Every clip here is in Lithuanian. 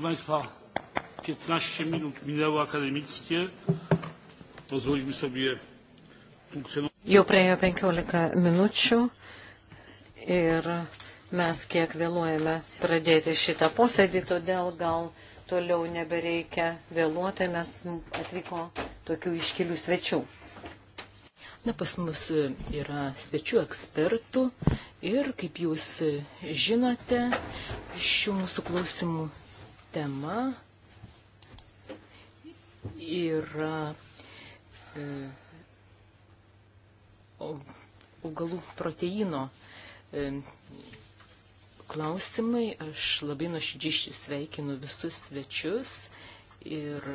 proszę państwa piętnaście minut minęło akademickie pozwolimy sobie funkcjonować. Jau praėjo 15 minučių ir mes kiek vėluojame pradėti šitą posėdį, todėl gal toliau nebereikia vėluoti, nes atvyko tokių iškilių svečių. Na, pas mus yra svečių ekspertų ir, kaip jūs žinote, šių mūsų klausimų tema yra e, augalų proteino e, klausimai. Aš labai nuoširdžiai sveikinu visus svečius ir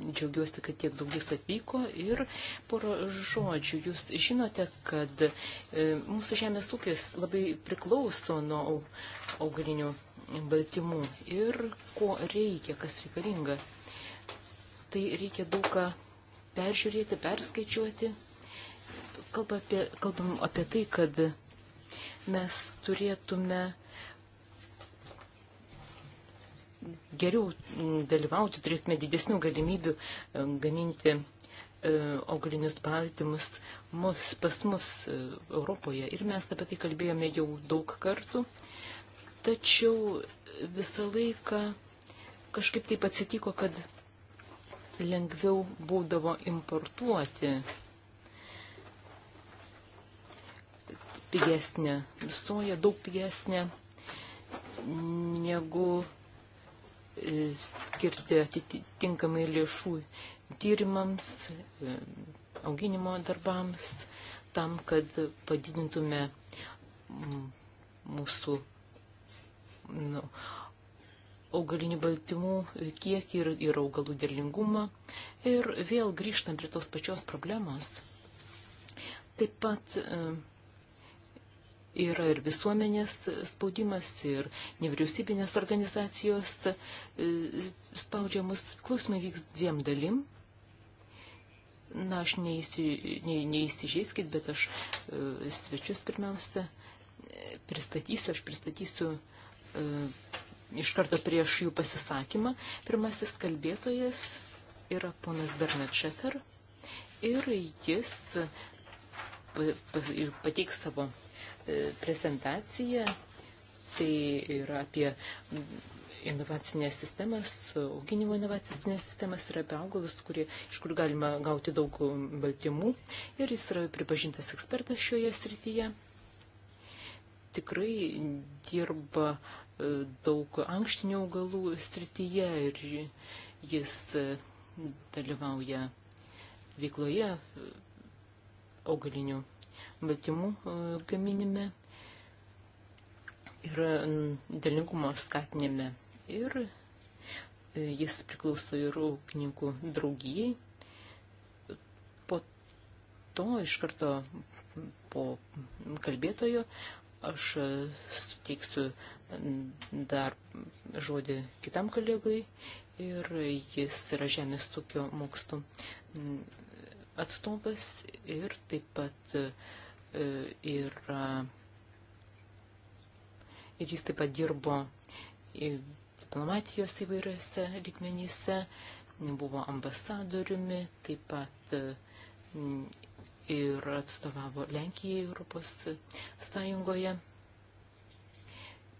džiaugiuosi, kad tiek daug jūs atvyko ir poro žodžių. Jūs žinote, kad e, mūsų žemės ūkis labai priklauso nuo augalinių baltymų ir ko reikia, kas reikalinga. Tai reikia daug ką peržiūrėti, perskaičiuoti. Kalba apie, kalbam apie tai, kad mes turėtume geriau mm, dalyvauti, turėtume didesnių galimybių mm, gaminti e, augalinius baltymus mus, pas mus e, Europoje. Ir mes apie tai kalbėjome jau daug kartų. Tačiau visą laiką kažkaip taip atsitiko, kad lengviau būdavo importuoti pigesnė soja, daug pigesnė negu e, skirti atitinkamai lėšų tyrimams, e, auginimo darbams, tam, kad padidintume mūsų nu, augalinių baltymų kiekį ir, ir augalų derlingumą. Ir vėl grįžtam prie tos pačios problemos. Taip pat e, yra ir visuomenės spaudimas, ir nevyriausybinės organizacijos e, spaudžiamus. Klausimai vyks dviem dalim. Na, aš neįsi, ne, neįsižeiskit, bet aš e, svečius pirmiausia pristatysiu, aš pristatysiu uh, iš karto prieš jų pasisakymą. Pirmasis kalbėtojas yra ponas Bernard Šefer ir jis pateiks savo e, prezentaciją. Tai yra apie inovacinės sistemas, auginimo inovacinės sistemas yra apie augalus, kurie, iš kur galima gauti daug baltymų. Ir jis yra pripažintas ekspertas šioje srityje. Tikrai dirba uh, E, daug ankštinių augalų srityje ir jis e, dalyvauja veikloje e, augalinių baltymų gaminime ir dalingumo skatinime. Ir jis priklauso ir ūkininkų draugijai. Po to iš karto po kalbėtojo aš suteiksiu dar žodį kitam kolegui ir jis yra žemės tokio mokslo atstovas ir taip pat e, yra ir jis taip pat dirbo diplomatijos įvairiose lygmenyse, buvo ambasadoriumi, taip pat e, ir atstovavo Lenkijai Europos Sąjungoje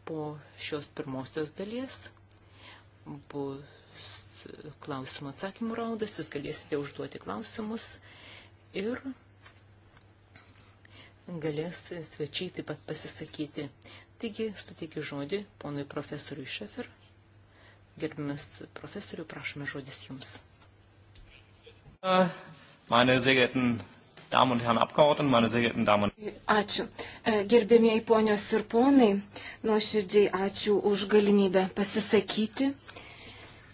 po šios pirmosios dalies bus klausimų atsakymų raudas, jūs galėsite užduoti klausimus ir galės svečiai taip pat pasisakyti. Taigi, suteikiu žodį ponui profesoriui Šefer. Gerbimas profesoriu, prašome žodis jums. Meine sehr geehrten Damen und Herren Abgeordneten, meine sehr geehrten Damen und Herren. Ačiū. E, Gerbėmiai ponios ir ponai, nuoširdžiai ačiū už galimybę pasisakyti.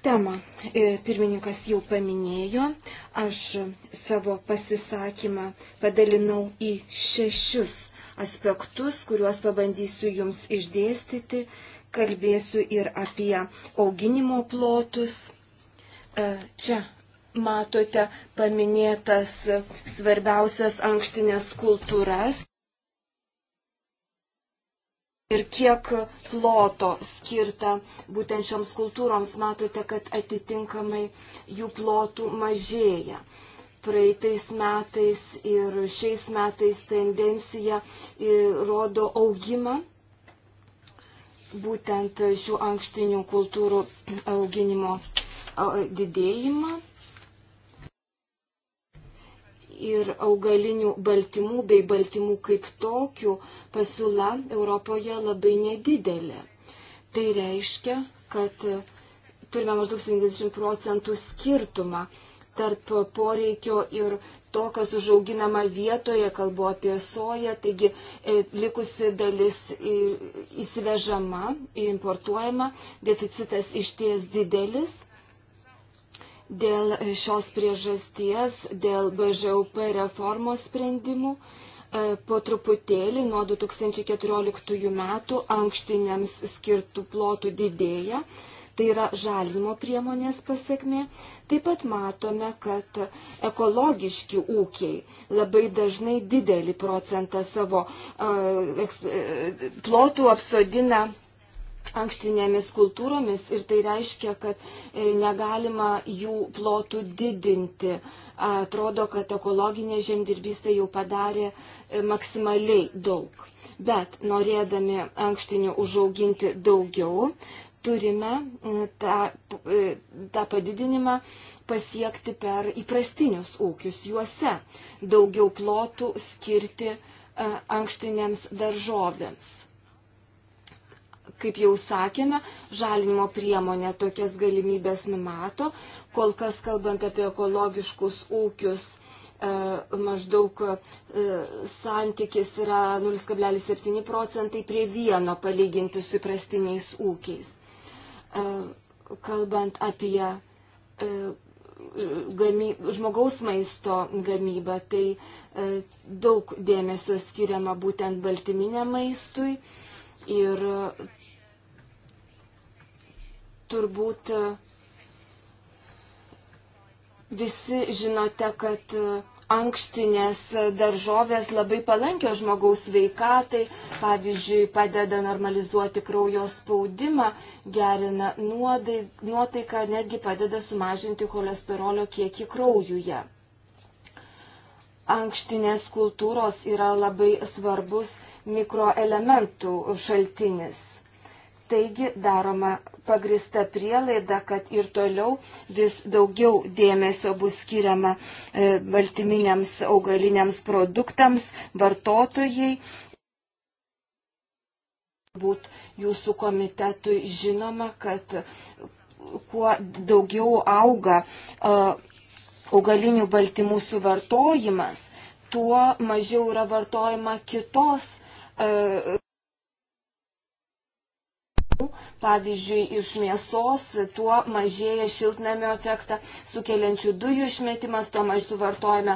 Temą e, pirmininkas jau paminėjo, aš savo pasisakymą padalinau į šešius aspektus, kuriuos pabandysiu jums išdėstyti. Kalbėsiu ir apie auginimo plotus. E, čia matote paminėtas svarbiausias ankštinės kultūras ir kiek ploto skirta būtent šioms kultūroms, matote, kad atitinkamai jų plotų mažėja. Praeitais metais ir šiais metais tendencija rodo augimą būtent šių ankštinių kultūrų auginimo didėjimą ir augalinių baltymų bei baltymų kaip tokių pasiūla Europoje labai nedidelė. Tai reiškia, kad turime maždaug 70 procentų skirtumą tarp poreikio ir to, kas užauginama vietoje, kalbu apie soją, taigi e, likusi dalis įsivežama, importuojama, deficitas išties didelis Dėl šios priežasties, dėl BŽUP reformos sprendimų, e, po truputėlį nuo 2014 metų ankštiniams skirtų plotų didėja. Tai yra žalimo priemonės pasiekmė. Taip pat matome, kad ekologiški ūkiai labai dažnai didelį procentą savo uh, plotų apsodina ankštinėmis kultūromis ir tai reiškia, kad e, negalima jų plotų didinti. Atrodo, kad ekologinė žemdirbystė jau padarė e, maksimaliai daug. Bet norėdami ankštinių užauginti daugiau, turime e, tą, tą padidinimą pasiekti per įprastinius ūkius, juose daugiau plotų skirti ankštinėms daržovėms Kaip jau sakėme, žalinimo priemonė tokias galimybės numato. Kol kas, kalbant apie ekologiškus ūkius, e, maždaug e, santykis yra 0,7 procentai prie vieno palyginti su įprastiniais ūkiais. E, kalbant apie gamy, žmogaus maisto gamybą, tai e, daug dėmesio skiriama būtent baltyminiam maistui ir turbūt e, visi žinote, kad e, ankštinės daržovės labai palankio žmogaus veikatai, pavyzdžiui, padeda normalizuoti kraujo spaudimą, gerina nuodai, nuotaiką, netgi padeda sumažinti cholesterolio kiekį kraujuje. Ankštinės kultūros yra labai svarbus mikroelementų šaltinis. Taigi daroma pagrista prielaida, kad ir toliau vis daugiau dėmesio bus skiriama e, baltyminiams augaliniams produktams, vartotojai. Būt jūsų komitetui žinoma, kad kuo daugiau auga e, augalinių baltymų suvartojimas, tuo mažiau yra vartojama kitos e, pavyzdžiui, iš mėsos, tuo mažėja šiltnamio efektą sukeliančių dujų išmetimas, tuo mažiau suvartojame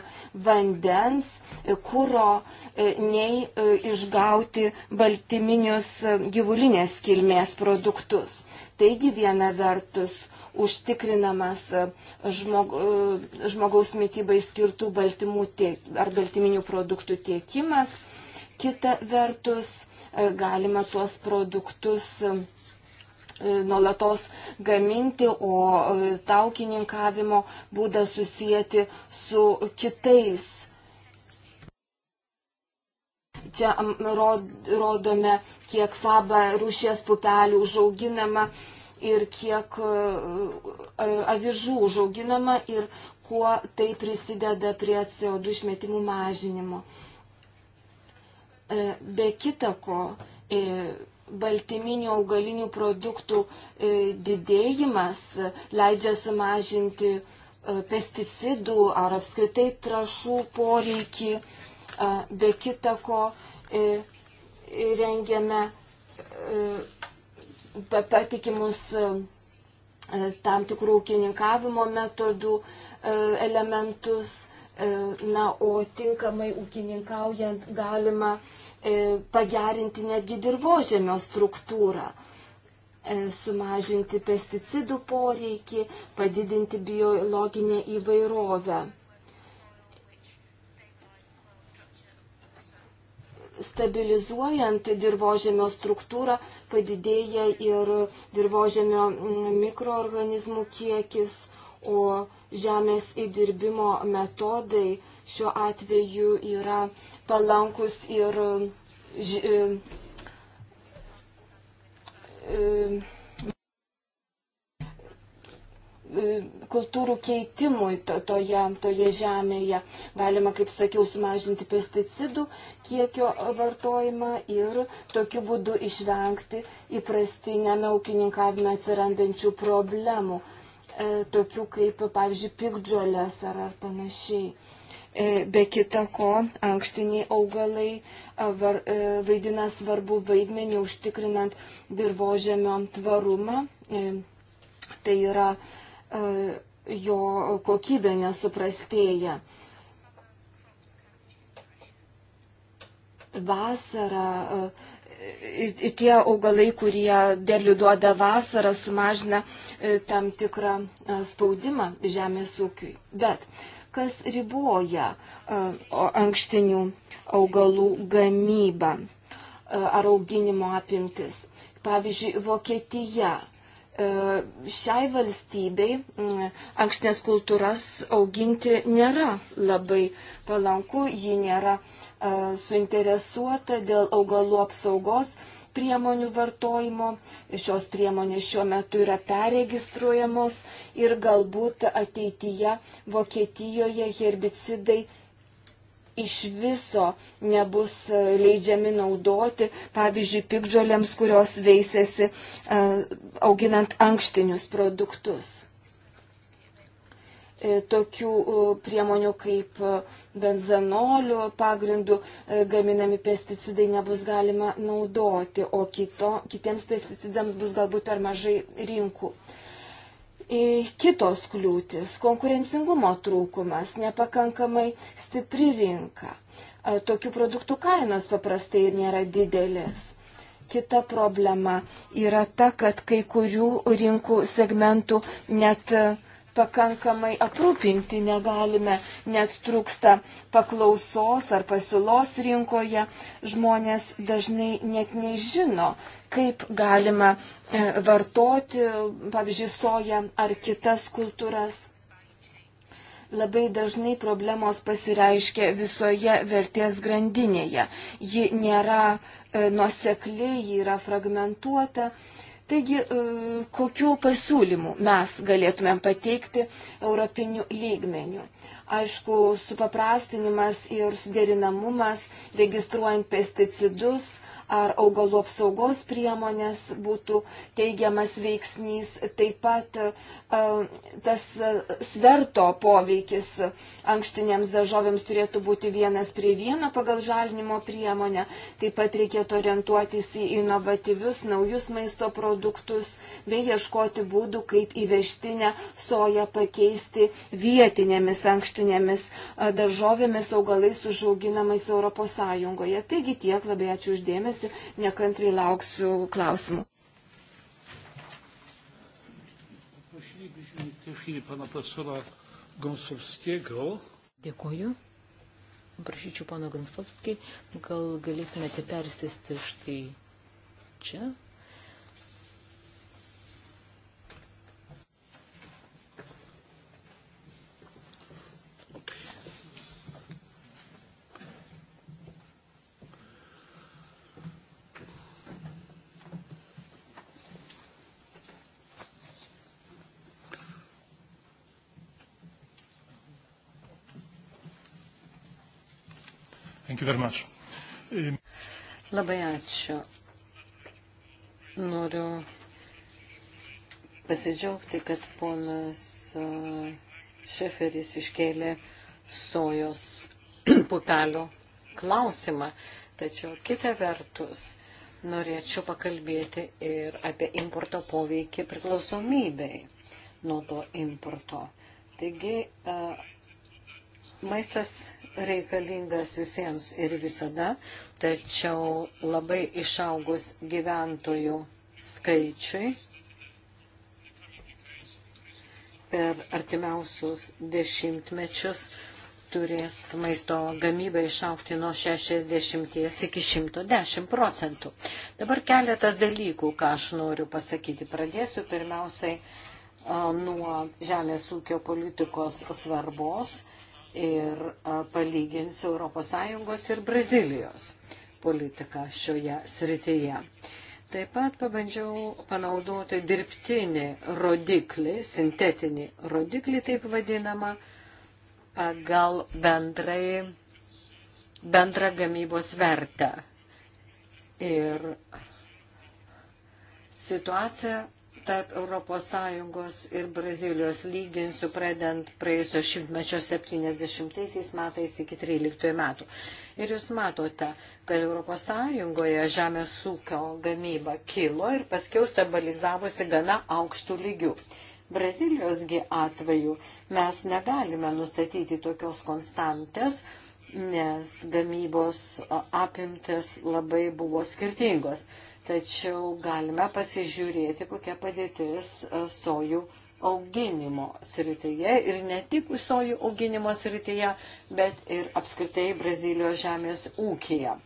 vandens, e, kūro, e, nei e, išgauti baltyminius gyvulinės kilmės produktus. Taigi viena vertus užtikrinamas žmog, žmogaus mytybai skirtų baltymų tiek, ar baltyminių produktų tiekimas, kita vertus galima tuos produktus e, nuolatos gaminti, o e, taukininkavimo būdą susijęti su kitais. Čia rodome, kiek faba rūšies pupelių užauginama ir kiek e, avižų užauginama ir kuo tai prisideda prie CO2 išmetimų mažinimo. E, be kitako e, baltyminių augalinių produktų e, didėjimas leidžia sumažinti pesticidų ar apskritai trašų poreikį. Be kitako rengiame patikimus tam tikrų ūkininkavimo metodų elementus E, na, o tinkamai ūkininkaujant galima e, pagerinti netgi dirbožėmio struktūrą, e, sumažinti pesticidų poreikį, padidinti biologinę įvairovę. stabilizuojant dirbožėmio struktūrą padidėja ir dirbožėmio mikroorganizmų kiekis, o žemės įdirbimo metodai šiuo atveju yra palankus ir e, e, e, kultūrų keitimui toje, toje žemėje. Galima, kaip sakiau, sumažinti pesticidų kiekio vartojimą ir tokiu būdu išvengti įprastinėme ūkininkavime atsirandančių problemų. E, tokių kaip, pavyzdžiui, pikdžiolės ar, ar panašiai. E, be kita ko, ankštiniai augalai e, var, vaidina svarbu vaidmenį užtikrinant dirbožėmio tvarumą. Tai yra jo kokybė nesuprastėja. Vasara uh, tie augalai, kurie derlių duoda vasarą, sumažina e, tam tikrą e, spaudimą žemės ūkiui. Bet kas riboja e, ankštinių augalų gamybą ar auginimo apimtis? Pavyzdžiui, Vokietija. Šiai valstybei ankštinės kultūras auginti nėra labai palanku, ji nėra uh, suinteresuota dėl augalų apsaugos priemonių vartojimo. Šios priemonės šiuo metu yra peregistruojamos ir galbūt ateityje Vokietijoje herbicidai iš viso nebus leidžiami naudoti, pavyzdžiui, pikdžiolėms, kurios veisėsi auginant ankštinius produktus. E, tokių e, priemonių kaip e, benzenolių pagrindų gaminami pesticidai nebus galima naudoti, o kito, kitiems pesticidams bus galbūt per mažai rinkų. Kitos kliūtis - konkurencingumo trūkumas, nepakankamai stipri rinka. Tokių produktų kainos paprastai nėra didelės kita problema yra ta, kad kai kurių rinkų segmentų net pakankamai aprūpinti negalime, net trūksta paklausos ar pasiūlos rinkoje, žmonės dažnai net nežino, kaip galima e, vartoti, pavyzdžiui, soją ar kitas kultūras. Labai dažnai problemos pasireiškia visoje vertės grandinėje. Ji nėra e, nuosekli, ji yra fragmentuota. E, Taigi, e, kokiu pasiūlymu mes galėtumėm pateikti europinių lygmenių? Aišku, supaprastinimas ir suderinamumas, registruojant pesticidus – ar augalų apsaugos priemonės būtų teigiamas veiksnys, taip pat e, tas e, sverto poveikis ankštinėms daržovėms turėtų būti vienas prie vieno pagal žalinimo priemonę, taip pat reikėtų orientuotis į inovatyvius naujus maisto produktus bei ieškoti būdų, kaip įvežtinę soją pakeisti vietinėmis ankštinėmis e, daržovėmis augalais užauginamais Europos Sąjungoje. Taigi tiek, labai ačiū uždėmesi dėmesį, nekantrai lauksiu klausimų. Dėkuoju. Prašyčiau, pana Gansovskiai, gal galėtumėte persėsti štai čia. Thank you very much. Um, Labai ačiū. Noriu pasidžiaugti, kad ponas Šeferis iškėlė sojos pupelio klausimą. Tačiau kita vertus, norėčiau pakalbėti ir apie importo poveikį priklausomybei nuo to importo. Taigi, maistas reikalingas visiems ir visada, tačiau labai išaugus gyventojų skaičiui per artimiausius dešimtmečius turės maisto gamybą išaukti nuo 60 iki 110 procentų. Dabar keletas dalykų, ką aš noriu pasakyti. Pradėsiu pirmiausiai nuo žemės ūkio politikos svarbos ir palyginsiu ES ir Brazilijos politiką šioje srityje. Taip pat pabandžiau panaudoti dirbtinį rodiklį, sintetinį rodiklį taip vadinamą, pagal bendrai, bendrą gamybos vertę. Ir situacija tarp ES ir Brazilijos lyginsiu pradant praėjusio šimtmečio 70 metais iki 13 metų. Ir jūs matote, kad ES žemės ūkio gamyba kilo ir paskiau stabilizavosi gana aukštų lygių. Brazilijosgi atveju mes negalime nustatyti tokios konstantės, nes gamybos apimtis labai buvo skirtingos. Tačiau galime pasižiūrėti, kokia padėtis e, sojų auginimo srityje ir ne tik sojų auginimo srityje, bet ir apskritai Brazilijos žemės ūkija.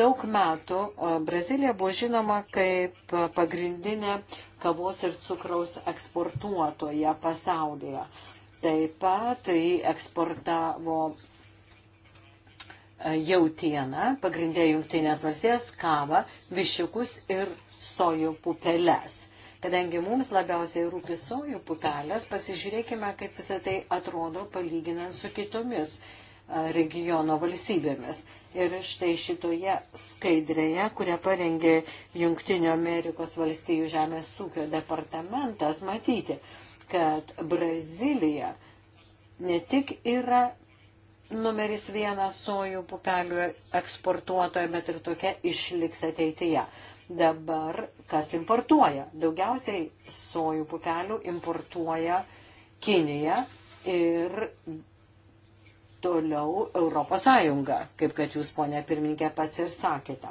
Daug metų e, Brazilija buvo žinoma kaip pagrindinė kavos ir cukraus eksportuotoja pasaulyje. Taip pat jį eksportavo jautieną, pagrindė jungtinės valstijas, kavą, višiukus ir sojų pupeles. Kadangi mums labiausiai rūpi sojų pupelės, pasižiūrėkime, kaip visą tai atrodo palyginant su kitomis regiono valstybėmis. Ir štai šitoje skaidrėje, kurią parengė Junktinio Amerikos valstijų žemės ūkio departamentas, matyti, kad Brazilija ne tik yra numeris vienas sojų pupelių eksportuotoja, bet ir tokia išliks ateityje. Dabar kas importuoja? Daugiausiai sojų pupelių importuoja Kinija ir toliau Europos Sąjunga, kaip kad jūs, ponė pirmininkė, pats ir sakėte.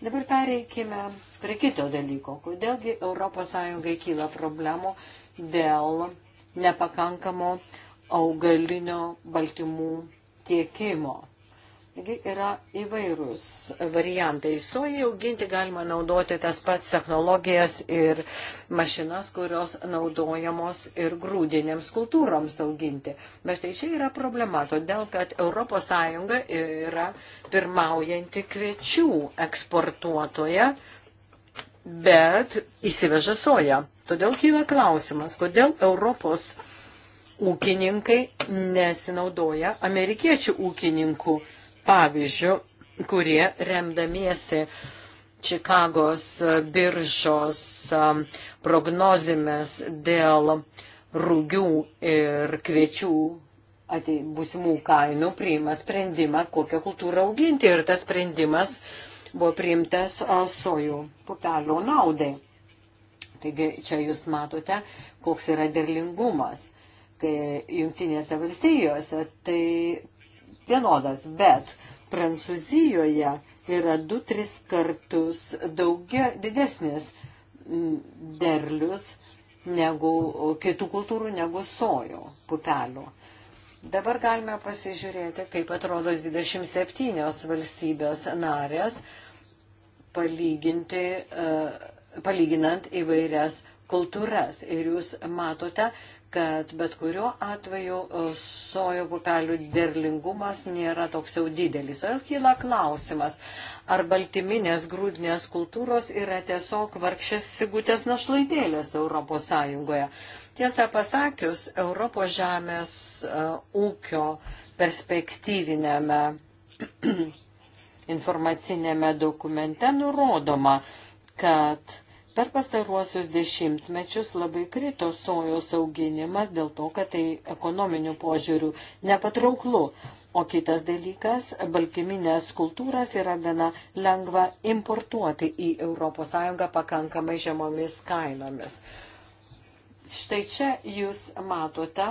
Dabar pereikime prie kito dalyko. Kodėlgi Europos Sąjungai kyla problemų dėl nepakankamo augalinio baltymų tiekimo. Taigi yra įvairūs variantai. Sojai auginti galima naudoti tas pats technologijas ir mašinas, kurios naudojamos ir grūdinėms kultūroms auginti. Bet štai čia yra problema, todėl kad ES yra pirmaujanti kviečių eksportuotoja, bet įsiveža soją. Todėl kyla klausimas, kodėl ES ūkininkai nesinaudoja amerikiečių ūkininkų pavyzdžių, kurie remdamiesi Čikagos biržos um, prognozėmis dėl rūgių ir kviečių atei, būsimų kainų priima sprendimą, kokią kultūrą auginti. Ir tas sprendimas buvo priimtas sojų pupelių naudai. Taigi čia jūs matote, koks yra derlingumas kai jungtinėse valstijose tai vienodas, bet Prancūzijoje yra 2-3 kartus daugia, didesnis derlius negu kitų kultūrų, negu sojo pupelių. Dabar galime pasižiūrėti, kaip atrodo 27 valstybės narės, palyginti, e, palyginant įvairias kultūras. Ir jūs matote, kad bet kuriuo atveju e, sojo pupelių derlingumas nėra toks jau didelis. Ir kyla klausimas, ar baltyminės grūdinės kultūros yra tiesiog vargšės sigutės našlaidėlės Europos Sąjungoje. Tiesą pasakius, Europos žemės e, ūkio perspektyvinėme informacinėme dokumente nurodoma, kad Per pastaruosius dešimtmečius labai krito sojos auginimas dėl to, kad tai ekonominių požiūrių nepatrauklu. O kitas dalykas - baltyminės kultūras yra gana lengva importuoti į ES pakankamai žemomis kainomis. Štai čia jūs matote,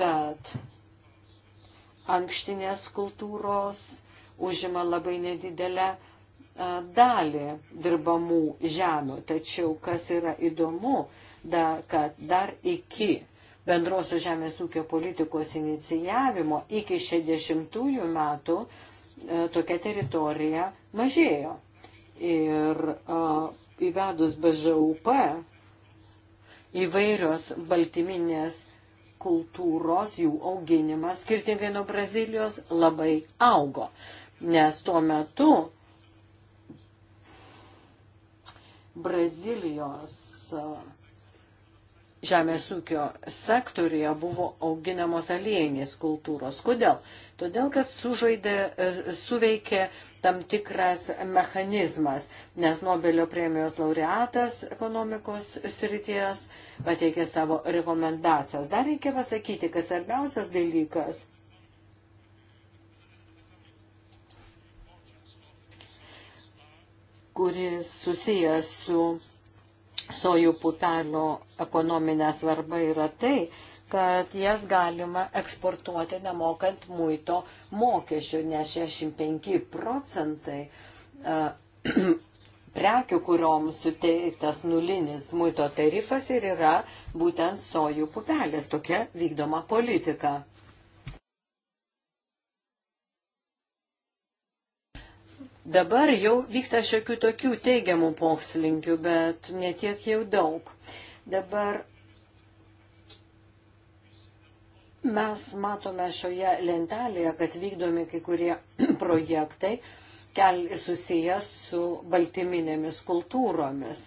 kad ankštinės kultūros užima labai nedidelę dalį dirbamų žemių. Tačiau kas yra įdomu, da, kad dar iki bendrosios žemės ūkio politikos inicijavimo, iki 60-ųjų metų tokia teritorija mažėjo. Ir a, įvedus BŽUP įvairios baltyminės kultūros, jų auginimas, skirtingai nuo Brazilijos, labai augo. Nes tuo metu Brazilijos žemės ūkio sektorija buvo auginamos aliejinės kultūros. Kodėl? Todėl, kad sužaidė, e, suveikė tam tikras mechanizmas, nes Nobelio premijos laureatas ekonomikos srities pateikė savo rekomendacijas. Dar reikia pasakyti, kad svarbiausias dalykas kuris susijęs su sojų pupelių ekonominė svarba yra tai, kad jas galima eksportuoti nemokant muito mokesčių, nes 65 procentai prekių, kurioms suteiktas nulinis muito tarifas ir yra būtent sojų pupelės. Tokia vykdoma politika. Dabar jau vyksta šiokių tokių teigiamų pokslinkių, bet netiek jau daug. Dabar mes matome šioje lentelėje, kad vykdomi kai kurie projektai kel, susijęs su baltyminėmis kultūromis.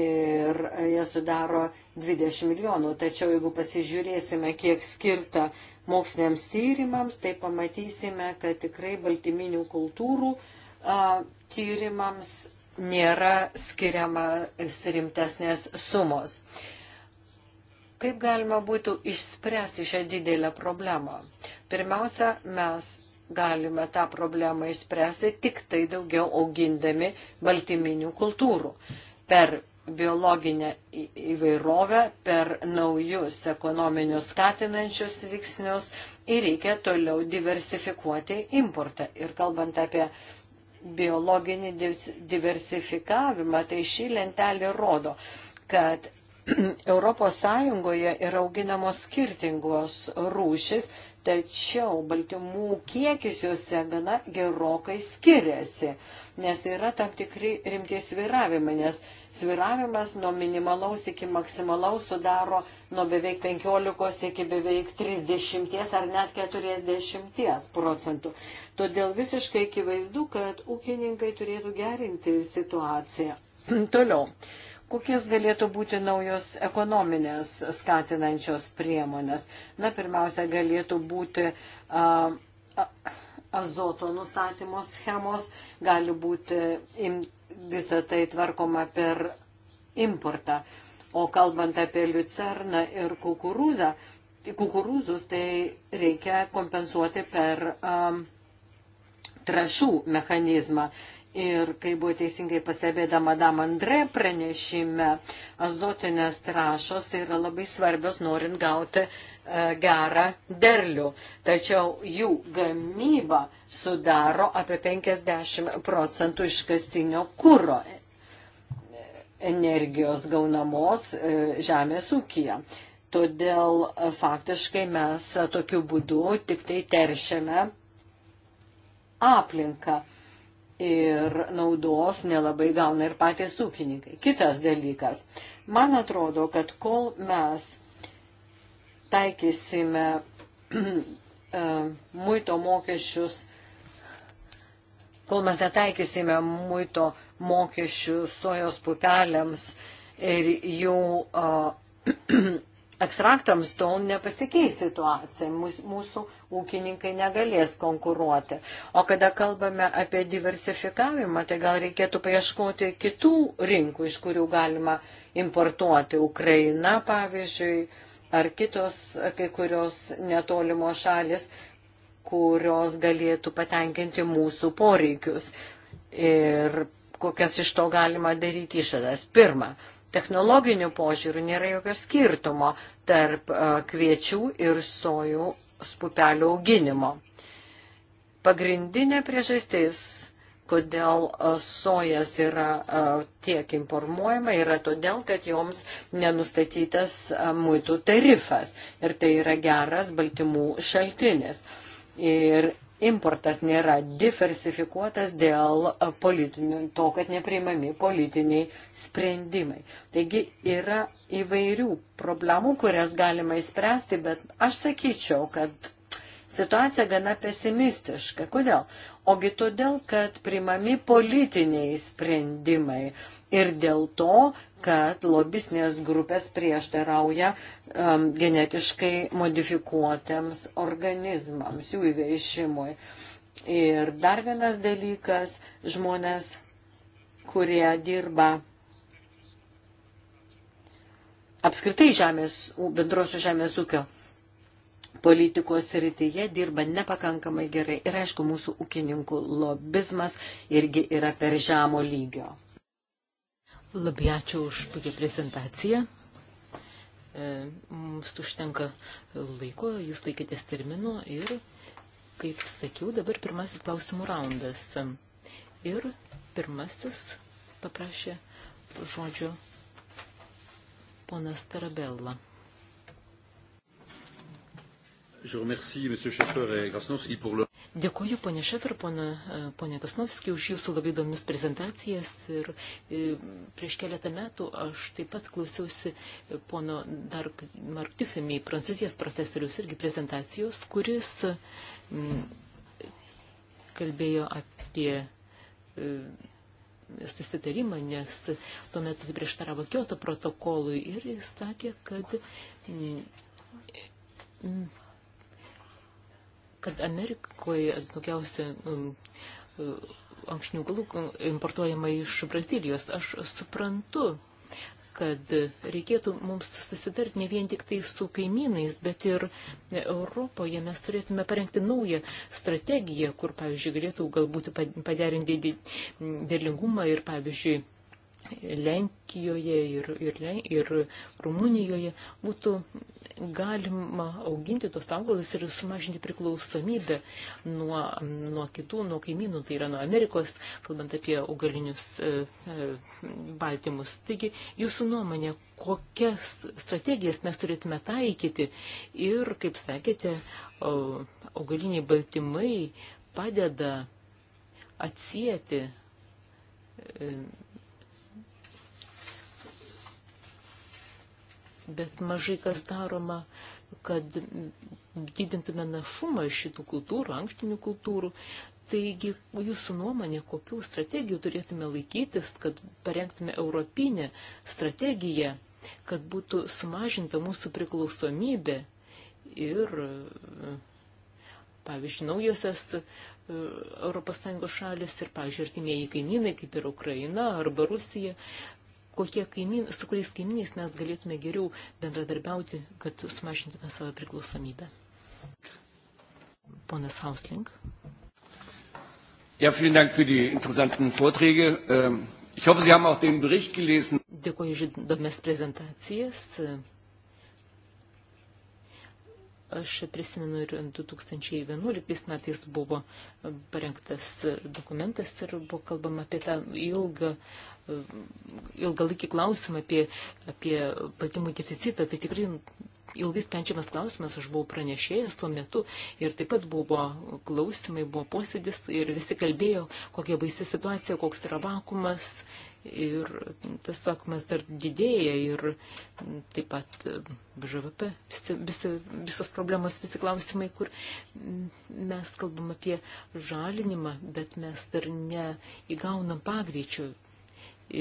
Ir jie sudaro 20 milijonų. Tačiau jeigu pasižiūrėsime, kiek skirta moksliniams tyrimams, tai pamatysime, kad tikrai baltyminių kultūrų uh, tyrimams nėra skiriamas rimtesnės sumos. Kaip galima būtų išspręsti šią didelę problemą? Pirmiausia, mes galime tą problemą išspręsti tik tai daugiau augindami baltyminių kultūrų. Per biologinę įvairovę, per naujus ekonominius skatinančius veiksnius ir reikia toliau diversifikuoti importą. Ir kalbant apie uh, biologinį diversifikavimą, tai šį lentelį rodo, kad Europos Sąjungoje yra auginamos skirtingos rūšis, tačiau baltymų kiekis juose gana gerokai skiriasi, nes yra tam tikri rimtie sviravimai, nes sviravimas nuo minimalaus iki maksimalaus sudaro nuo beveik 15 iki beveik 30 ar net 40 procentų. Todėl visiškai akivaizdu, kad ūkininkai turėtų gerinti situaciją. Toliau. Kokios galėtų būti naujos ekonominės skatinančios priemonės? Na, pirmiausia, galėtų būti a, a, azoto nustatymo schemos, gali būti im, visa tai tvarkoma per importą. O kalbant apie liucerną ir kukurūzą, kukurūzus, tai reikia kompensuoti per a, trašų mechanizmą. Ir kai buvo teisingai pastebėta Madame Andre pranešime, azotinės trašos yra labai svarbios norint gauti e, gerą derlių. Tačiau jų gamyba sudaro apie 50 procentų iškastinio kūro e, energijos gaunamos e, žemės ūkija. Todėl e, faktiškai mes tokiu būdu tik tai teršiame aplinką ir naudos nelabai gauna ir patys ūkininkai. Kitas dalykas. Man atrodo, kad kol mes taikysime e, muito mokesčius, kol mes netaikysime muito mokesčių sojos pupelėms ir jų e, ekstraktams tol nepasikeis situacija, mūsų ūkininkai negalės konkuruoti. O kada kalbame apie diversifikavimą, tai gal reikėtų paieškoti kitų rinkų, iš kurių galima importuoti. Ukraina, pavyzdžiui, ar kitos kai kurios netolimo šalis, kurios galėtų patenkinti mūsų poreikius. Ir kokias iš to galima daryti išvadas. Pirma, technologinių požiūrių nėra jokio skirtumo tarp e, kviečių ir sojų spupelių auginimo. Pagrindinė priežastis, kodėl e, sojas yra e, tiek informuojama, yra todėl, kad joms nenustatytas muitų tarifas. Ir tai yra geras baltymų šaltinis. Ir importas nėra diversifikuotas dėl politinių, to, kad nepriimami politiniai sprendimai. Taigi yra įvairių problemų, kurias galima įspręsti, bet aš sakyčiau, kad situacija gana pesimistiška. Kodėl? Ogi todėl, kad primami politiniai sprendimai ir dėl to, kad lobisnės grupės prieštarauja um, genetiškai modifikuotiems organizmams, jų įveišimui. Ir dar vienas dalykas, žmonės, kurie dirba apskritai žemės, bendrosios žemės ūkio politikos rytyje dirba nepakankamai gerai. Ir aišku, mūsų ūkininkų lobizmas irgi yra per žemo lygio. Labai ačiū už puikiai prezentaciją. E, mums užtenka laiko, jūs laikėtės termino ir, kaip sakiau, dabar pirmasis klausimų raundas. Ir pirmasis paprašė žodžio ponas Tarabella. Dėkuoju, ponė Šefer, e, ponė Kasnovski, už jūsų labai įdomius prezentacijas. Ir e, prieš keletą metų aš taip pat klausiausi e, pono Dark Mark Tiffany, prancūzijos profesorius, irgi prezentacijos, kuris m, mm, kalbėjo apie m, susitarimą, nes tuo metu tai prieštaravo Kyoto protokolui ir jis sakė, kad m, mm, kad Amerikoje daugiausia um, uh, ankšnių galų uh, importuojama iš Brazilijos. Aš suprantu, kad reikėtų mums susitarti ne vien tik tai su kaimynais, bet ir Europoje mes turėtume parengti naują strategiją, kur, pavyzdžiui, galėtų galbūt paderinti derlingumą ir, pavyzdžiui, Lenkijoje ir, ir, ir Rumunijoje būtų galima auginti tos augalus ir sumažinti priklausomybę nuo, nuo kitų, nuo kaimynų, tai yra nuo Amerikos, kalbant apie augalinius e, e, baltymus. Taigi, jūsų nuomonė, kokias strategijas mes turėtume taikyti ir, kaip sakėte, augaliniai baltymai padeda atsijėti e, bet mažai kas daroma, kad didintume našumą šitų kultūrų, ankštinių kultūrų. Taigi, jūsų nuomonė, kokių strategijų turėtume laikytis, kad parengtume europinę strategiją, kad būtų sumažinta mūsų priklausomybė ir, pavyzdžiui, naujosios ES šalis ir, pavyzdžiui, artimieji kaimynai, kaip ir Ukraina arba Rusija, kokie kaimyn, su kuriais kaimynais mes galėtume geriau bendradarbiauti, kad sumažintume savo priklausomybę. Ponas Hausling. Ja, vielen Dank für die interessanten Vorträge. Ähm, ich hoffe, Sie haben auch den Bericht gelesen. Dėkuoju už įdomias prezentacijas. Aš prisimenu ir 2011 metais buvo parengtas dokumentas ir buvo kalbama apie tą ilgą, ilgalaikį klausimą apie, apie baltymų deficitą. Tai tikrai ilgai sprendžiamas klausimas, aš buvau pranešėjęs tuo metu ir taip pat buvo klausimai, buvo posėdis ir visi kalbėjo, kokia baisi situacija, koks yra vakumas ir tas vakumas dar didėja ir taip pat e, BŽVP, visi, visi, visos problemos, visi klausimai, kur mes kalbam apie žalinimą, bet mes dar neįgaunam pagreičių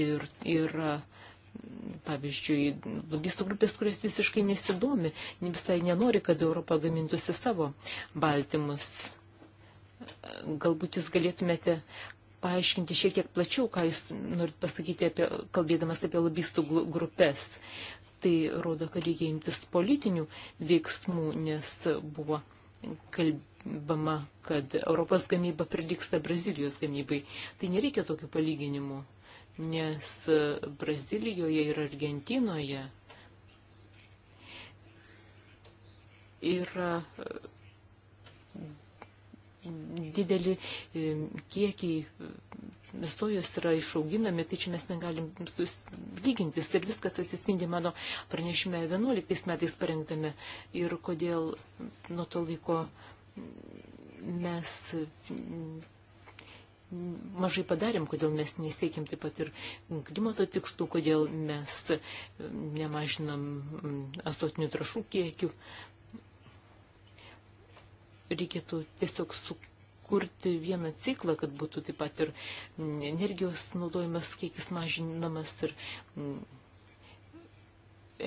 ir yra pavyzdžiui, lobistų grupės, kurios visiškai nesidomi, visai nenori, kad Europa gamintųsi savo baltymus. Galbūt jūs galėtumėte paaiškinti šiek tiek plačiau, ką jūs norit pasakyti, apie, kalbėdamas apie lobistų grupės. Tai rodo, kad reikia imtis politinių veiksmų, nes buvo kalbama, kad Europos gamyba pridyksta Brazilijos gamybai. Tai nereikia tokių palyginimų, nes Brazilijoje ir Argentinoje yra didelį e, kiekį e, sojos yra išauginami, tai čia mes negalim lygintis ir viskas atsispindi mano pranešime 11 metais parengtame ir kodėl nuo to laiko mes mm, mažai padarėm, kodėl mes nesiekėm taip pat ir klimato tikslų, kodėl mes mm, nemažinam mm, azotinių trašų kiekių reikėtų tiesiog sukurti vieną ciklą, kad būtų taip pat ir energijos naudojimas kiekis mažinamas ir mm,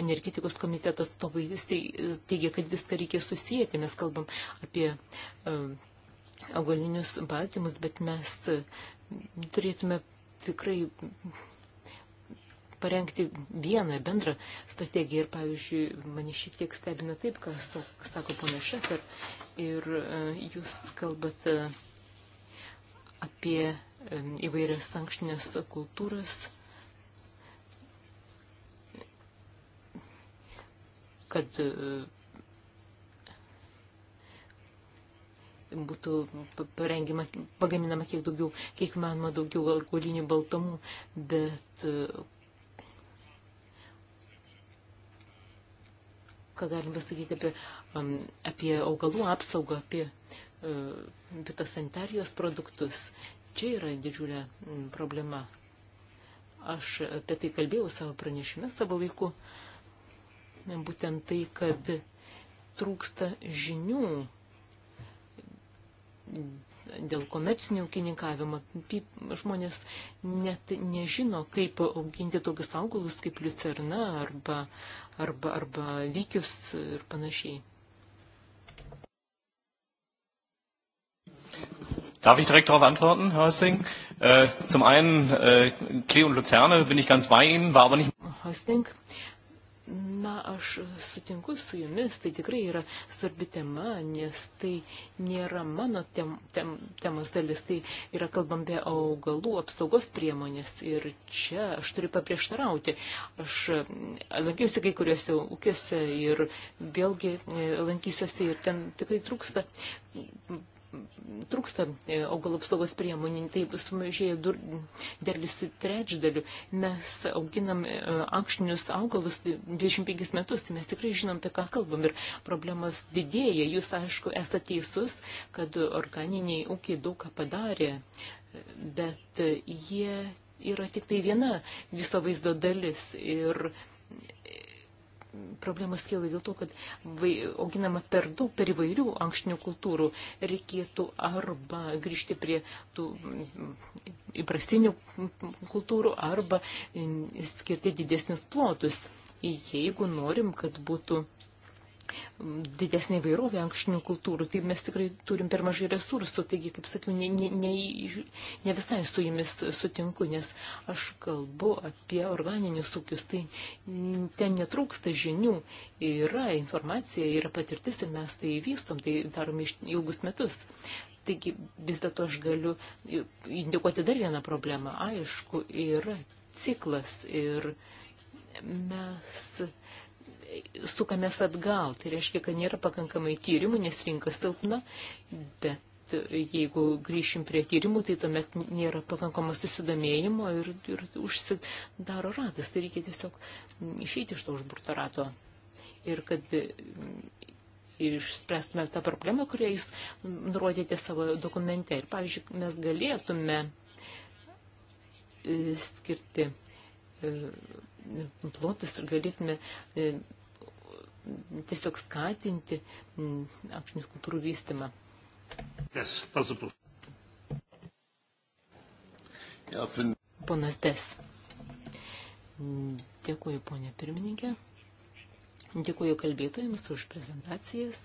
energetikos komiteto atstovai teigia, kad viską reikia susijęti. Mes kalbam apie augalinius baltymus, bet mes mm, turėtume tikrai mm, parengti vieną bendrą strategiją. Ir, pavyzdžiui, mane šiek tiek stebina taip, ką sako ponas Šefer, ir e, jūs kalbat e, apie e, įvairias sankštinės kultūras, kad būtų parengima, pagaminama kiek daugiau, kiek manoma daugiau alkoholinių baltomų, bet ką galim pasakyti apie, um, apie augalų apsaugą, apie uh, fitosanitarijos produktus. Čia yra didžiulė problema. Aš apie tai kalbėjau savo pranešime savo laiku. Būtent tai, kad trūksta žinių dėl komercinio ūkininkavimo. Žmonės net nežino, kaip auginti tokius augalus kaip liucerna arba, arba, arba vykius ir panašiai. Darf ich direkt darauf antworten, Hörsting? Äh, zum einen, äh, Klee und Luzerne bin ich ganz bei Ihnen, war aber nicht. Hörsting, Na, aš sutinku su jumis, tai tikrai yra svarbi tema, nes tai nėra mano tem, tem, temos dalis, tai yra kalbam apie augalų apsaugos priemonės ir čia aš turiu paprieštarauti. Aš e, lankiausi kai kuriuose ūkiuose ir vėlgi e, lankysiuosi ir ten tikrai trūksta trūksta e, augalų apsaugos priemonių, tai sumažėja derlius trečdaliu. Mes auginam e, ankštinius augalus 25 tai metus, tai mes tikrai žinom, apie ką kalbam ir problemas didėja. Jūs, aišku, esate teisus, kad organiniai ūkiai daug ką padarė, bet jie yra tik tai viena viso vaizdo dalis ir problemas kyla dėl to, kad auginama per daug, per įvairių ankštinių kultūrų. Reikėtų arba grįžti prie tų įprastinių kultūrų, arba skirti didesnius plotus, jeigu norim, kad būtų didesnė vairovė ankštinių kultūrų, tai mes tikrai turim per mažai resursų, taigi, kaip sakiau, ne, ne, ne, ne visai su jumis sutinku, nes aš kalbu apie organinius ūkius, tai ten netrūksta žinių, yra informacija, yra patirtis ir mes tai vystom, tai darom ilgus metus. Taigi vis dėlto aš galiu indikuoti dar vieną problemą. Aišku, yra ciklas ir mes sukamės atgal. Tai reiškia, kad nėra pakankamai tyrimų, nes rinka silpna, bet jeigu grįšim prie tyrimų, tai tuomet nėra pakankamo susidomėjimo ir, ir užsidaro ratas. Tai reikia tiesiog išeiti iš to užburto rato. Ir kad išspręstume tą problemą, kurią jūs nurodėte savo dokumente. Ir pavyzdžiui, mes galėtume e, skirti plotus ir galėtume e, tiesiog skatinti apšnės kultūrų vystymą. Yes, possible. Ponas Des. Dėkuoju, ponė pirmininkė. Dėkuoju kalbėtojams už prezentacijas.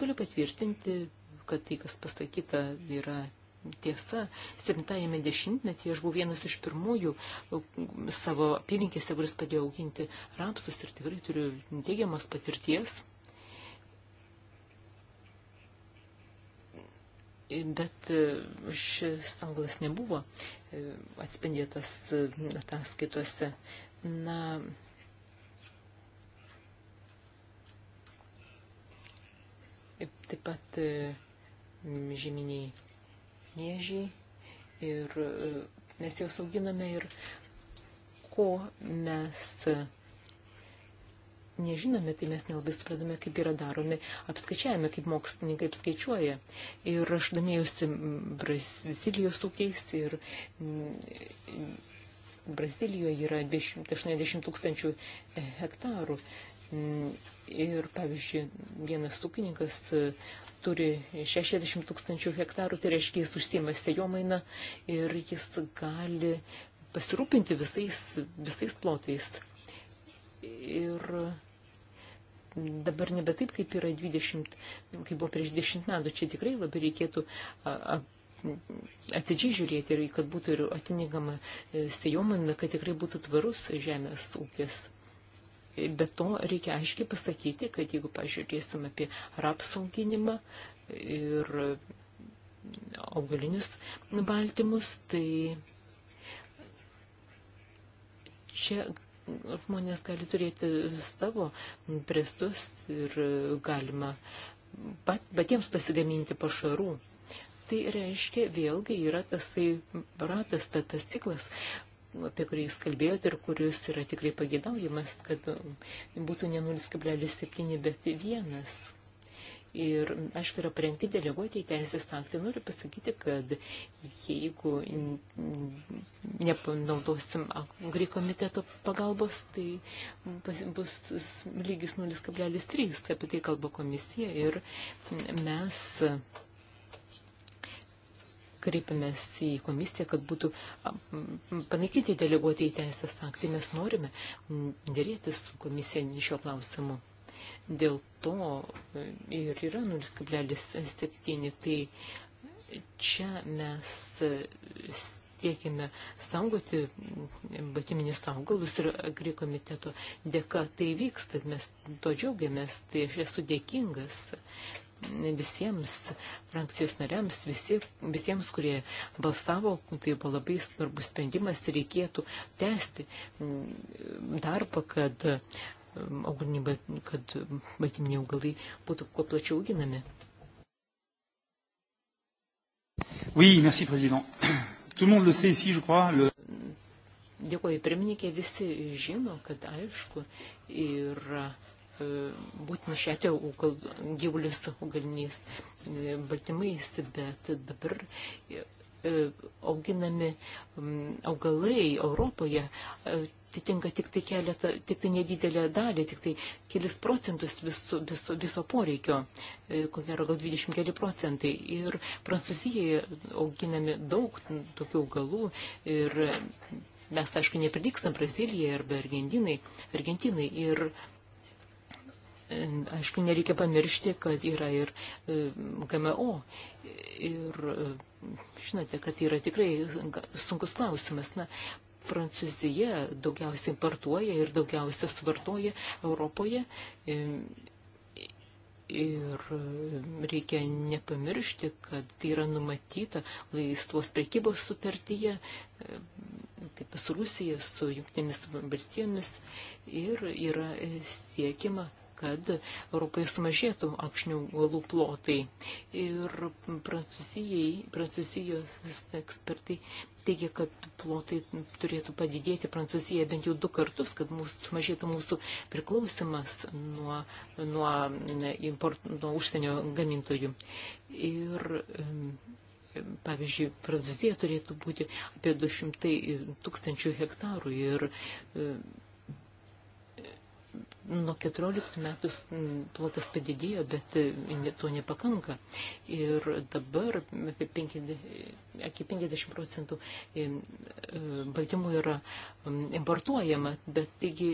Galiu patvirtinti, kad tai, kas pasakyta, yra tiesa, 70-ame dešimtmetyje aš buvau vienas iš pirmųjų uh, savo apylinkėse, kuris padėjo auginti rapsus ir tikrai turiu teigiamas patirties. Bet uh, šis anglas nebuvo uh, atspindėtas ataskaitose. Na, taip pat žeminiai miežiai ir e, mes juos auginame ir ko mes nežinome, tai mes nelabai supratome, kaip yra daromi apskaičiavimai, kaip mokslininkai apskaičiuoja. Ir aš domėjusi Brazilijos ūkiais ir mm, Brazilijoje yra 80 tūkstančių hektarų. Mm, ir, pavyzdžiui, vienas ūkininkas e, turi 60 tūkstančių hektarų, tai reiškia, jis užsiema sėjomainą ir jis gali pasirūpinti visais, visais plotais. Ir dabar nebe taip, kaip yra 20, kaip buvo prieš 10 metų, čia tikrai labai reikėtų atidžiai žiūrėti ir kad būtų ir atinigama e, sėjomana, kad tikrai būtų tvarus žemės ūkis bet to reikia aiškiai pasakyti, kad jeigu pažiūrėsim apie rapsauginimą ir augalinius baltymus, tai čia žmonės gali turėti savo prestus ir galima patiems pasigaminti pašarų. Tai reiškia, vėlgi yra tasai ratas, ta, tas ciklas, apie kurį jūs kalbėjote ir kuris yra tikrai pagėdaujamas, kad um, būtų ne 0,7, bet 1. Ir, aišku, yra parengti deleguoti į teisės aktai. Noriu pasakyti, kad jeigu nepanaudosim agri komiteto pagalbos, tai bus lygis 0,3, apie tai kalba komisija ir mes kreipiamės į komisiją, kad būtų panaikyti deleguoti į teisės aktai. Mes norime dėrėti su komisija šiuo klausimu. Dėl to e, ir yra 0,7. Tai čia mes e, siekime saugoti batiminis augalus ir agrikomiteto dėka tai vyksta, mes to džiaugiamės, tai aš esu dėkingas, visiems frakcijos nariams, visi, visiems, kurie balsavo, tai buvo labai svarbus sprendimas ir reikėtų tęsti mm, darbą, kad mm, augaliniai, kad baltyminiai augalai būtų kuo plačiau auginami. Oui, merci, président. Tout le monde le sait ici, je crois. Le... Dėkuoju, pirmininkė, visi žino, kad aišku, yra. Ir būtent šetė gyvulius augaliniais e, baltymais, bet dabar e, e, auginami augalai Europoje atitinka tik tai keletą, tik tai nedidelę dalį, tik tai kelis procentus viso, viso, viso poreikio, ko gero gal 20 keli procentai. Ir Prancūzijoje auginami daug tokių augalų ir mes, aišku, nepridikstam Brazilijai arba Argentinai. Argentinai ir, Argentinai ir Aišku, nereikia pamiršti, kad yra ir e, GMO. Ir e, žinote, kad yra tikrai sunkus klausimas. Na, Prancūzija daugiausiai importuoja ir daugiausiai suvartoja Europoje. E, ir reikia nepamiršti, kad tai yra numatyta laisvos prekybos sutartyje, taip su Rusija, su jungtinėmis valstijomis ir yra siekiama kad Europoje sumažėtų akšnių galų plotai. Ir prancūzijai, prancūzijos ekspertai teigia, kad plotai turėtų padidėti Prancūzijoje bent jau du kartus, kad mūsų, sumažėtų mūsų priklausimas nuo, nuo, import, nuo užsienio gamintojų. Ir, pavyzdžiui, Prancūzija turėtų būti apie 200 tūkstančių hektarų ir nuo 14 metų plotas padidėjo, bet e, to nepakanka. Ir dabar apie 50, apie 50 procentų e, e, baltymų yra importuojama, bet taigi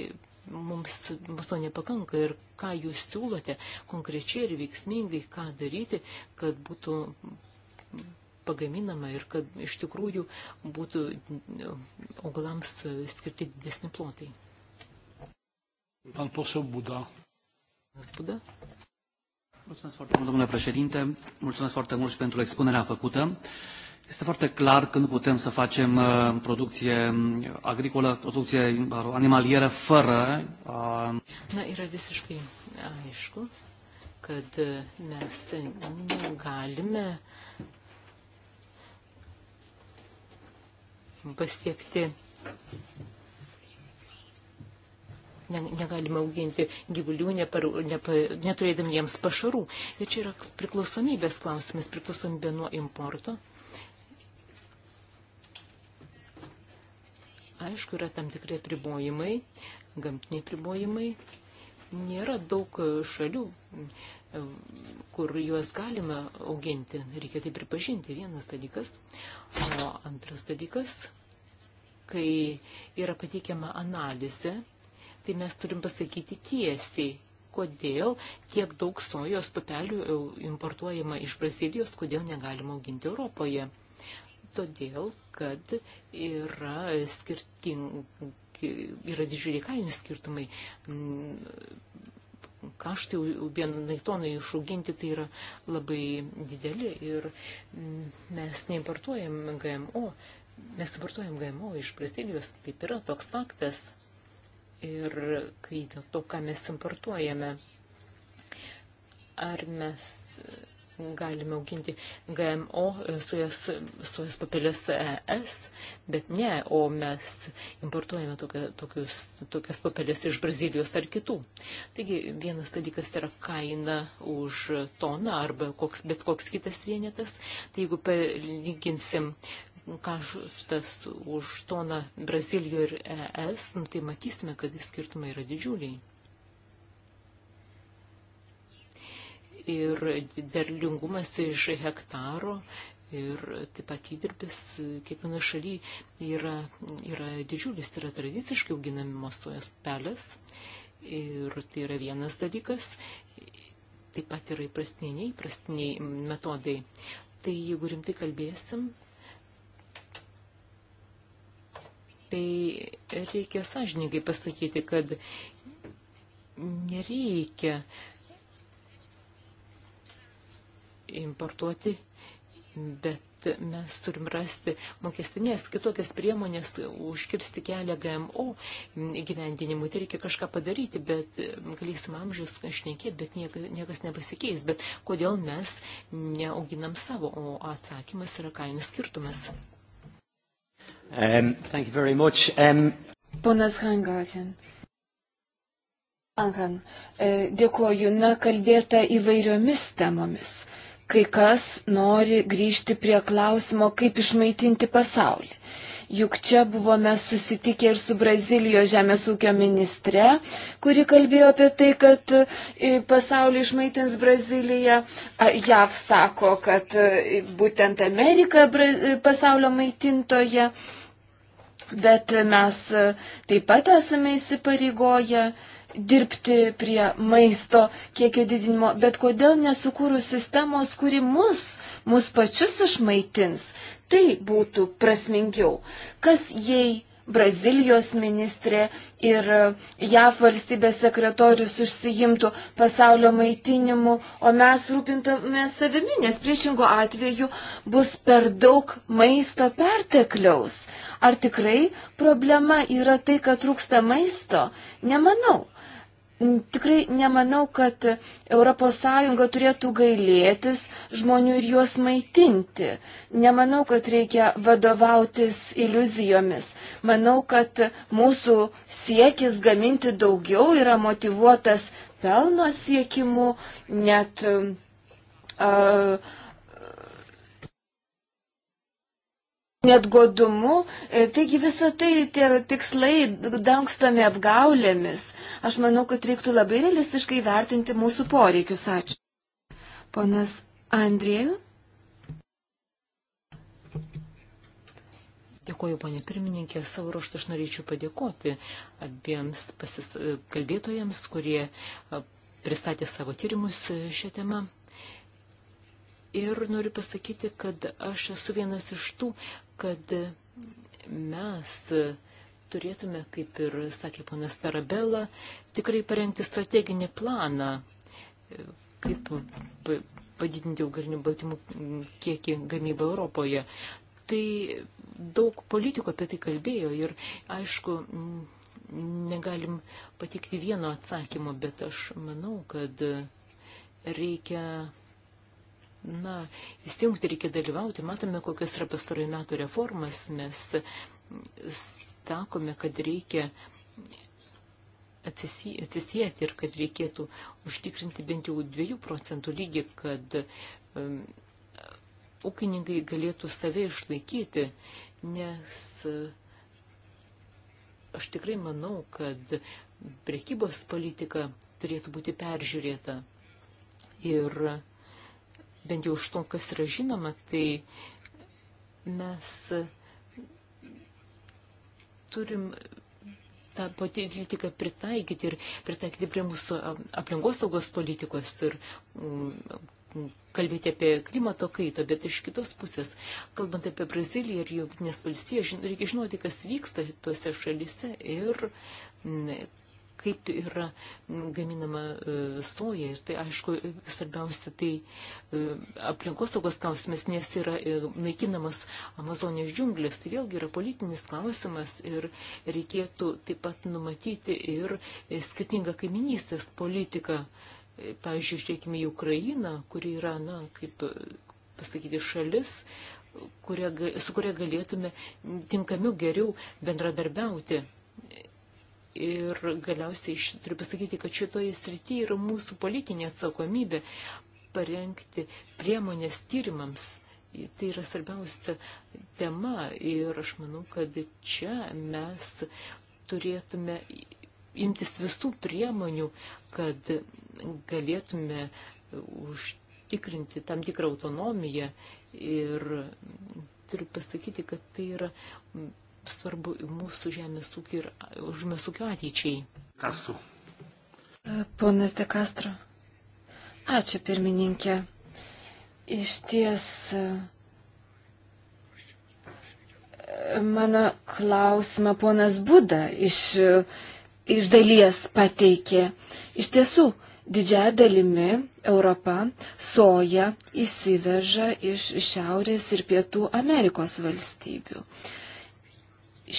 mums to nepakanka ir ką jūs siūlote konkrečiai ir veiksmingai, ką daryti, kad būtų pagaminama ir kad iš tikrųjų būtų augalams skirti didesni plotai. Pan posel Buda. Buda. Mulțumesc foarte mult, domnule președinte. Mulțumesc foarte mult și pentru expunerea făcută. Este foarte clar că nu putem să facem produkciją agrikolą, produkciją animalierę fără. Uh, Na, yra visiškai aišku, kad uh, mes negalime pasiekti negalime auginti gyvulių, nepar, nepa, neturėdami jiems pašarų. Ir čia yra priklausomybės klausimas, priklausomybė nuo importo. Aišku, yra tam tikrai pribojimai, gamtiniai pribojimai. Nėra daug šalių, kur juos galima auginti. Reikia tai pripažinti, vienas dalykas. O antras dalykas kai yra pateikiama analizė tai mes turim pasakyti tiesiai, kodėl tiek daug sojos pupelių e, importuojama iš Brazilijos, kodėl negalima auginti Europoje. Todėl, kad yra skirtingi, yra didžiuliai kainų skirtumai. Mm, kaštai vienai tonai išauginti tai yra labai dideli ir mm, mes neimportuojam GMO, mes importuojam GMO iš Brazilijos, taip yra toks faktas ir kai dėl to, ką mes importuojame. Ar mes galime auginti GMO e, sujas, sujas papilės ES, bet ne, o mes importuojame tokia, tokius, tokias papilės iš Brazilijos ar kitų. Taigi vienas dalykas yra kaina už toną arba koks, bet koks kitas vienetas. Tai jeigu palyginsim kaštas už toną Brazilijoje ir ES, nu, tai matysime, kad skirtumai yra didžiuliai. Ir derlingumas iš hektaro ir taip pat įdirbis kiekvieno šaly yra, yra didžiulis, tai yra tradiciškai auginamos tojos pelės. Ir tai yra vienas dalykas. Taip pat yra įprastiniai, neįprastiniai metodai. Tai jeigu rimtai kalbėsim, tai reikia sąžininkai pasakyti, kad nereikia importuoti, bet mes turim rasti mokestinės kitokias priemonės, užkirsti kelią GMO gyvendinimui. Tai reikia kažką padaryti, bet galėsim amžius šnekėti, bet niekas, niekas nepasikeis. Bet kodėl mes neauginam savo, o atsakymas yra kainų skirtumas. Um, thank you very much. Um... Ponas Hangaken. Anhan, e, dėkuoju, na, kalbėta įvairiomis temomis. Kai kas nori grįžti prie klausimo, kaip išmaitinti pasaulį. Juk čia buvome susitikę ir su Brazilijos žemės ūkio ministre, kuri kalbėjo apie tai, kad e, pasaulį išmaitins Brazilija. JAV sako, kad e, būtent Amerika pasaulio maitintoje bet mes taip pat esame įsipareigoję dirbti prie maisto kiekio didinimo, bet kodėl nesukūrus sistemos, kuri mus, mus pačius išmaitins, tai būtų prasmingiau. Kas jei Brazilijos ministrė ir JAF valstybės sekretorius užsijimtų pasaulio maitinimu, o mes rūpintume savimi, nes priešingų atveju bus per daug maisto pertekliaus. Ar tikrai problema yra tai, kad trūksta maisto? Nemanau tikrai nemanau, kad ES turėtų gailėtis žmonių ir juos maitinti. Nemanau, kad reikia vadovautis iliuzijomis. Manau, kad mūsų siekis gaminti daugiau yra motivuotas pelno siekimu, net. Uh, Net godumu, taigi visą tai tie tikslai dangstomi apgaulėmis. Uh, Aš manau, kad reiktų labai realistiškai vertinti mūsų poreikius. Ačiū. Ponas Andrėjų. Dėkuoju, ponė pirmininkė, savo ruoštų aš norėčiau padėkoti abiems pasis... kalbėtojams, kurie pristatė savo tyrimus e, šią temą. Ir noriu pasakyti, kad aš esu vienas iš tų, kad mes turėtume, kaip ir sakė ponas Tarabela, tikrai parengti strateginį planą, e, kaip padidinti augalinių baltymų kiekį gamybą Europoje. Tai daug politikų apie tai kalbėjo ir, aišku, negalim patikti vieno atsakymo, bet aš manau, kad reikia na, įsijungti reikia dalyvauti. Matome, kokias yra pastarojų metų reformas. Mes sakome, kad reikia atsisėti ir kad reikėtų užtikrinti bent jau 2 procentų lygį, kad um, ūkininkai galėtų save išlaikyti, nes uh, aš tikrai manau, kad prekybos politika turėtų būti peržiūrėta. Ir bent jau už to, kas yra žinoma, tai mes turim tą politiką pritaikyti ir pritaikyti prie mūsų aplinkos saugos politikos ir mm, kalbėti apie klimato kaitą, bet iš kitos pusės, kalbant apie Braziliją ir jungtinės valstijas, reikia žinoti, kas vyksta tuose šalise ir mm, kaip yra gaminama e, stoja. Ir tai, aišku, svarbiausia, tai e, aplinkosaugos klausimas, nes yra e, naikinamas Amazonės džiunglės. Tai vėlgi yra politinis klausimas ir reikėtų taip pat numatyti ir skirtingą kaiminystės politiką. Pavyzdžiui, žiūrėkime į Ukrainą, kuri yra, na, kaip pasakyti, šalis, kuria, su kuria galėtume tinkamiau geriau bendradarbiauti. Ir galiausiai turiu pasakyti, kad šitoje srityje yra mūsų politinė atsakomybė parengti priemonės tyrimams. Tai yra svarbiausia tema ir aš manau, kad čia mes turėtume imtis visų priemonių, kad galėtume užtikrinti tam tikrą autonomiją ir turiu pasakyti, kad tai yra svarbu mūsų žemės ūkio ir žemės ūkio ateičiai. Kastu. E, ponas De Castro. Ačiū pirmininkė. Iš ties e, mano klausimą ponas Buda iš, e, iš dalies pateikė. Iš tiesų, didžiąją dalimi Europa soja įsiveža iš Šiaurės ir Pietų Amerikos valstybių. Uh,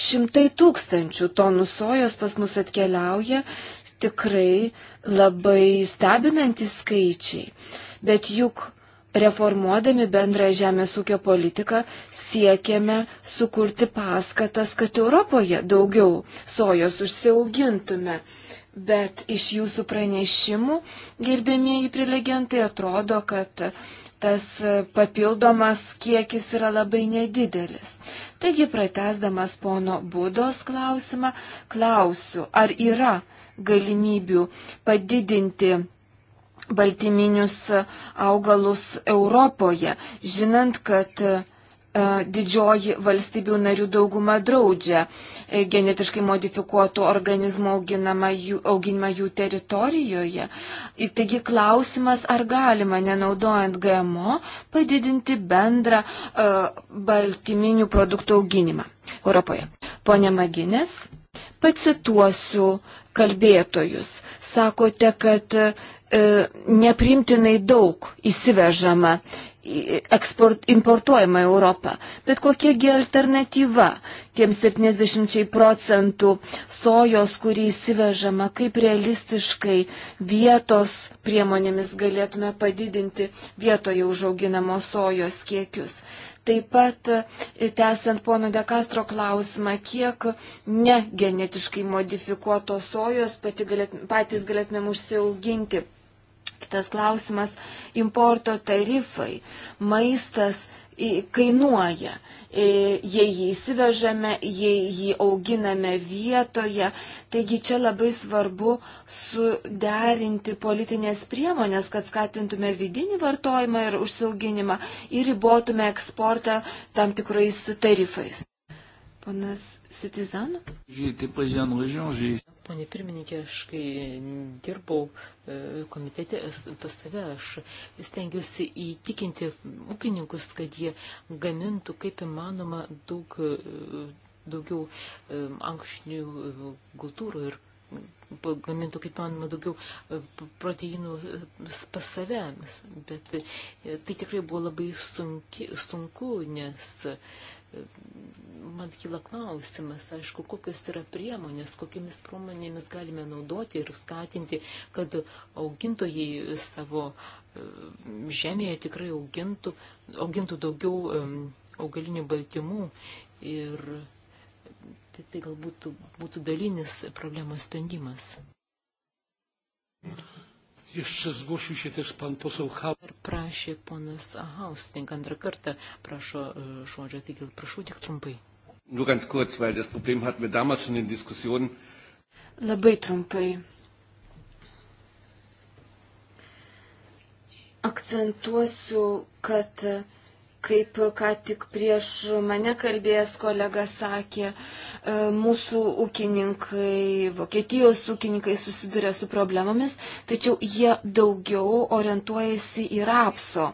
Šimtai tūkstančių tonų sojos pas mus atkeliauja, tikrai labai stebinantys skaičiai. Bet juk reformuodami bendrą žemės ūkio politiką siekiame sukurti paskatas, kad Europoje daugiau sojos užsiaugintume. Bet iš jūsų pranešimų, gerbėmieji prelegentai, atrodo, kad tas papildomas kiekis yra labai nedidelis. Taigi, pratesdamas pono būdos klausimą, klausiu, ar yra galimybių padidinti baltyminius augalus Europoje, žinant, kad E, didžioji valstybių narių dauguma draudžia e, genetiškai modifikuotų organizmų jų, auginimą jų teritorijoje. Ir taigi klausimas, ar galima, nenaudojant GMO, padidinti bendrą uh, baltyminių produktų auginimą Europoje. Pone Maginės, pacituosiu kalbėtojus. Sakote, kad uh, neprimtinai daug įsivežama eksport, importuojama į Europą. Bet kokiagi alternatyva tiem 70 procentų sojos, kurį įsivežama, kaip realistiškai vietos priemonėmis galėtume padidinti vietoje užauginamos sojos kiekius. Taip pat, e, tęsiant pono Dekastro klausimą, kiek ne genetiškai modifikuotos sojos galėtume, patys galėtumėm užsiauginti kitas klausimas - importo tarifai. Maistas kainuoja. E, jei jį įsivežame, jei jį auginame vietoje, taigi čia labai svarbu suderinti politinės priemonės, kad skatintume vidinį vartojimą ir užsiauginimą ir ribotume eksportą tam tikrais tarifais. Ponas Sitizanu? Tai Pane pirmininkė, aš kai dirbau E, komitete pas save aš stengiuosi įtikinti ūkininkus, kad jie gamintų kaip įmanoma daug, e, daugiau e, ankšnių kultūrų ir gamintų kaip manoma daugiau proteinų pas save, bet tai tikrai buvo labai sunki, sunku, nes man kyla klausimas, aišku, kokios yra priemonės, kokiamis priemonėmis galime naudoti ir skatinti, kad augintojai savo e, žemėje tikrai augintų, augintų daugiau e, augalinių baltymų ir tai, tai galbūt būtų dalinis problemos sprendimas. Jeszcze zgłosił się też pan poseł Hauser. Prašė ponas Hausting antrą kartą, prašo žodžio, e, taigi prašau tik trumpai. Nur ganz kurz, weil das Problem hatten wir damals schon in Diskussionen. Labai trumpai. Akcentuosiu, kad uh, kaip ką tik prieš mane kalbėjęs kolega sakė, e, mūsų ūkininkai, Vokietijos ūkininkai susiduria su problemomis, tačiau jie daugiau orientuojasi į rapso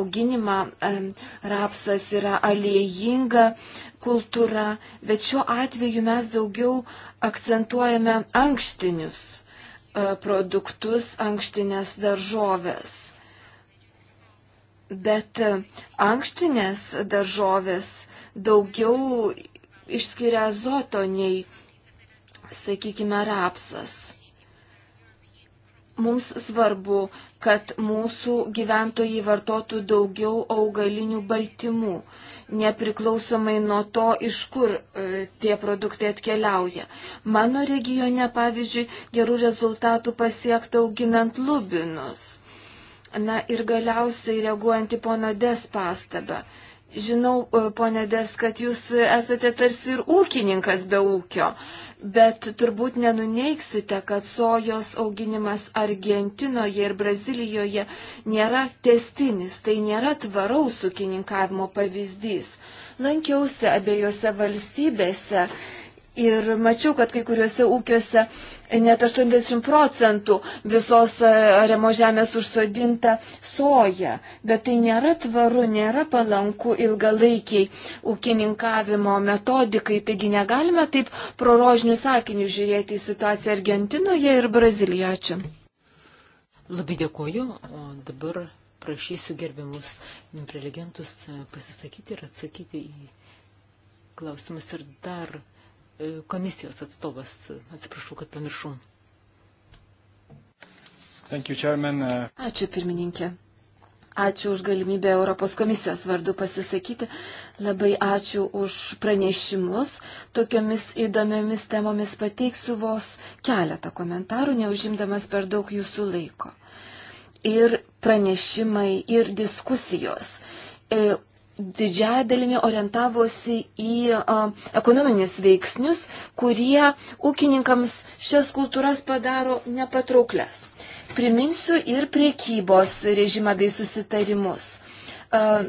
auginimą. E, rapsas yra aliejinga kultūra, bet šiuo atveju mes daugiau akcentuojame ankštinius e, produktus, ankštinės daržovės Bet e, ankštinės daržovės daugiau išskiria azoto nei, sakykime, rapsas. Mums svarbu, kad mūsų gyventojai vartotų daugiau augalinių baltymų, nepriklausomai nuo to, iš kur e, tie produktai atkeliauja. Mano regione, pavyzdžiui, gerų rezultatų pasiekta auginant lubinus Na ir galiausiai reaguojant į pono Des pastabą. Žinau, e, ponė Des, kad jūs esate tarsi ir ūkininkas be ūkio, bet turbūt nenuneiksite, kad sojos auginimas Argentinoje ir Brazilijoje nėra testinis, tai nėra tvaraus ūkininkavimo pavyzdys. Lankiausi abiejose valstybėse ir mačiau, kad kai kuriuose ūkiuose net 80 procentų visos e, ariamo žemės užsodinta soja. Bet tai nėra tvaru, nėra palanku ilgalaikiai ūkininkavimo metodikai. Taigi negalime taip prorožinių sakinių žiūrėti į situaciją Argentinoje ir Brazilijoje. Ačiū. Labai dėkuoju. O dabar prašysiu gerbiamus prelegentus e, pasisakyti ir atsakyti į klausimus ir dar komisijos atstovas. Atsiprašau, kad pamiršau. You, Ačiū pirmininkė. Ačiū už galimybę Europos komisijos vardu pasisakyti. Labai ačiū už pranešimus. Tokiomis įdomiomis temomis pateiksiu vos keletą komentarų, neužimdamas per daug jūsų laiko. Ir pranešimai, ir diskusijos e, didžiąją dalimi orientavosi į a, ekonominius veiksnius, kurie ūkininkams šias kultūras padaro nepatrauklias. Priminsiu ir priekybos režimą bei susitarimus. A,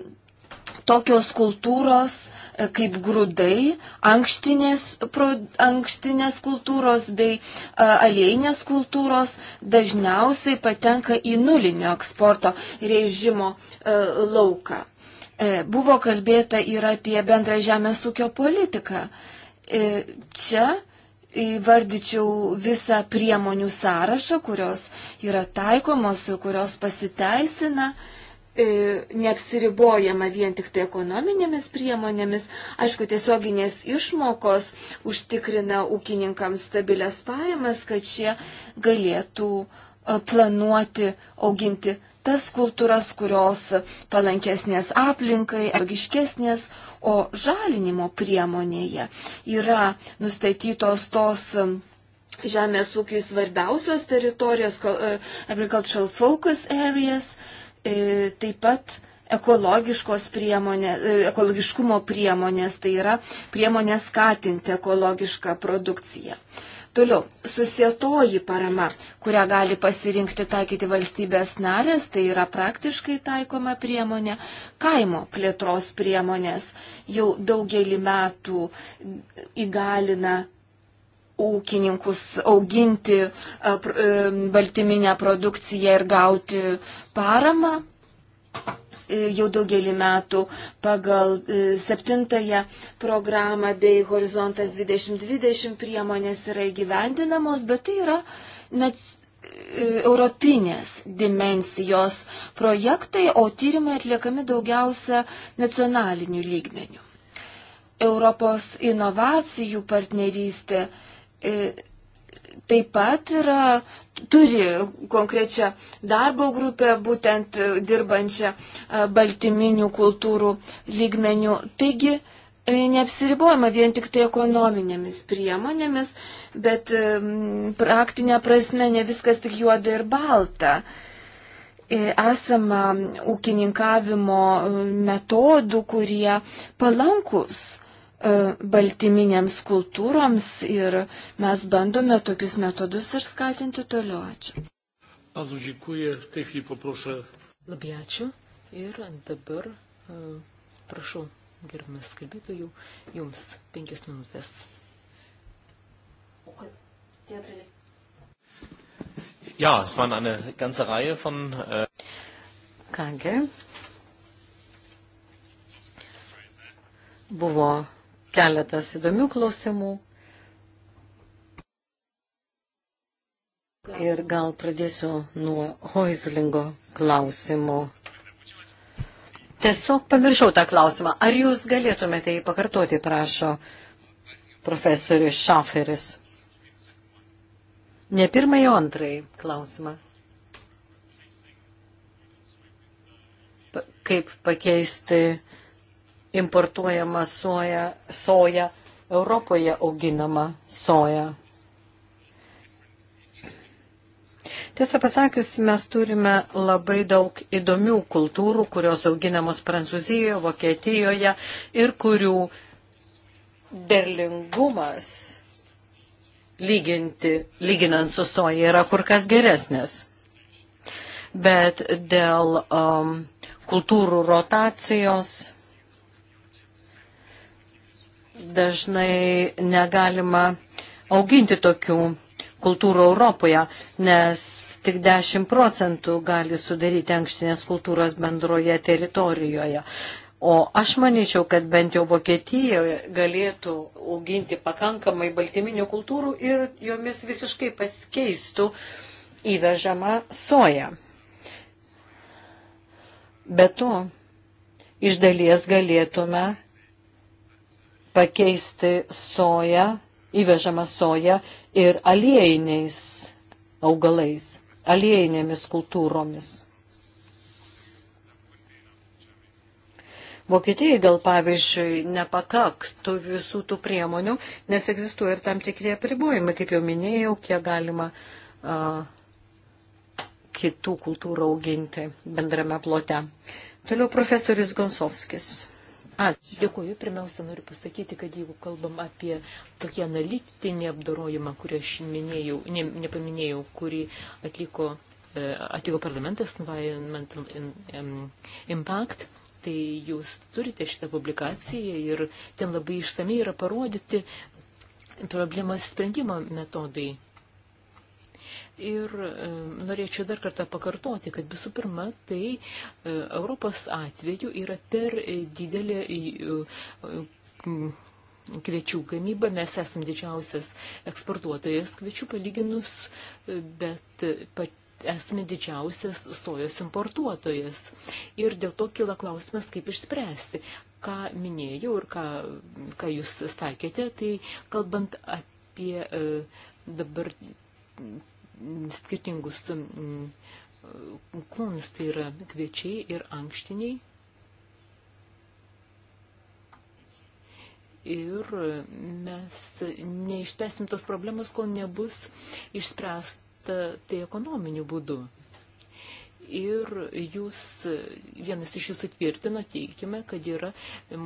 tokios kultūros a, e, kaip grūdai, ankštinės, pro, ankštinės kultūros bei aliejinės kultūros dažniausiai patenka į nulinio eksporto režimo e, lauką E, buvo kalbėta ir apie bendrą žemės ūkio politiką. E, čia įvardyčiau visą priemonių sąrašą, kurios yra taikomos ir kurios pasiteisina e, neapsiribojama vien tik tai ekonominėmis priemonėmis. Aišku, tiesioginės išmokos užtikrina ūkininkams stabilės pajamas, kad šie galėtų planuoti auginti tas kultūras, kurios palankesnės aplinkai, logiškesnės, o žalinimo priemonėje yra nustatytos tos um, žemės ūkiai svarbiausios teritorijos, uh, agricultural focus areas, e, taip pat ekologiškos priemonės, e, ekologiškumo priemonės, tai yra priemonės skatinti ekologišką produkciją. Toliau, susietoji parama, kurią gali pasirinkti taikyti valstybės narės, tai yra praktiškai taikoma priemonė, kaimo plėtros priemonės jau daugelį metų įgalina ūkininkus auginti baltyminę produkciją ir gauti paramą. E, jau daugelį metų pagal e, septintąją programą bei Horizontas 2020 priemonės yra įgyvendinamos, bet tai yra net e, europinės dimensijos projektai, o tyrimai atliekami daugiausia nacionaliniu lygmeniu. Europos inovacijų partnerystė taip pat yra turi konkrečią darbo grupę, būtent e, dirbančią e, baltyminių kultūrų lygmenių. Taigi, e, neapsiribojama vien tik tai ekonominėmis priemonėmis, bet praktinė prasme ne viskas tik juoda ir balta. Esama ūkininkavimo metodų, kurie palankus E, baltyminėms kultūroms ir mes bandome tokius metodus ir skatinti toliau. Ačiū. Bardzo dziękuję. W tej chwili poproszę. Labai ačiū. Ir dabar e, prašau, gerbimas kalbėtojų, jums penkias minutės. O kas tie dalykai? Ja, es waren eine ganze Reihe von. Äh Kągi. Buvo keletas įdomių klausimų. Ir gal pradėsiu nuo Hoislingo klausimo. Tiesiog pamiršau tą klausimą. Ar jūs galėtumėte jį pakartoti, prašo profesorius Šaferis. Ne pirmąjį, o antrąjį klausimą. kaip pakeisti importuojama soja, soja Europoje auginama soja. Tiesą pasakius, mes turime labai daug įdomių kultūrų, kurios auginamos Prancūzijoje, Vokietijoje ir kurių derlingumas lyginti, lyginant su soja yra kur kas geresnės. Bet dėl um, kultūrų rotacijos dažnai negalima auginti tokių kultūrų Europoje, nes tik 10 procentų gali sudaryti ankštinės kultūros bendroje teritorijoje. O aš manyčiau, kad bent jau Vokietijoje galėtų auginti pakankamai baltyminių kultūrų ir jomis visiškai pasikeistų įvežama soja. Be to, iš dalies galėtume pakeisti soją, įvežamą soją ir aliejiniais augalais, aliejinėmis kultūromis. Vokietijai gal pavyzdžiui nepakaktų visų tų priemonių, nes egzistuoja ir tam tikrie apribojimai, kaip jau minėjau, kiek galima a, kitų kultūrų auginti bendrame plote. Toliau profesorius Gonsovskis. Ačiū. Dėkuoju. Pirmiausia, noriu pasakyti, kad jeigu kalbam apie tokį analitinį apdorojimą, kurį aš minėjau, ne, nepaminėjau, kurį atliko, e, atliko parlamentas Environmental Impact, tai jūs turite šitą publikaciją ir ten labai išsamei yra parodyti problemos sprendimo metodai. Ir e, norėčiau dar kartą pakartoti, kad visų pirma, tai e, Europos atveju yra per e, didelė kviečių gamyba, mes esam didžiausias eksportuotojas kviečių palyginus, bet pat esame didžiausias sojos importuotojas. Ir dėl to kila klausimas, kaip išspręsti. Ką minėjau ir ką, ką jūs sakėte, tai kalbant apie dabar Mm, skirtingus mm, klonus, tai yra kviečiai ir ankštiniai. Ir mes neišspręsim tos problemos, kol nebus išspręsta tai ekonominiu būdu. Ir jūs, vienas iš jūsų tvirtino, teikime, kad yra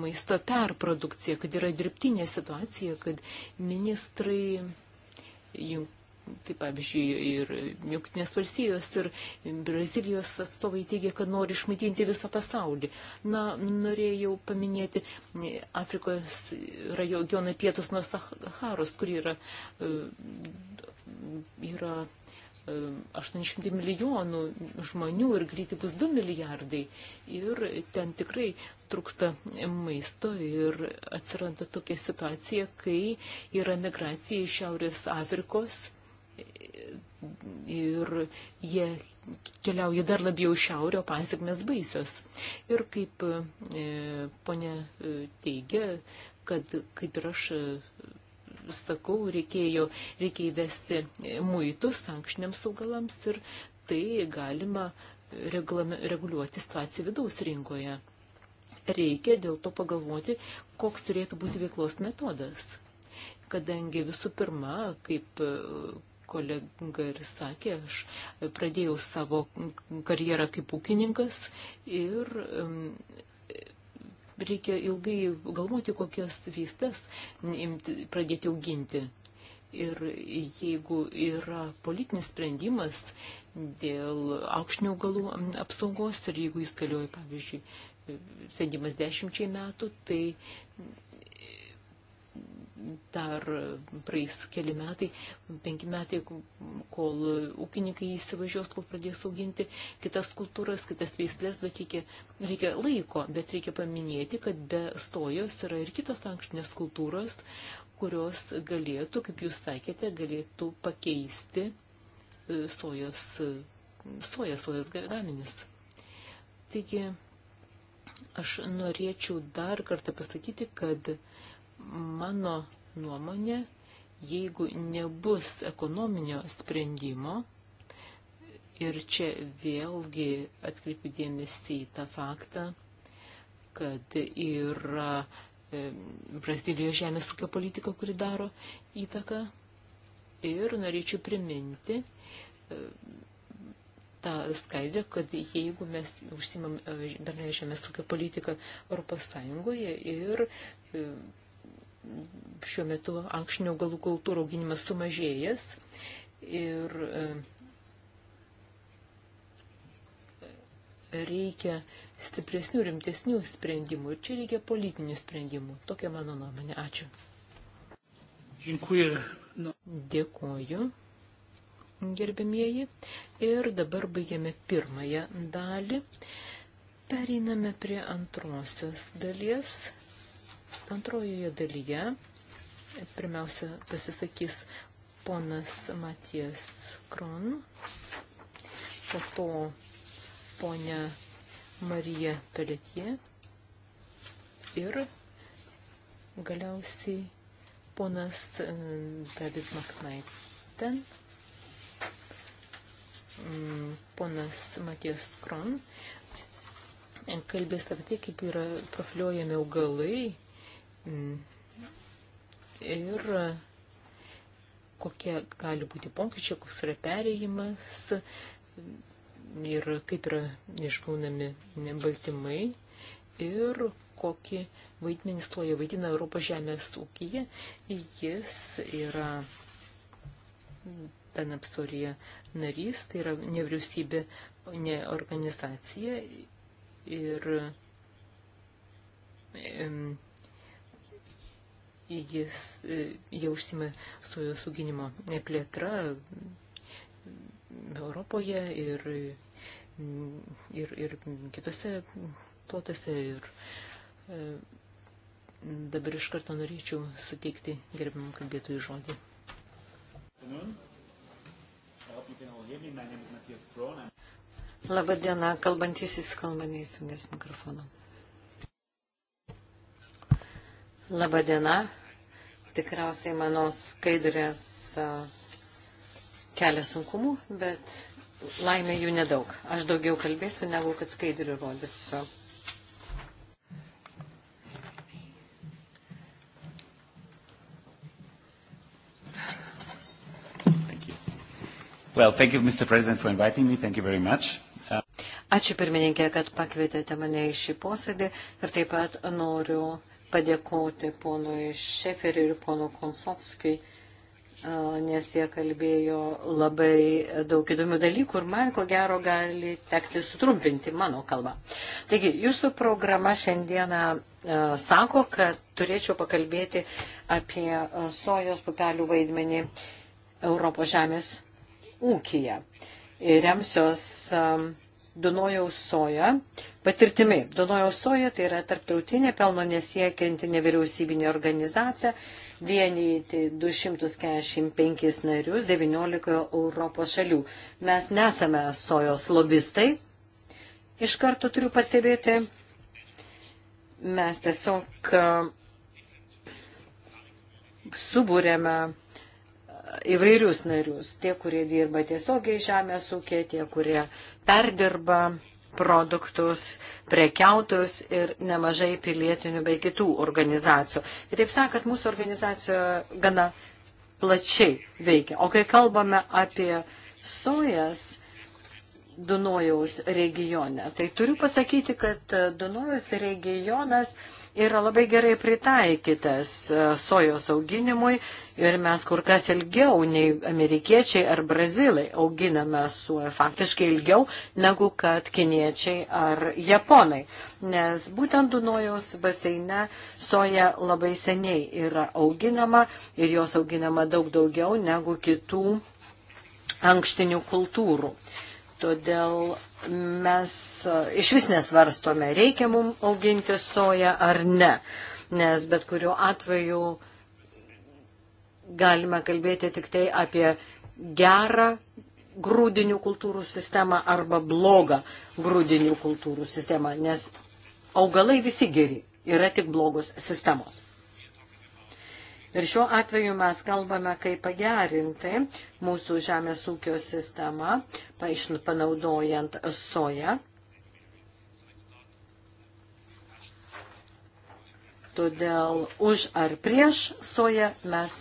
maisto perprodukcija, kad yra dirbtinė situacija, kad ministrai jungtinių Tai pavyzdžiui, ir Junktinės valstijos, ir Brazilijos atstovai teigia, kad nori išmaitinti visą pasaulį. Na, norėjau paminėti Afrikos rajoną pietus nuo Saharos, kur yra, e, yra 800 e, milijonų žmonių ir greitai bus 2 milijardai. Ir ten tikrai trūksta maisto ir atsiranda tokia situacija, kai yra migracija iš Šiaurės Afrikos ir jie keliauja dar labiau šiaurio, pasiekmes baisios. Ir kaip e, ponė e, teigia, kad kaip ir aš e, sakau, reikėjo, reikia įvesti e, muitus sankšniams augalams ir tai galima reglame, reguliuoti situaciją vidaus rinkoje. Reikia dėl to pagalvoti, koks turėtų būti veiklos metodas kadangi visų pirma, kaip kolega ir sakė, aš pradėjau savo karjerą kaip ūkininkas ir reikia ilgai galvoti, kokias vystas pradėti auginti. Ir jeigu yra politinis sprendimas dėl aukšnių galų apsaugos ir jeigu jis galioja, pavyzdžiui, e, sprendimas dešimčiai metų, tai dar praeis keli metai, penki metai, kol ūkininkai įsivažiuos, kol pradės auginti kitas kultūras, kitas veislės, bet reikia, reikia laiko, bet reikia paminėti, kad be stojos yra ir kitos ankštinės kultūros, kurios galėtų, kaip jūs sakėte, galėtų pakeisti e, sojos, sojas, sojas gaminius. Taigi, aš norėčiau dar kartą pasakyti, kad uh, mano nuomonė, jeigu nebus ekonominio sprendimo, ir čia vėlgi atkreipiu dėmesį į tą faktą, kad yra e, Brazilijos žemės ūkio politika, kuri daro įtaką. Ir norėčiau priminti e, tą skaidrę, kad jeigu mes užsimam e, bendrąją žemės ūkio politiką Europos Sąjungoje ir šiuo metu ankšnių augalų kultūrų auginimas sumažėjęs ir e, reikia stipresnių, rimtesnių sprendimų ir čia reikia politinių sprendimų. Tokia mano nuomonė. Ačiū. Dėkuoju. Dėkuoju, gerbėmieji. Ir dabar baigiame pirmąją dalį. Pereiname prie antrosios dalies. Antrojoje dalyje pirmiausia pasisakys ponas Matijas Kron, po to ponia Marija Peletie ir galiausiai ponas eh, David Maknaiten, mm, ponas Matijas Kron, eh, kalbės apie tai, kaip yra profiliuojami augalai Mm. Ir e, kokie gali būti pokyčiai, koks yra perėjimas ir kaip yra išgaunami baltymai ir kokį vaidmenį stoja vaidina Europos žemės ūkyje. Jis yra Benapstorija narys, tai yra nevyriausybė, ne organizacija ir jis, e, jie užsima su suginimo plėtra Europoje ir, ir, ir kitose plotose. Ir e, dabar iš karto norėčiau suteikti gerbiamam kalbėtojui žodį. Labą dieną, kalbantysis kalbanys jungės mikrofoną. Labadiena. Tikriausiai mano skaidrės kelia sunkumų, bet laimė jų nedaug. Aš daugiau kalbėsiu, negu kad skaidrių rodysiu. Well, thank you, Mr. President, for inviting me. Thank you very much. Uh, Ačiū pirmininkė, kad pakvietėte mane į šį posėdį ir taip pat noriu uh, padėkoti ponui Šeferiui ir ponui Konsovskijui, nes jie kalbėjo labai daug įdomių dalykų ir man ko gero gali tekti sutrumpinti mano kalbą. Taigi, jūsų programa šiandieną sako, kad turėčiau pakalbėti apie sojos pupelių vaidmenį Europos žemės ūkija. Ir remsios um, Donojaus soja patirtimi. Donojaus soja tai yra tarptautinė pelno nesiekianti nevyriausybinė organizacija, vienyti 245 narius 19 Europos šalių. Mes nesame sojos lobistai. Iš karto turiu pastebėti, mes tiesiog subūrėme įvairius narius, tie, kurie dirba tiesiogiai žemės ūkė, tie, kurie perdirba produktus, prekiautus ir nemažai pilietinių bei kitų organizacijų. Kitaip sakant, mūsų organizacija gana plačiai veikia. O kai kalbame apie sojas Dunojaus regione, tai turiu pasakyti, kad Dunojaus regionas yra labai gerai pritaikytas e, sojos auginimui ir mes kur kas ilgiau nei amerikiečiai ar brazilai auginame suoją, faktiškai ilgiau negu kad kiniečiai ar japonai. Nes būtent Dunojaus baseine soja labai seniai yra auginama ir jos auginama daug daugiau negu kitų ankštinių kultūrų. Todėl mes e, iš vis nesvarstome, reikia mums auginti soją ar ne, nes bet kuriuo atveju galime kalbėti tik tai apie gerą grūdinių kultūrų sistemą arba blogą grūdinių kultūrų sistemą, nes augalai visi geri, yra tik blogos sistemos. Ir šiuo atveju mes kalbame, kaip pagerinti mūsų žemės ūkio sistemą, panaudojant soją. Todėl už ar prieš soją mes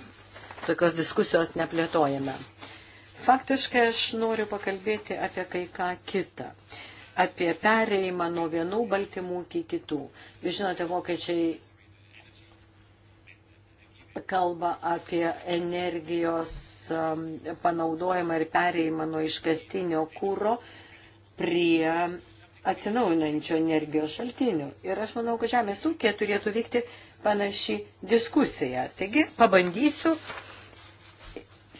tokios diskusijos neplėtojame. Faktiškai aš noriu pakalbėti apie kai ką kitą apie pereimą nuo vienų baltymų iki kitų. Jūs žinote, vokiečiai kalba apie energijos um, panaudojimą ir pereimą nuo iškastinio kūro prie atsinaujinančio energijos šaltinių. Ir aš manau, kad žemės ūkė turėtų vykti panaši diskusija. Taigi pabandysiu,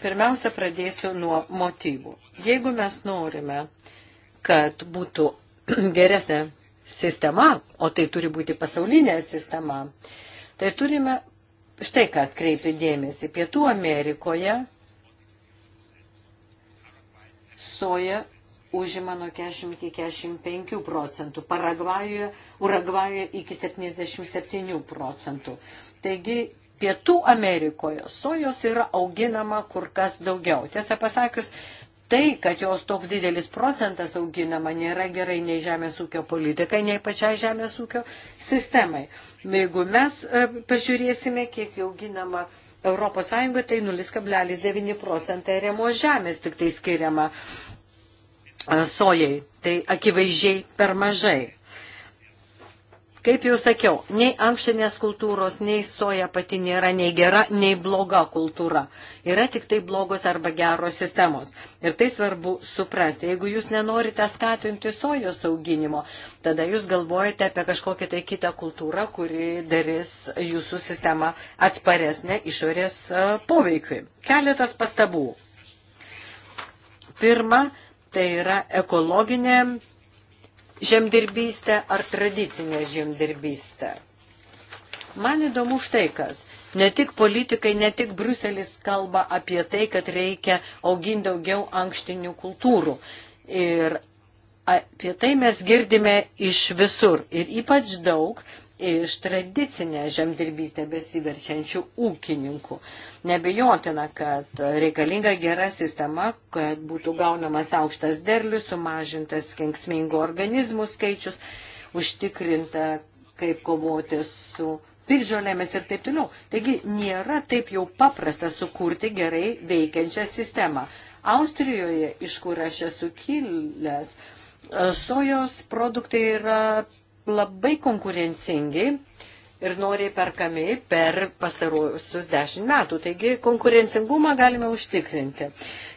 pirmiausia, pradėsiu nuo motyvų. Jeigu mes norime, kad būtų geresnė sistema, o tai turi būti pasaulinė sistema, tai turime štai ką atkreipti dėmesį. Pietų Amerikoje soja užima nuo 40 iki 45 procentų, Paragvajoje, Uragvajoje iki 77 procentų. Taigi Pietų Amerikoje sojos yra auginama kur kas daugiau. Tiesą pasakius, tai, kad jos toks didelis procentas auginama, nėra gerai nei žemės ūkio politikai, nei pačiai žemės ūkio sistemai. Jeigu mes e, pažiūrėsime, kiek auginama ES, tai 0,9 procentai remos žemės tik tai skiriama e, sojai. Tai akivaizdžiai per mažai. Kaip jau sakiau, nei ankštinės kultūros, nei soja pati nėra nei gera, nei bloga kultūra. Yra tik tai blogos arba geros sistemos. Ir tai svarbu suprasti. Jeigu jūs nenorite skatinti sojos auginimo, tada jūs galvojate apie kažkokią tai kitą kultūrą, kuri darys jūsų sistemą atsparesnę išorės e, poveikiui. Keletas pastabų. Pirma, tai yra ekologinė žemdirbystę ar tradicinę žemdirbystę. Man įdomu štai kas. Ne tik politikai, ne tik Bruselis kalba apie tai, kad reikia auginti daugiau ankštinių kultūrų. Ir apie tai mes girdime iš visur. Ir ypač daug iš tradicinę žemdirbystę besiverčiančių ūkininkų. Nebejotina, kad reikalinga gera sistema, kad būtų gaunamas aukštas derlius, sumažintas kenksmingų organizmų skaičius, užtikrinta, kaip kovoti su piržolėmis ir taip toliau. Taigi nėra taip jau paprasta sukurti gerai veikiančią sistemą. Austrijoje, iš kur aš esu kilęs, sojos produktai yra labai konkurencingai ir noriai perkami per pastaruosius dešimt metų. Taigi konkurencingumą galime užtikrinti.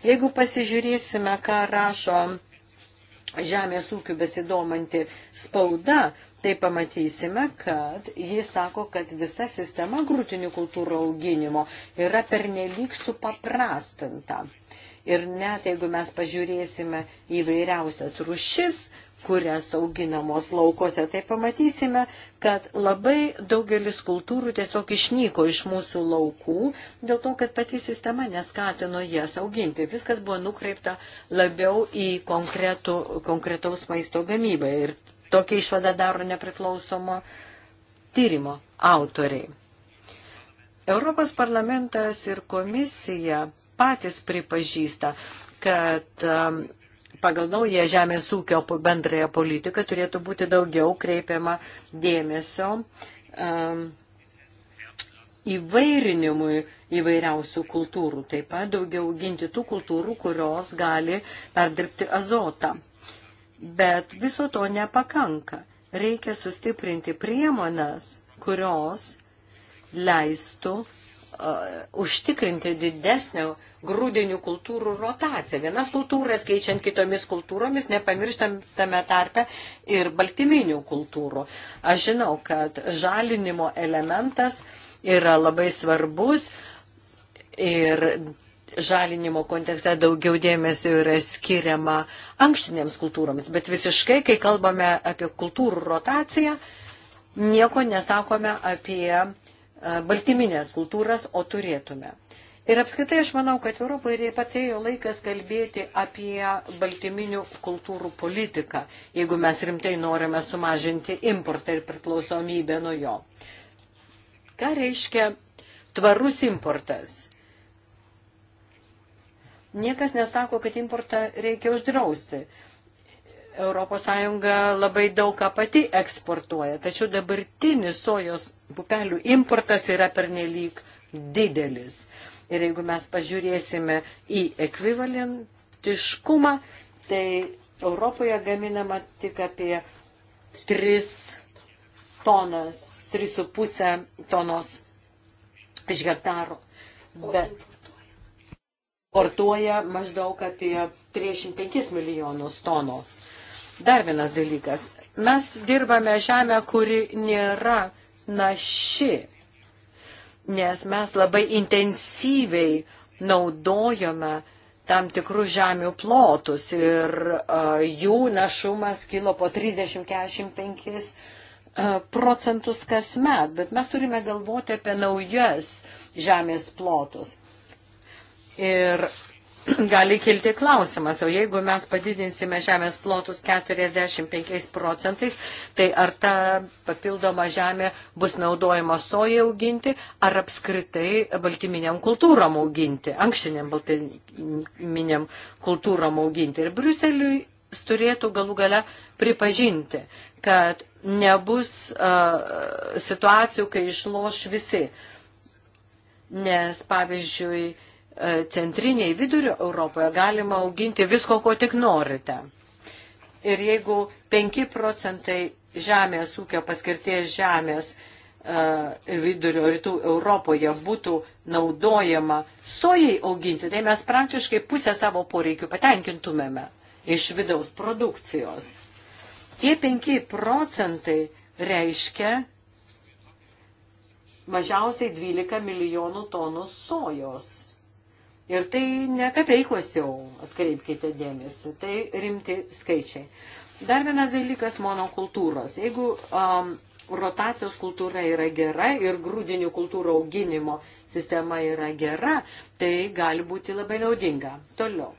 Jeigu pasižiūrėsime, ką rašo žemės ūkių besidomanti spauda, tai pamatysime, kad jis sako, kad visa sistema grūtinių kultūrų auginimo yra pernelyg supaprastinta. Ir net jeigu mes pažiūrėsime įvairiausias rušis, kurias auginamos laukose, tai pamatysime, kad labai daugelis kultūrų tiesiog išnyko iš mūsų laukų, dėl to, kad pati sistema neskatino jas auginti. Viskas buvo nukreipta labiau į konkretų, konkretaus maisto gamybą ir tokia išvada daro nepriklausomo tyrimo autoriai. Europos parlamentas ir komisija patys pripažįsta, kad um, pagal naują žemės ūkio bendrąją politiką turėtų būti daugiau kreipiama dėmesio um, įvairinimui įvairiausių kultūrų, taip pat daugiau ginti tų kultūrų, kurios gali perdirbti azotą. Bet viso to nepakanka. Reikia sustiprinti priemonas, kurios leistų Uh, užtikrinti didesnę grūdinių kultūrų rotaciją. Vienas kultūras keičiant kitomis kultūromis, nepamirštam tame tarpe ir baltyminių kultūrų. Aš žinau, kad žalinimo elementas yra labai svarbus ir žalinimo kontekste daugiau dėmesio yra skiriama ankštinėms kultūroms, bet visiškai, kai kalbame apie kultūrų rotaciją, nieko nesakome apie E, baltyminės kultūras, o turėtume. Ir apskaitai aš manau, kad Europoje ir patėjo laikas kalbėti apie baltyminių kultūrų politiką, jeigu mes rimtai norime sumažinti importą ir priklausomybę nuo jo. Ką reiškia tvarus importas? Niekas nesako, kad importą reikia uždrausti. ES labai daug ką pati eksportuoja, tačiau dabartinis sojos pupelių importas yra pernelyg didelis. Ir jeigu mes pažiūrėsime į ekvivalentiškumą, tai Europoje gaminama tik apie 3 tonas, 3,5 tonos iš hektaro. Bet portuoja maždaug apie 35 milijonus tonų. Dar vienas dalykas. Mes dirbame žemę, kuri nėra naši, nes mes labai intensyviai naudojame tam tikrus žemių plotus ir uh, jų našumas kilo po 30-45 procentus kasmet, bet mes turime galvoti apie naujas žemės plotus. Ir gali kilti klausimas, o jeigu mes padidinsime žemės plotus 45 procentais, tai ar ta papildoma žemė bus naudojama sojai auginti, ar apskritai baltyminiam kultūram auginti, ankštiniam baltyminiam kultūram auginti. Ir Briuseliui turėtų galų gale pripažinti, kad nebus uh, situacijų, kai išloš visi. Nes, pavyzdžiui, uh, centriniai vidurio Europoje galima auginti visko, ko tik norite. Ir jeigu 5 procentai žemės ūkio paskirties žemės e, vidurio rytų Europoje būtų naudojama sojai auginti, tai mes praktiškai pusę savo poreikių patenkintumėme iš vidaus produkcijos. Tie 5 procentai reiškia mažiausiai 12 milijonų tonų sojos. Ir tai ne kapeikos jau, atkreipkite dėmesį, tai rimti skaičiai. Dar vienas dalykas - monokultūros. Jeigu um, rotacijos kultūra yra gera ir grūdinių kultūrų auginimo sistema yra gera, tai gali būti labai naudinga. Toliau.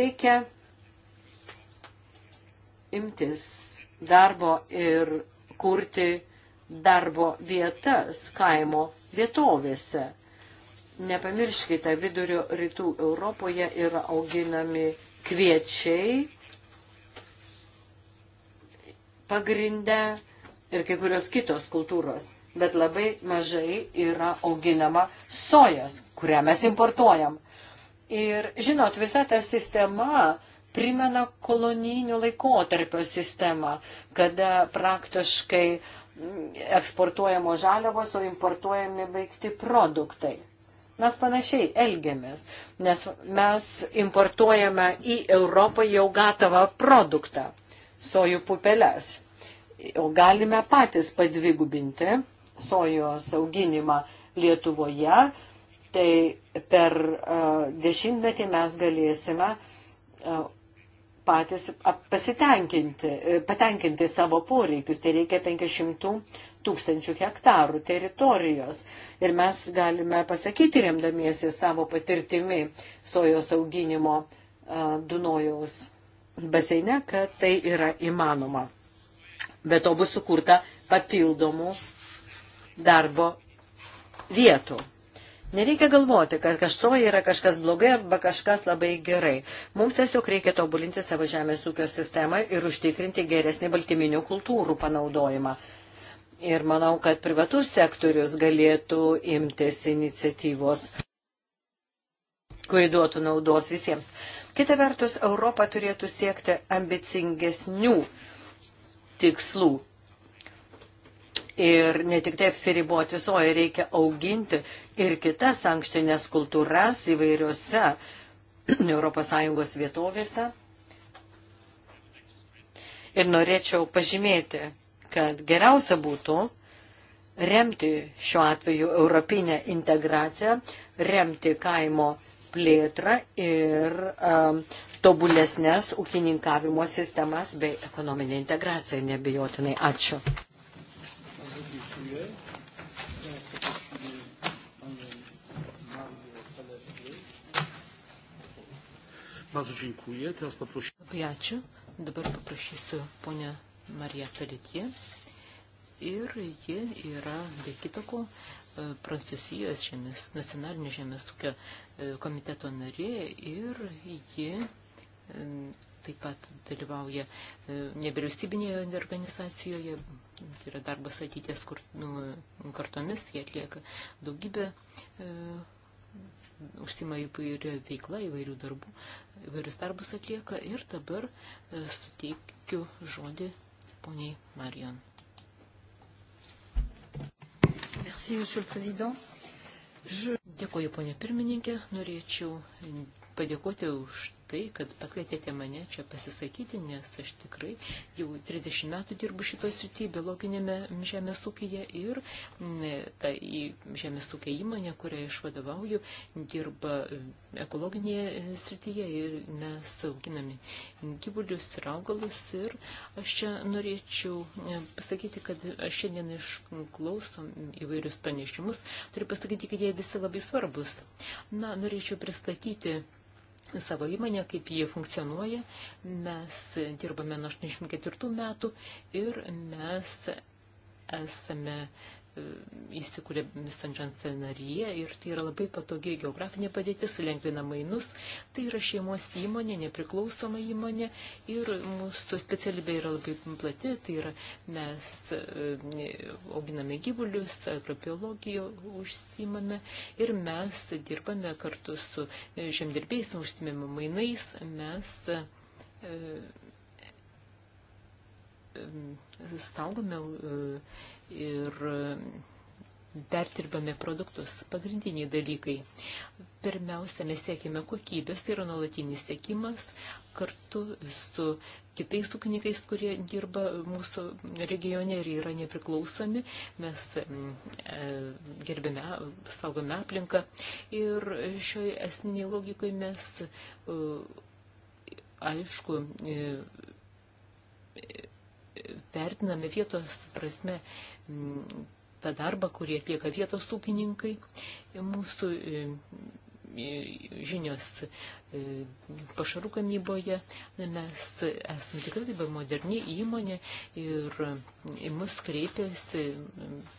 Reikia imtis darbo ir kurti darbo vietas kaimo vietovėse. Nepamirškite, vidurio rytų Europoje yra auginami kviečiai pagrindę ir kai kurios kitos kultūros, bet labai mažai yra auginama sojas, kurią mes importuojam. Ir žinot, visa ta sistema primena kolonijinio laikotarpio sistemą, kada praktiškai mm, eksportuojamos žaliavos, o importuojami baigti produktai. Mes panašiai elgiamės, nes mes importuojame į Europą jau gatavą produktą - sojų pupeles. O galime patys padvigubinti sojos auginimą Lietuvoje, tai per uh, dešimtmetį mes galėsime uh, patys pasitenkinti, e, patenkinti savo poreikius. Tai reikia 500 tūkstančių hektarų teritorijos. Ir mes galime pasakyti, remdamiesi savo patirtimi sojos auginimo Dunojaus baseine, kad tai yra įmanoma. Be to bus sukurta papildomų darbo vietų. Nereikia galvoti, kad kažko yra kažkas blogai arba kažkas labai gerai. Mums tiesiog reikia tobulinti savo žemės ūkio sistemą ir užtikrinti geresnį baltyminių kultūrų panaudojimą ir manau, kad privatus sektorius galėtų imtis iniciatyvos, kuri duotų naudos visiems. Kita vertus, Europa turėtų siekti ambicingesnių tikslų. Ir ne tik taip apsiriboti soja, reikia auginti ir kitas ankštinės kultūras įvairiose ES vietovėse. Ir norėčiau pažymėti, kad geriausia būtų remti šiuo atveju europinę integraciją, remti kaimo plėtrą ir um, tobulesnės ūkininkavimo sistemas bei ekonominę integraciją, nebejotinai. Ačiū. Bardzo dziękuję. Teraz poproszę. Ačiū. Dabar paprašysiu ponę Marija Felitie ir ji yra, be kitako, e, Prancūzijos žemės, nacionalinio žemės ūkio e, komiteto narė ir ji e, taip pat dalyvauja nevyriausybinėje organizacijoje, tai yra darbas ateities kur, nu, kartomis, jie atlieka daugybę, e, užsima įvairią veiklą, įvairių darbų, įvairius darbus atlieka ir dabar suteikiu žodį poniai Marion. Merci, monsieur le président. Je... Dėkoju, ponė pirmininkė. Norėčiau padėkoti už tai, kad pakvietėte mane čia pasisakyti, nes aš tikrai jau 30 metų dirbu šitoje srityje, biologinėme žemės ūkyje ir ta į žemės ūkio įmonę, kurią aš vadovauju, dirba ekologinėje srityje ir mes auginame gyvulius ir augalus. Ir aš čia norėčiau e, pasakyti, kad aš šiandien išklausom įvairius pranešimus, turiu pasakyti, kad jie visi labai svarbus. Na, norėčiau pristatyti savo įmonę, kaip jie funkcionuoja. Mes dirbame nuo 84 metų ir mes esame įsikūrė Mistančian scenaryje ir tai yra labai patogi geografinė padėtis, lengvina mainus. Tai yra šeimos įmonė, nepriklausoma įmonė ir mūsų specialybė yra labai plati. Tai yra mes e, auginame gyvulius, agrobiologiją užsimame ir mes dirbame kartu su e, žemdirbėjais, užsimėme mainais. Mes, e, saugome ir pertirbame produktus. Pagrindiniai dalykai. Pirmiausia, mes siekime kokybės, tai yra nuolatinis siekimas kartu su kitais ūkininkais, kurie dirba mūsų regione ir yra nepriklausomi. Mes e, gerbėme, saugome aplinką ir šioje esminėje logikoje mes, e, aišku, e, vertiname vietos prasme tą darbą, kurį atlieka vietos ūkininkai. Mūsų e, e, žinios e, pašarų gamyboje, mes esame tikrai labai moderni įmonė ir į mus kreipiasi,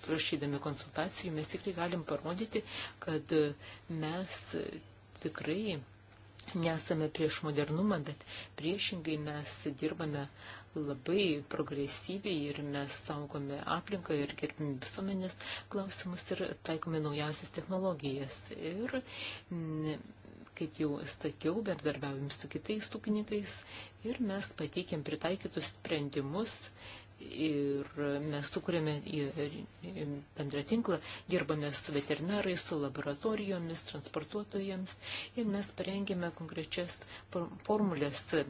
prašydami konsultacijų, mes tikrai galim parodyti, kad mes tikrai nesame prieš modernumą, bet priešingai mes dirbame uh, labai progresyviai ir mes saugome aplinką ir gerbime visuomenės klausimus ir taikome naujausias technologijas. Ir, mm, kaip jau sakiau, bendarbiavim su kitais ūkininkais ir mes pateikėm pritaikytus sprendimus ir mes sukūrėme bendrą tinklą, dirbame su veterinarais, su laboratorijomis, transportuotojams ir mes parengėme konkrečias formulės e,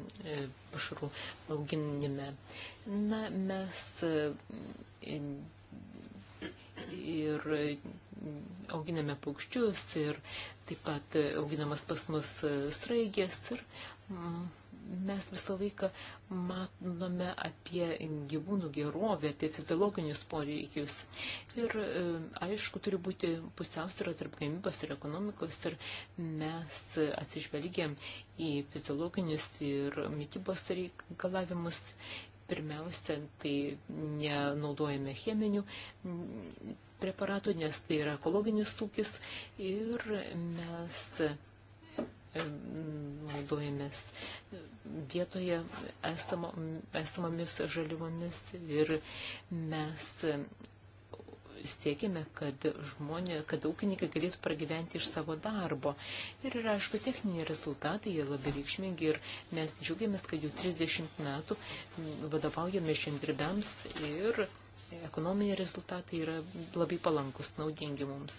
pašarų auginime. Na, mes e, ir auginame paukščius ir taip pat auginamas pas mus e, straigės ir mm, mes visą laiką matome apie gyvūnų gerovę, apie fiziologinius poreikius. Ir e, aišku, turi būti pusiausvyrą tarp gamybos ir ekonomikos ir mes atsižvelgiam į fiziologinius ir mytybos reikalavimus pirmiausia, tai nenaudojame cheminių preparatų, nes tai yra ekologinis ūkis ir mes naudojamės vietoje esamo, esamomis žalivomis ir mes siekime, kad žmonės, kad ūkininkai galėtų pragyventi iš savo darbo. Ir yra, aišku, techniniai rezultatai, jie labai reikšmingi ir mes džiaugiamės, kad jau 30 metų vadovaujame šiandribėms ir ekonominiai rezultatai yra labai palankus, naudingi mums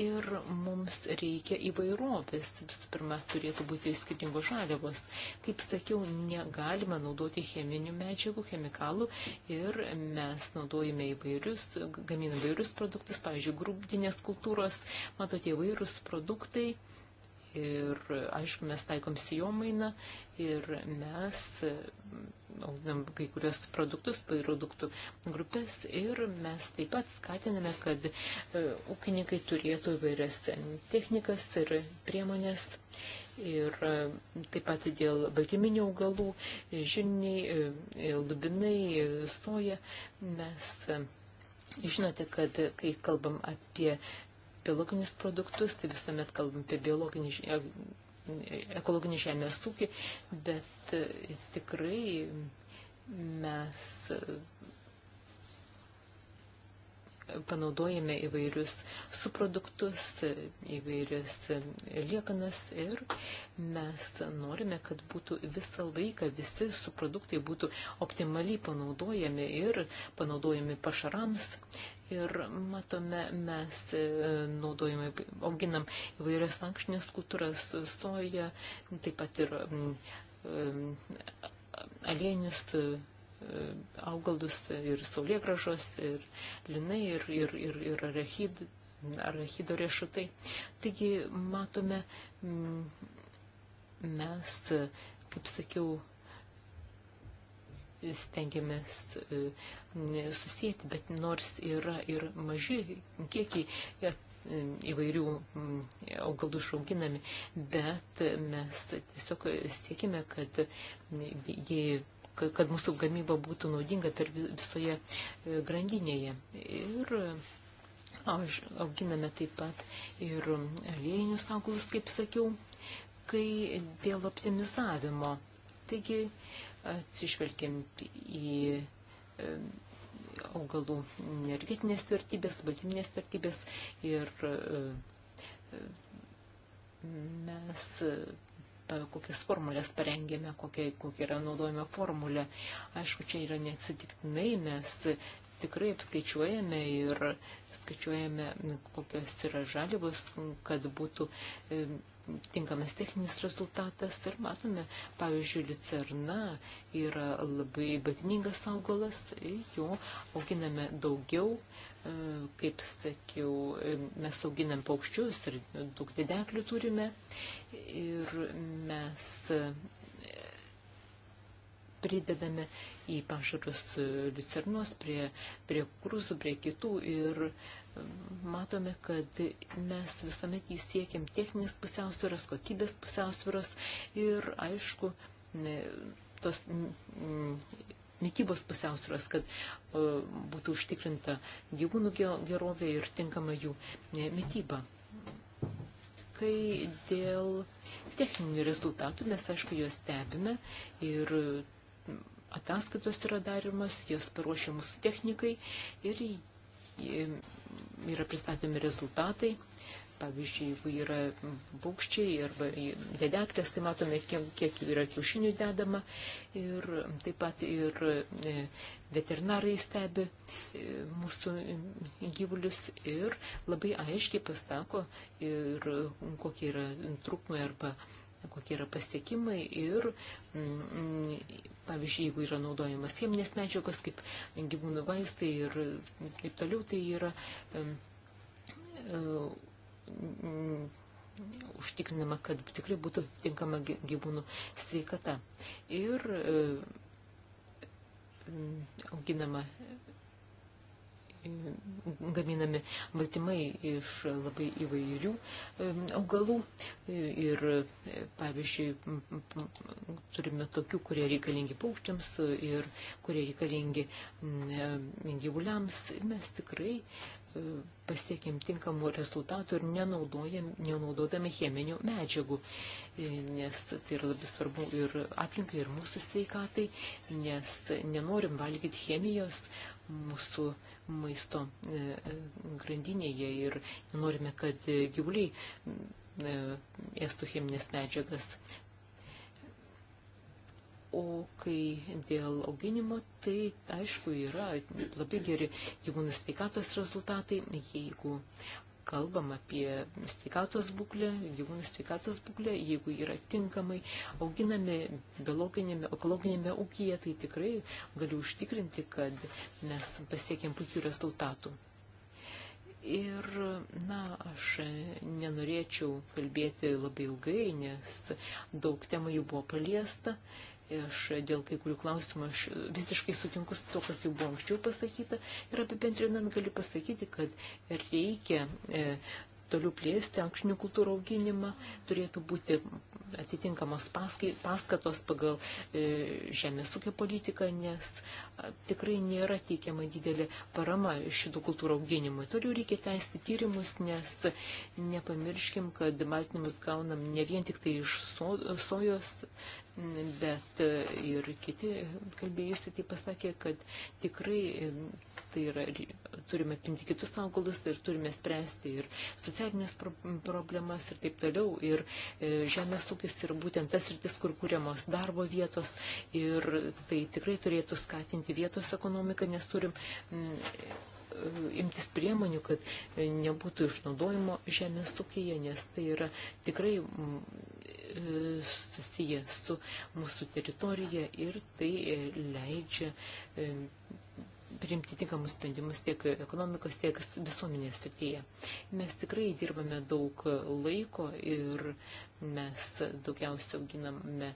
ir mums reikia įvairovės. Visų pirma, turėtų būti skirtingos žaliavos. Kaip sakiau, negalima naudoti cheminių medžiagų, chemikalų ir mes naudojame įvairius, gaminame įvairius produktus, pavyzdžiui, grūdinės kultūros, matote, įvairūs produktai. Ir, aišku, mes taikom sijomainą ir mes auginam kai kurios produktus, produktų grupės ir mes taip pat skatiname, kad e, ūkininkai turėtų vairias technikas ir priemonės ir e, taip pat dėl baltyminių augalų, žiniai, e, lubinai, stoja. Mes žinote, kad kai kalbam apie biologinius produktus, tai visuomet kalbam apie biologinį ekologinį žemės ūkį, bet e, tikrai mes e, panaudojame įvairius suproduktus, e, įvairias liekanas ir mes norime, kad būtų visą laiką visi suproduktai būtų optimaliai panaudojami ir panaudojami pašarams Ir matome, mes e, naudojame, auginam įvairias ankštinės kultūras, stoja, taip pat ir e, alienius e, augalus ir saulėgražos, ir linai, ir, ir, ir, ir arachid, arachido riešutai. Taigi matome, mes, kaip sakiau, stengiamės e, susijęti, bet nors yra ir maži kiekiai e, įvairių augalų išauginami, bet mes tiesiog siekime, kad jie kad mūsų gamyba būtų naudinga per visoje e, grandinėje. Ir auginame taip pat ir aliejinius augalus, kaip sakiau, kai dėl optimizavimo. Taigi atsižvelgiant į augalų energetinės vertybės, baltyminės vertybės ir mes e, kokias formulės parengėme, kokia, kokia yra naudojama formulė. Aišku, čia yra neatsitiktinai, mes tikrai apskaičiuojame ir skaičiuojame, kokios yra žalybos, kad būtų tinkamas techninis rezultatas ir matome, pavyzdžiui, licerna yra labai batningas augalas, jo auginame daugiau, e, kaip sakiau, e, mes auginam paukščius ir daug dideklių turime ir mes e, pridedame į pašarus licernos prie, prie krūzų, prie kitų ir uh, matome, kad mes visuomet jį siekiam techninės pusiausvėros, kokybės pusiausvėros ir, aišku, tos mytybos pusiausvėros, kad būtų užtikrinta gyvūnų gerovė ir tinkama jų mytyba. Kai dėl techninių rezultatų mes, aišku, juos stebime ir ataskaitos yra darimas, jas paruošia mūsų technikai ir yra pristatomi rezultatai. Pavyzdžiui, jeigu yra paukščiai arba dedeklės, tai matome, kiek, kiek yra kiaušinių dedama. Ir taip pat ir e, veterinarai stebi e, mūsų gyvulius ir labai aiškiai pasako, ir kokie yra trūkumai arba kokie yra pasiekimai ir, m, mm, pavyzdžiui, jeigu yra naudojamas cheminės medžiagos, kaip gyvūnų vaistai ir taip toliau, tai yra m, e, m, mm, užtikrinama, kad tikrai būtų tinkama gyvūnų sveikata. Ir e, mm, auginama gaminami baltymai iš labai įvairių augalų ir, pavyzdžiui, turime tokių, kurie reikalingi paukščiams ir kurie reikalingi gyvuliams. Mes tikrai e, pasiekėm tinkamų rezultatų ir nenaudodami cheminių medžiagų, e, nes tai yra labai svarbu ir aplinkai, ir mūsų sveikatai, nes nenorim valgyti chemijos mūsų uh, maisto e, e, grandinėje ir norime, kad gyvuliai e, ėstų cheminės medžiagas. O kai dėl auginimo, tai aišku yra labai geri gyvūnų sveikatos rezultatai, jeigu kalbam apie sveikatos būklę, gyvūnų sveikatos būklę, jeigu yra tinkamai auginami biologinėme, ekologinėme ūkyje, tai tikrai galiu užtikrinti, kad mes pasiekėm puikių rezultatų. Ir, na, aš nenorėčiau kalbėti labai ilgai, nes daug temų jau buvo paliesta. Uh, Aš dėl kai kurių klausimų aš visiškai sutinku su to, kas jau buvo anksčiau pasakyta. Ir apibendrinant galiu pasakyti, kad reikia e, toliau plėsti ankšnių kultūrų auginimą, turėtų būti atitinkamos paskai, paskatos pagal e, žemės ūkio politiką, nes a, tikrai nėra teikiama didelė parama šitų kultūrų auginimui. Toliau reikia teisti tyrimus, nes nepamirškim, kad baltinimus gaunam ne vien tik tai iš so, sojos, bet e, ir kiti kalbėjusi tai pasakė, kad tikrai e, tai yra, turime pinti kitus augalus ir turime spręsti ir socialinės pro problemas ir taip toliau. Ir e, žemės ūkis yra būtent tas rytis, kur kūriamos darbo vietos ir tai tikrai turėtų skatinti vietos ekonomiką, nes turim mm, imtis priemonių, kad nebūtų išnaudojimo žemės ūkija, nes tai yra tikrai mm, susiję su mūsų teritorija ir tai e, leidžia e, priimti tinkamus sprendimus tiek ekonomikos, tiek visuomenės srityje. Mes tikrai dirbame daug laiko ir mes daugiausia auginame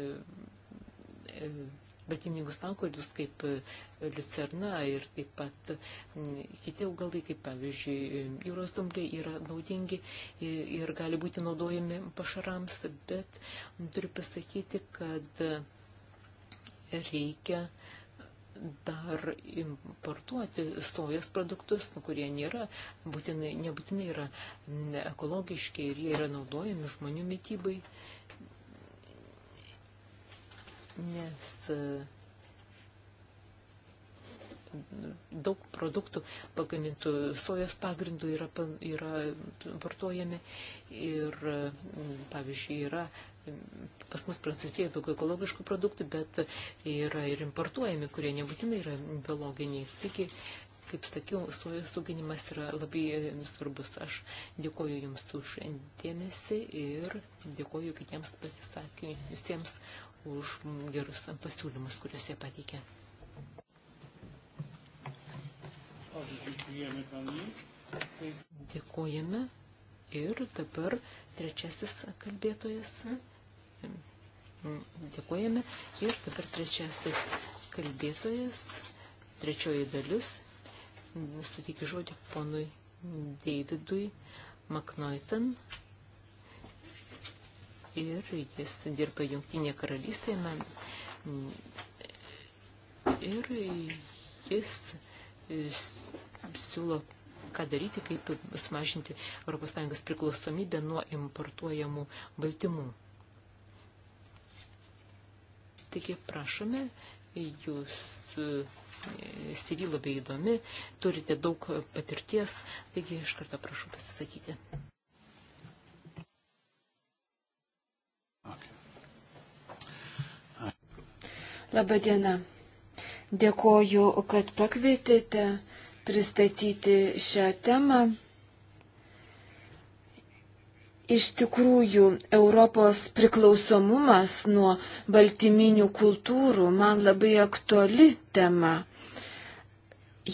e, baltymininkus tankoidus kaip e, liucerna ir taip pat kiti augalai, kaip pavyzdžiui e, jūros dumbliai, yra naudingi ir gali būti naudojami pašarams, bet turiu pasakyti, kad reikia dar importuoti sojos produktus, nu, kurie nėra, būtinai, nebūtinai yra ekologiški ir jie yra naudojami žmonių mytybai nes e, daug produktų pagamintų sojos pagrindų yra, yra vartojami ir, e, pavyzdžiui, yra pas mus Prancūzijoje daug ekologiškų produktų, bet yra ir importuojami, kurie nebūtinai yra biologiniai. Taigi, kaip sakiau, sojos auginimas yra labai e, svarbus. Aš dėkoju Jums už dėmesį ir dėkoju kitiems pasisakymams už gerus pasiūlymus, kuriuos jie pateikė. Dėkojame. Ir dabar trečiasis kalbėtojas. Dėkojame. Ir dabar trečiasis kalbėtojas, trečioji dalis. Sutikiu žodį ponui Davidui Maknoitan ir jis dirba Jungtinėje karalystėje. Man, ir jis, jis siūlo, ką daryti, kaip sumažinti ES priklausomybę nuo importuojamų baltymų. Taigi prašome, jūs e, CV labai įdomi, turite daug patirties, taigi iš karto prašau pasisakyti. Labadiena. Dėkoju, kad pakvietėte pristatyti šią temą. Iš tikrųjų, Europos priklausomumas nuo baltyminių kultūrų man labai aktuali tema.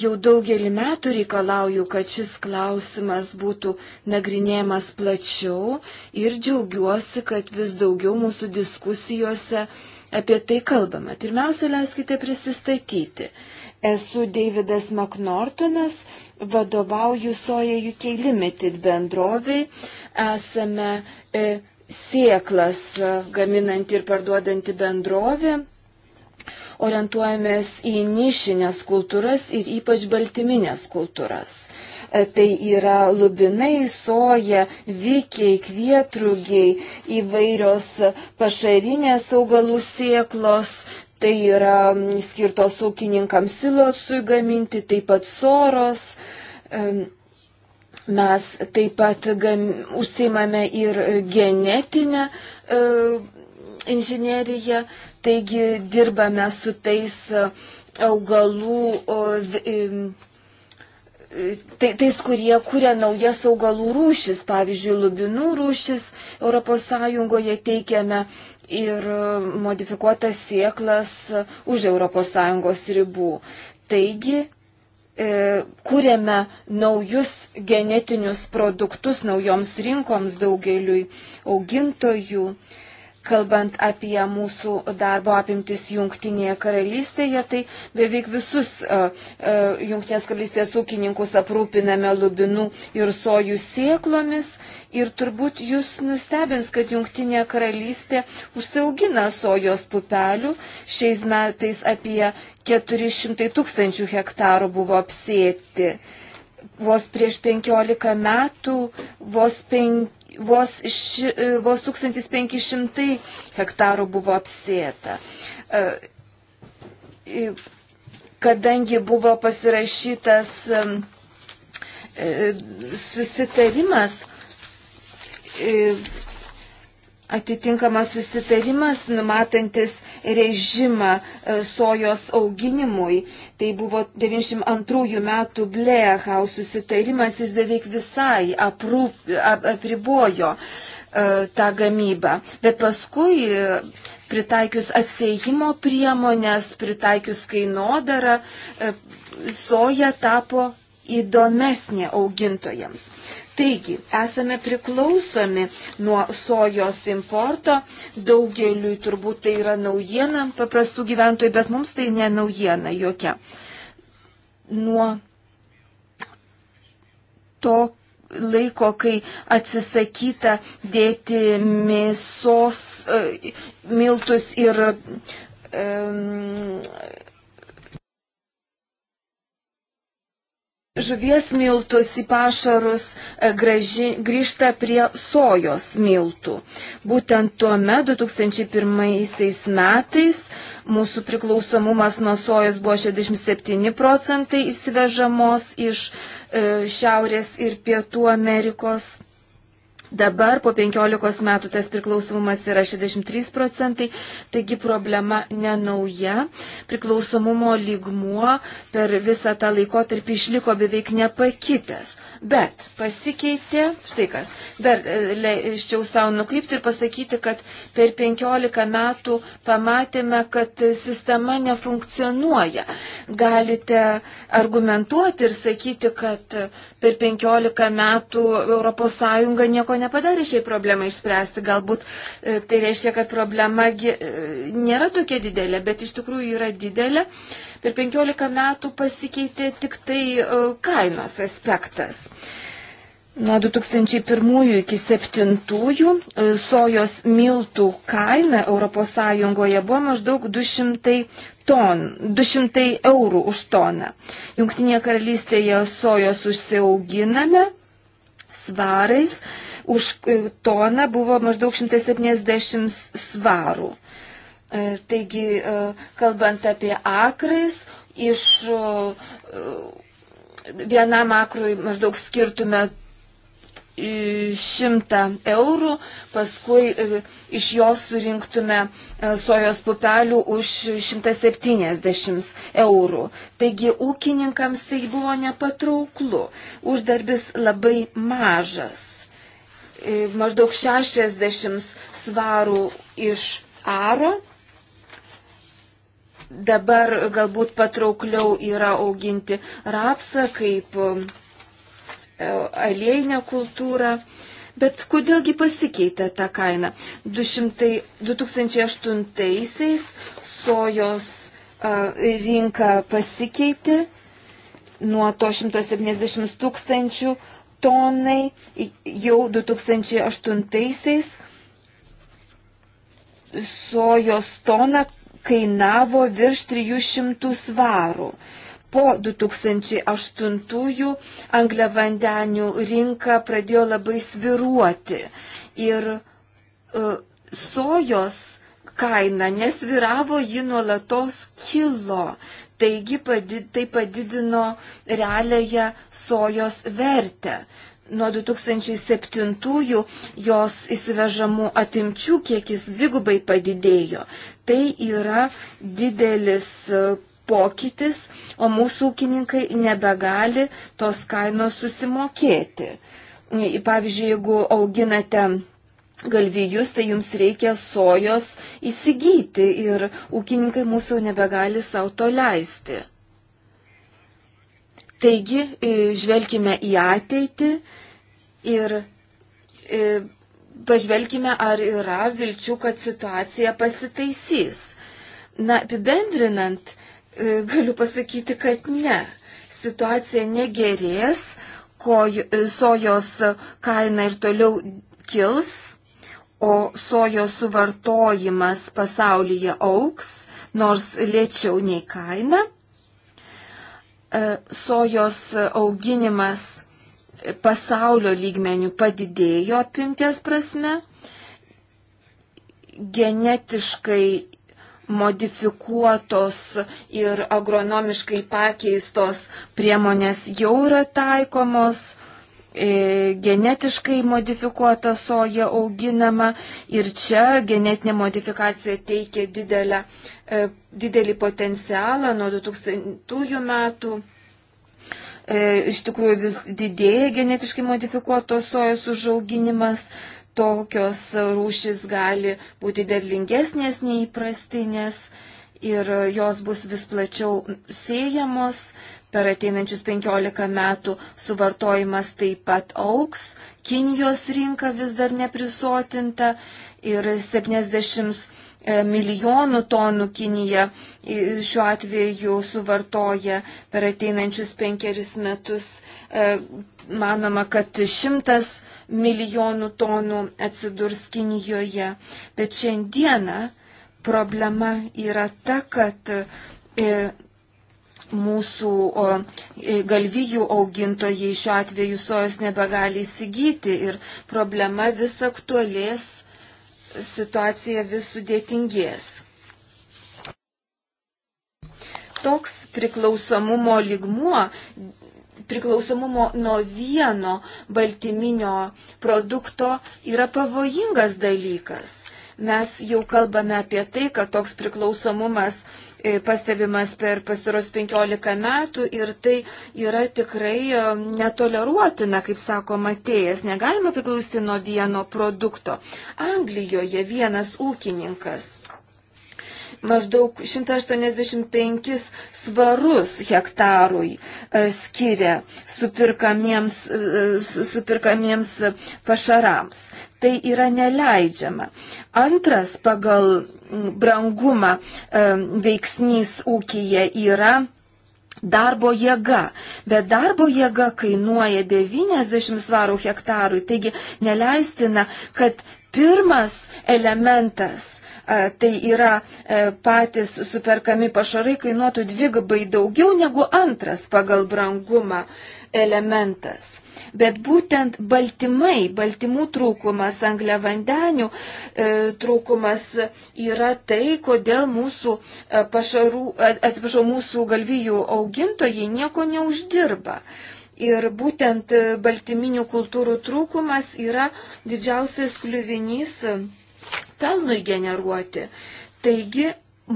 Jau daugelį metų reikalauju, kad šis klausimas būtų nagrinėjamas plačiau ir džiaugiuosi, kad vis daugiau mūsų diskusijose uh, apie tai kalbama. Pirmiausia, leiskite prisistatyti. Esu Davidas McNortonas, vadovauju Soja UK Limited bendroviai. Esame e, sieklas e, gaminanti ir parduodanti bendrovė. Orientuojamės į nišinės kultūras ir ypač baltyminės kultūras. E, tai yra lubinai, soja, vykiai, kvietrugiai, įvairios pašarinės augalų sėklos, tai yra skirtos ūkininkams silosui gaminti, taip pat soros. E, mes taip pat gam, užsimame ir genetinę e, inžineriją, taigi dirbame su tais augalų o, v, e, Tai, tais, kurie kuria naujas augalų rūšis, pavyzdžiui, lubinų rūšis ES teikiame ir modifikuotas sieklas už ES ribų. Taigi, e, kuriame naujus genetinius produktus naujoms rinkoms daugeliui augintojų. E, Kalbant apie mūsų darbo apimtis Junktinėje karalystėje, tai beveik visus uh, e, uh, e, Junktinės karalystės ūkininkus aprūpiname lubinų ir sojų sėklomis. Ir turbūt jūs nustebins, kad Junktinė karalystė užsiaugina sojos pupelių. Šiais metais apie 400 tūkstančių hektarų buvo apsėti. Vos prieš 15 metų, vos 5 vos, ši, e, vos 1500 hektarų buvo apsėta. E, kadangi buvo pasirašytas e, susitarimas, atitinkamas susitarimas, numatantis režimą e, sojos auginimui. Tai buvo 92 metų Blechau susitarimas, jis beveik visai aprūp, ap, apribojo e, tą gamybą. Bet paskui e, pritaikius atsiejimo priemonės, pritaikius kainodarą, soja tapo įdomesnė augintojams. Taigi, esame priklausomi nuo sojos importo, daugeliui turbūt tai yra naujiena paprastų gyventojų, bet mums tai ne naujiena jokia. Nuo to laiko, kai atsisakyta dėti mėsos, e, miltus ir um, žuvies miltus į pašarus e, graži, grįžta prie sojos miltų. Būtent tuo metu 2001 metais mūsų priklausomumas nuo sojos buvo 67 procentai įsivežamos iš e, Šiaurės ir Pietų Amerikos. Dabar po 15 metų tas priklausomumas yra 63 procentai, taigi problema nenauja. Priklausomumo lygmuo per visą tą laikotarpį išliko beveik nepakitęs. Bet pasikeitė, štai kas, dar e, leiščiau savo nukrypti ir pasakyti, kad per 15 metų pamatėme, kad sistema nefunkcionuoja. Galite argumentuoti ir sakyti, kad per 15 metų ES nieko nepadarė šiai problemai išspręsti. Galbūt e, tai reiškia, kad problema e, nėra tokia didelė, bet iš tikrųjų yra didelė. Per 15 metų pasikeitė tik tai e, kainos aspektas. Nuo 2001 iki 2007 sojos miltų kaina ES buvo maždaug 200 ton, 200 eurų už toną. Junktinėje karalystėje sojos užsiauginame svarais už e, toną buvo maždaug 170 svarų. E, taigi, e, kalbant apie akrais, iš vienam akrui maždaug skirtume 100 eurų, paskui iš jos surinktume sojos pupelių už 170 eurų. Taigi ūkininkams tai buvo nepatrauklu, uždarbis labai mažas. E, maždaug 60 svarų iš aro. Dabar galbūt patraukliau yra auginti rapsą kaip e, aliejinę kultūrą. Bet kodėlgi pasikeitė ta kaina? 200, 2008-aisiais sojos a, e, rinka pasikeitė nuo to 170 tūkstančių tonai jau 2008-aisiais sojos tona kainavo virš 300 svarų. Po 2008-ųjų angliavandenių rinka pradėjo labai sviruoti ir uh, sojos kaina nesviravo, ji nuolatos kilo. Taigi padid, tai padidino realiąją sojos vertę. Nuo 2007 jos įsivežamų apimčių kiekis dvigubai padidėjo. Tai yra didelis e, pokytis, o mūsų ūkininkai nebegali tos kainos susimokėti. Pavyzdžiui, jeigu auginate galvijus, tai jums reikia sojos įsigyti ir ūkininkai mūsų nebegali savo to leisti. Taigi, e, žvelgime į ateitį ir e, pažvelgime, ar yra vilčių, kad situacija pasitaisys. Na, apibendrinant, e, galiu pasakyti, kad ne. Situacija negerės, ko sojos kaina ir toliau kils o sojos suvartojimas pasaulyje auks, nors lėčiau nei kaina. E, sojos auginimas pasaulio lygmenių padidėjo apimties prasme. Genetiškai modifikuotos ir agronomiškai pakeistos priemonės jau yra taikomos E, genetiškai modifikuota soja auginama ir čia genetinė modifikacija teikia didelę, e, didelį potencialą nuo 2000 metų. E, iš tikrųjų vis didėja genetiškai modifikuotos sojos užauginimas, tokios rūšis gali būti derlingesnės nei įprastinės ir jos bus vis plačiau siejamos, per ateinančius 15 metų suvartojimas taip pat auks, Kinijos rinka vis dar neprisotinta ir 70 e, milijonų tonų Kinija šiuo atveju suvartoja per ateinančius penkerius metus. E, manoma, kad šimtas milijonų tonų atsidurs Kinijoje. Bet šiandieną problema yra ta, kad e, mūsų e, galvijų augintojai šiuo atveju sojos nebegali įsigyti ir problema vis aktualės, situacija vis sudėtingės. Toks priklausomumo ligmuo, priklausomumo nuo vieno baltyminio produkto yra pavojingas dalykas. Mes jau kalbame apie tai, kad toks priklausomumas uh, E, pastebimas per pastaros 15 metų ir tai yra tikrai e, netoleruotina, kaip sako Matėjas. Negalima priklausti nuo vieno produkto. Anglijoje vienas ūkininkas maždaug 185 svarus hektarui e, skiria supirkamiems, e, supirkamiems pašarams. Tai yra neleidžiama. Antras pagal brangumą e, veiksnys ūkija yra darbo jėga, bet darbo jėga kainuoja 90 svarų hektarui, taigi neleistina, kad pirmas elementas E, tai yra e, patys superkami pašarai, kainuotų dvigubai daugiau negu antras pagal brangumą elementas. Bet būtent baltymai, baltymų trūkumas, angliavandenių e, trūkumas yra tai, kodėl mūsų e, pašarų, atsiprašau, mūsų galvijų augintojai nieko neuždirba. Ir būtent baltyminių kultūrų trūkumas yra didžiausias kliuvinys pelnui generuoti. Taigi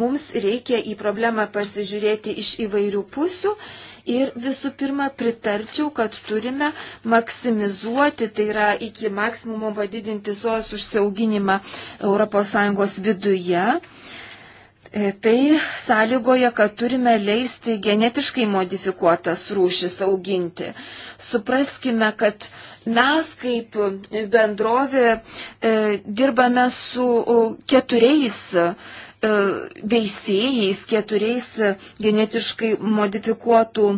mums reikia į problemą pasižiūrėti iš įvairių pusių. Ir visų pirma, pritarčiau, kad turime maksimizuoti, tai yra iki maksimumo padidinti sojos užsiauginimą ES viduje. E, tai sąlygoja, kad turime leisti genetiškai modifikuotas rūšis auginti. Supraskime, kad mes kaip bendrovė e, dirbame su keturiais e, veisėjais, keturiais genetiškai modifikuotų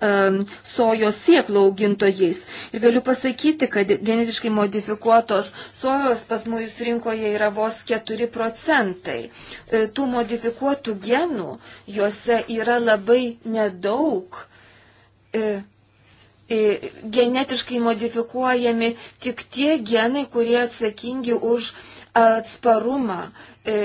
um, sojos sieklų augintojais. Ir galiu pasakyti, kad genetiškai modifikuotos sojos pas mus rinkoje yra vos 4 procentai. E, tų modifikuotų genų juose yra labai nedaug. E, e, genetiškai modifikuojami tik tie genai, kurie atsakingi už atsparumą e,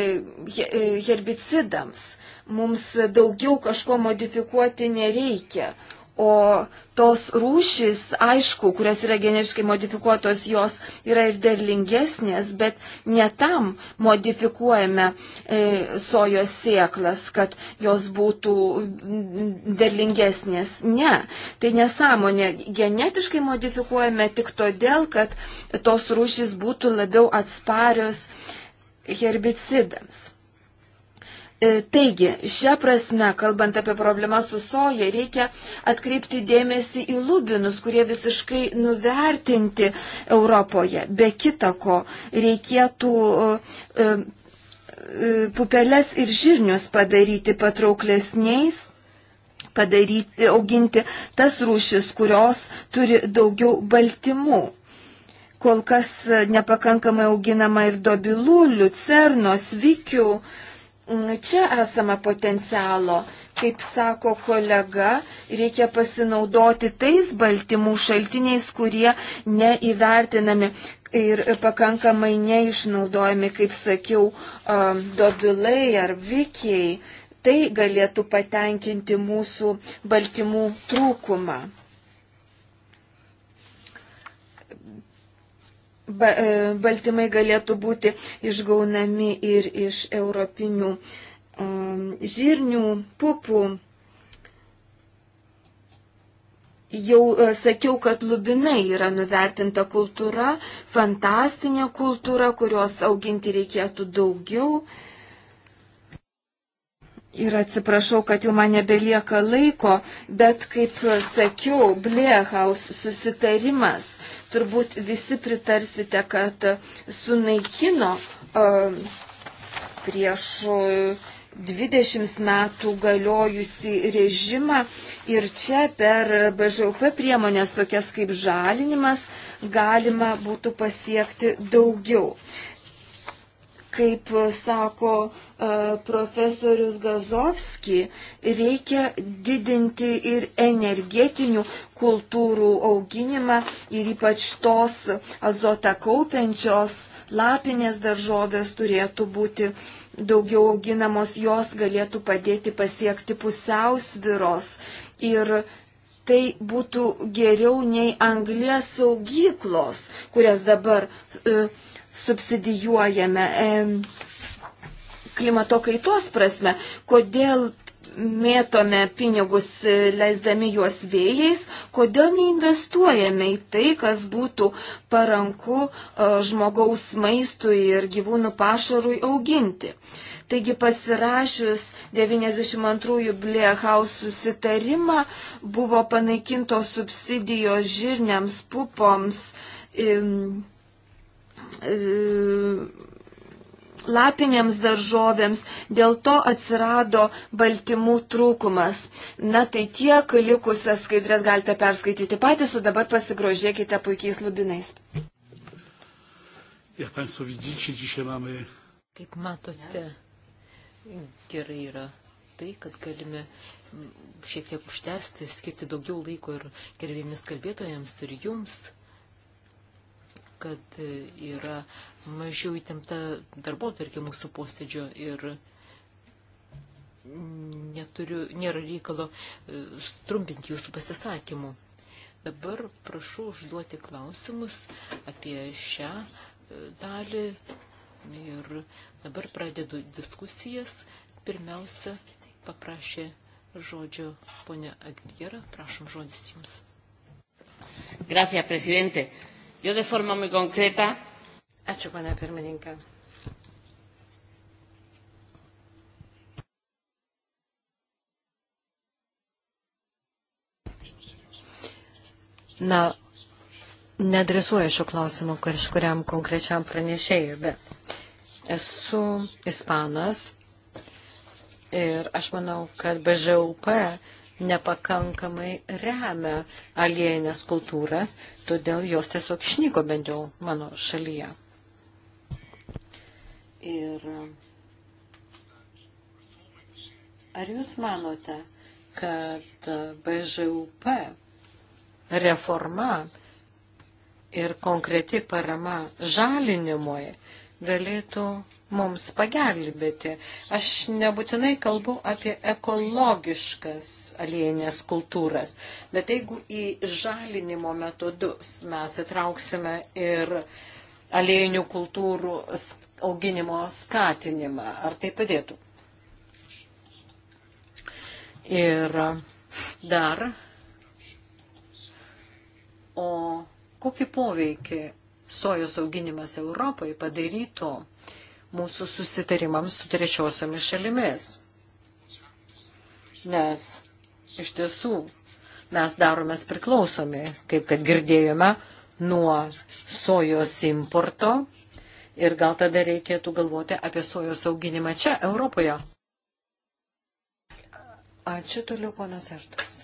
herbicidams. Mums daugiau kažko modifikuoti nereikia. O tos rūšys, aišku, kurias yra geniškai modifikuotos, jos yra ir derlingesnės, bet ne tam modifikuojame e, sojos sieklas, kad jos būtų derlingesnės. Ne, tai nesąmonė. Genetiškai modifikuojame tik todėl, kad tos rūšys būtų labiau atsparios herbicidams. E, taigi, šią prasme, kalbant apie problemą su soja, reikia atkreipti dėmesį į lubinus, kurie visiškai nuvertinti Europoje. Be kita ko, reikėtų e, e, pupeles ir žirnius padaryti patrauklesniais padaryti, auginti tas rūšis, kurios turi daugiau baltymų kol kas nepakankamai auginama ir dobilų, liucernos, vikių, Mm, čia esama potencialo. Kaip sako kolega, reikia pasinaudoti tais baltymų šaltiniais, kurie neįvertinami ir pakankamai neišnaudojami, kaip sakiau, um, dobilai ar vikiai. Tai galėtų patenkinti mūsų baltymų trūkumą. ba, e, baltymai galėtų būti išgaunami ir iš europinių um, žirnių, pupų. Jau uh, sakiau, kad lubinai yra nuvertinta kultūra, fantastinė kultūra, kurios auginti reikėtų daugiau. Ir atsiprašau, kad jau man nebelieka laiko, bet kaip sakiau, Blehaus susitarimas turbūt visi pritarsite, kad sunaikino e, prieš 20 e, metų galiojusi režimą ir čia per BŽUP priemonės tokias kaip žalinimas galima būtų pasiekti daugiau kaip e, sako e, profesorius Gazovski, reikia didinti ir energetinių kultūrų auginimą ir ypač tos azotą kaupiančios lapinės daržovės turėtų būti daugiau auginamos, jos galėtų padėti pasiekti pusiausviros. Ir tai būtų geriau nei anglės saugyklos, kurias dabar uh, e, subsidijuojame e, klimato kaitos prasme, kodėl mėtome pinigus, e, leisdami juos vėjais, kodėl neinvestuojame į tai, kas būtų paranku e, žmogaus maistui ir gyvūnų pašarui auginti. Taigi pasirašius 92-ųjų Bliehaus susitarimą buvo panaikintos subsidijos žirniams, pupoms, E, lapinėms daržovėms, dėl to atsirado baltymų trūkumas. Na tai tiek, likusias skaidrės galite perskaityti patys, o dabar pasigrožėkite puikiais lubinais. Kaip matote, gerai yra tai, kad galime šiek tiek užtesti, skirti daugiau laiko ir gerbėmis kalbėtojams ir jums kad yra mažiau įtempta darbo tarkim mūsų posėdžio ir neturiu, nėra reikalo e, trumpinti jūsų pasisakymų. Dabar prašau užduoti klausimus apie šią e, dalį ir dabar pradedu diskusijas. Pirmiausia, paprašė žodžio ponia Agniera, prašom žodis jums. Gracias, presidente. Yo de forma muy concreta. Ačiū, pane pirmininkė. Na, nedresuoju šio klausimo kažkuriam konkrečiam pranešėjui, bet esu ispanas ir aš manau, kad BŽUP nepakankamai remia aliejinės kultūras, todėl jos tiesiog išnyko bent jau mano šalyje. Ir ar jūs manote, kad BŽUP reforma ir konkreti parama žalinimui galėtų mums pagelbėti. Aš nebūtinai kalbu apie ekologiškas alienės kultūras, bet jeigu į žalinimo metodus mes įtrauksime ir aliejinių kultūrų auginimo skatinimą, ar tai padėtų? Ir dar, o kokį poveikį sojos auginimas Europai padarytų mūsų susitarimams su trečiosiomis šalimis. Nes iš tiesų mes daromės priklausomi, kaip kad girdėjome, nuo sojos importo ir gal tada reikėtų galvoti apie sojos auginimą čia, Europoje. Ačiū toliau, ponas Artus.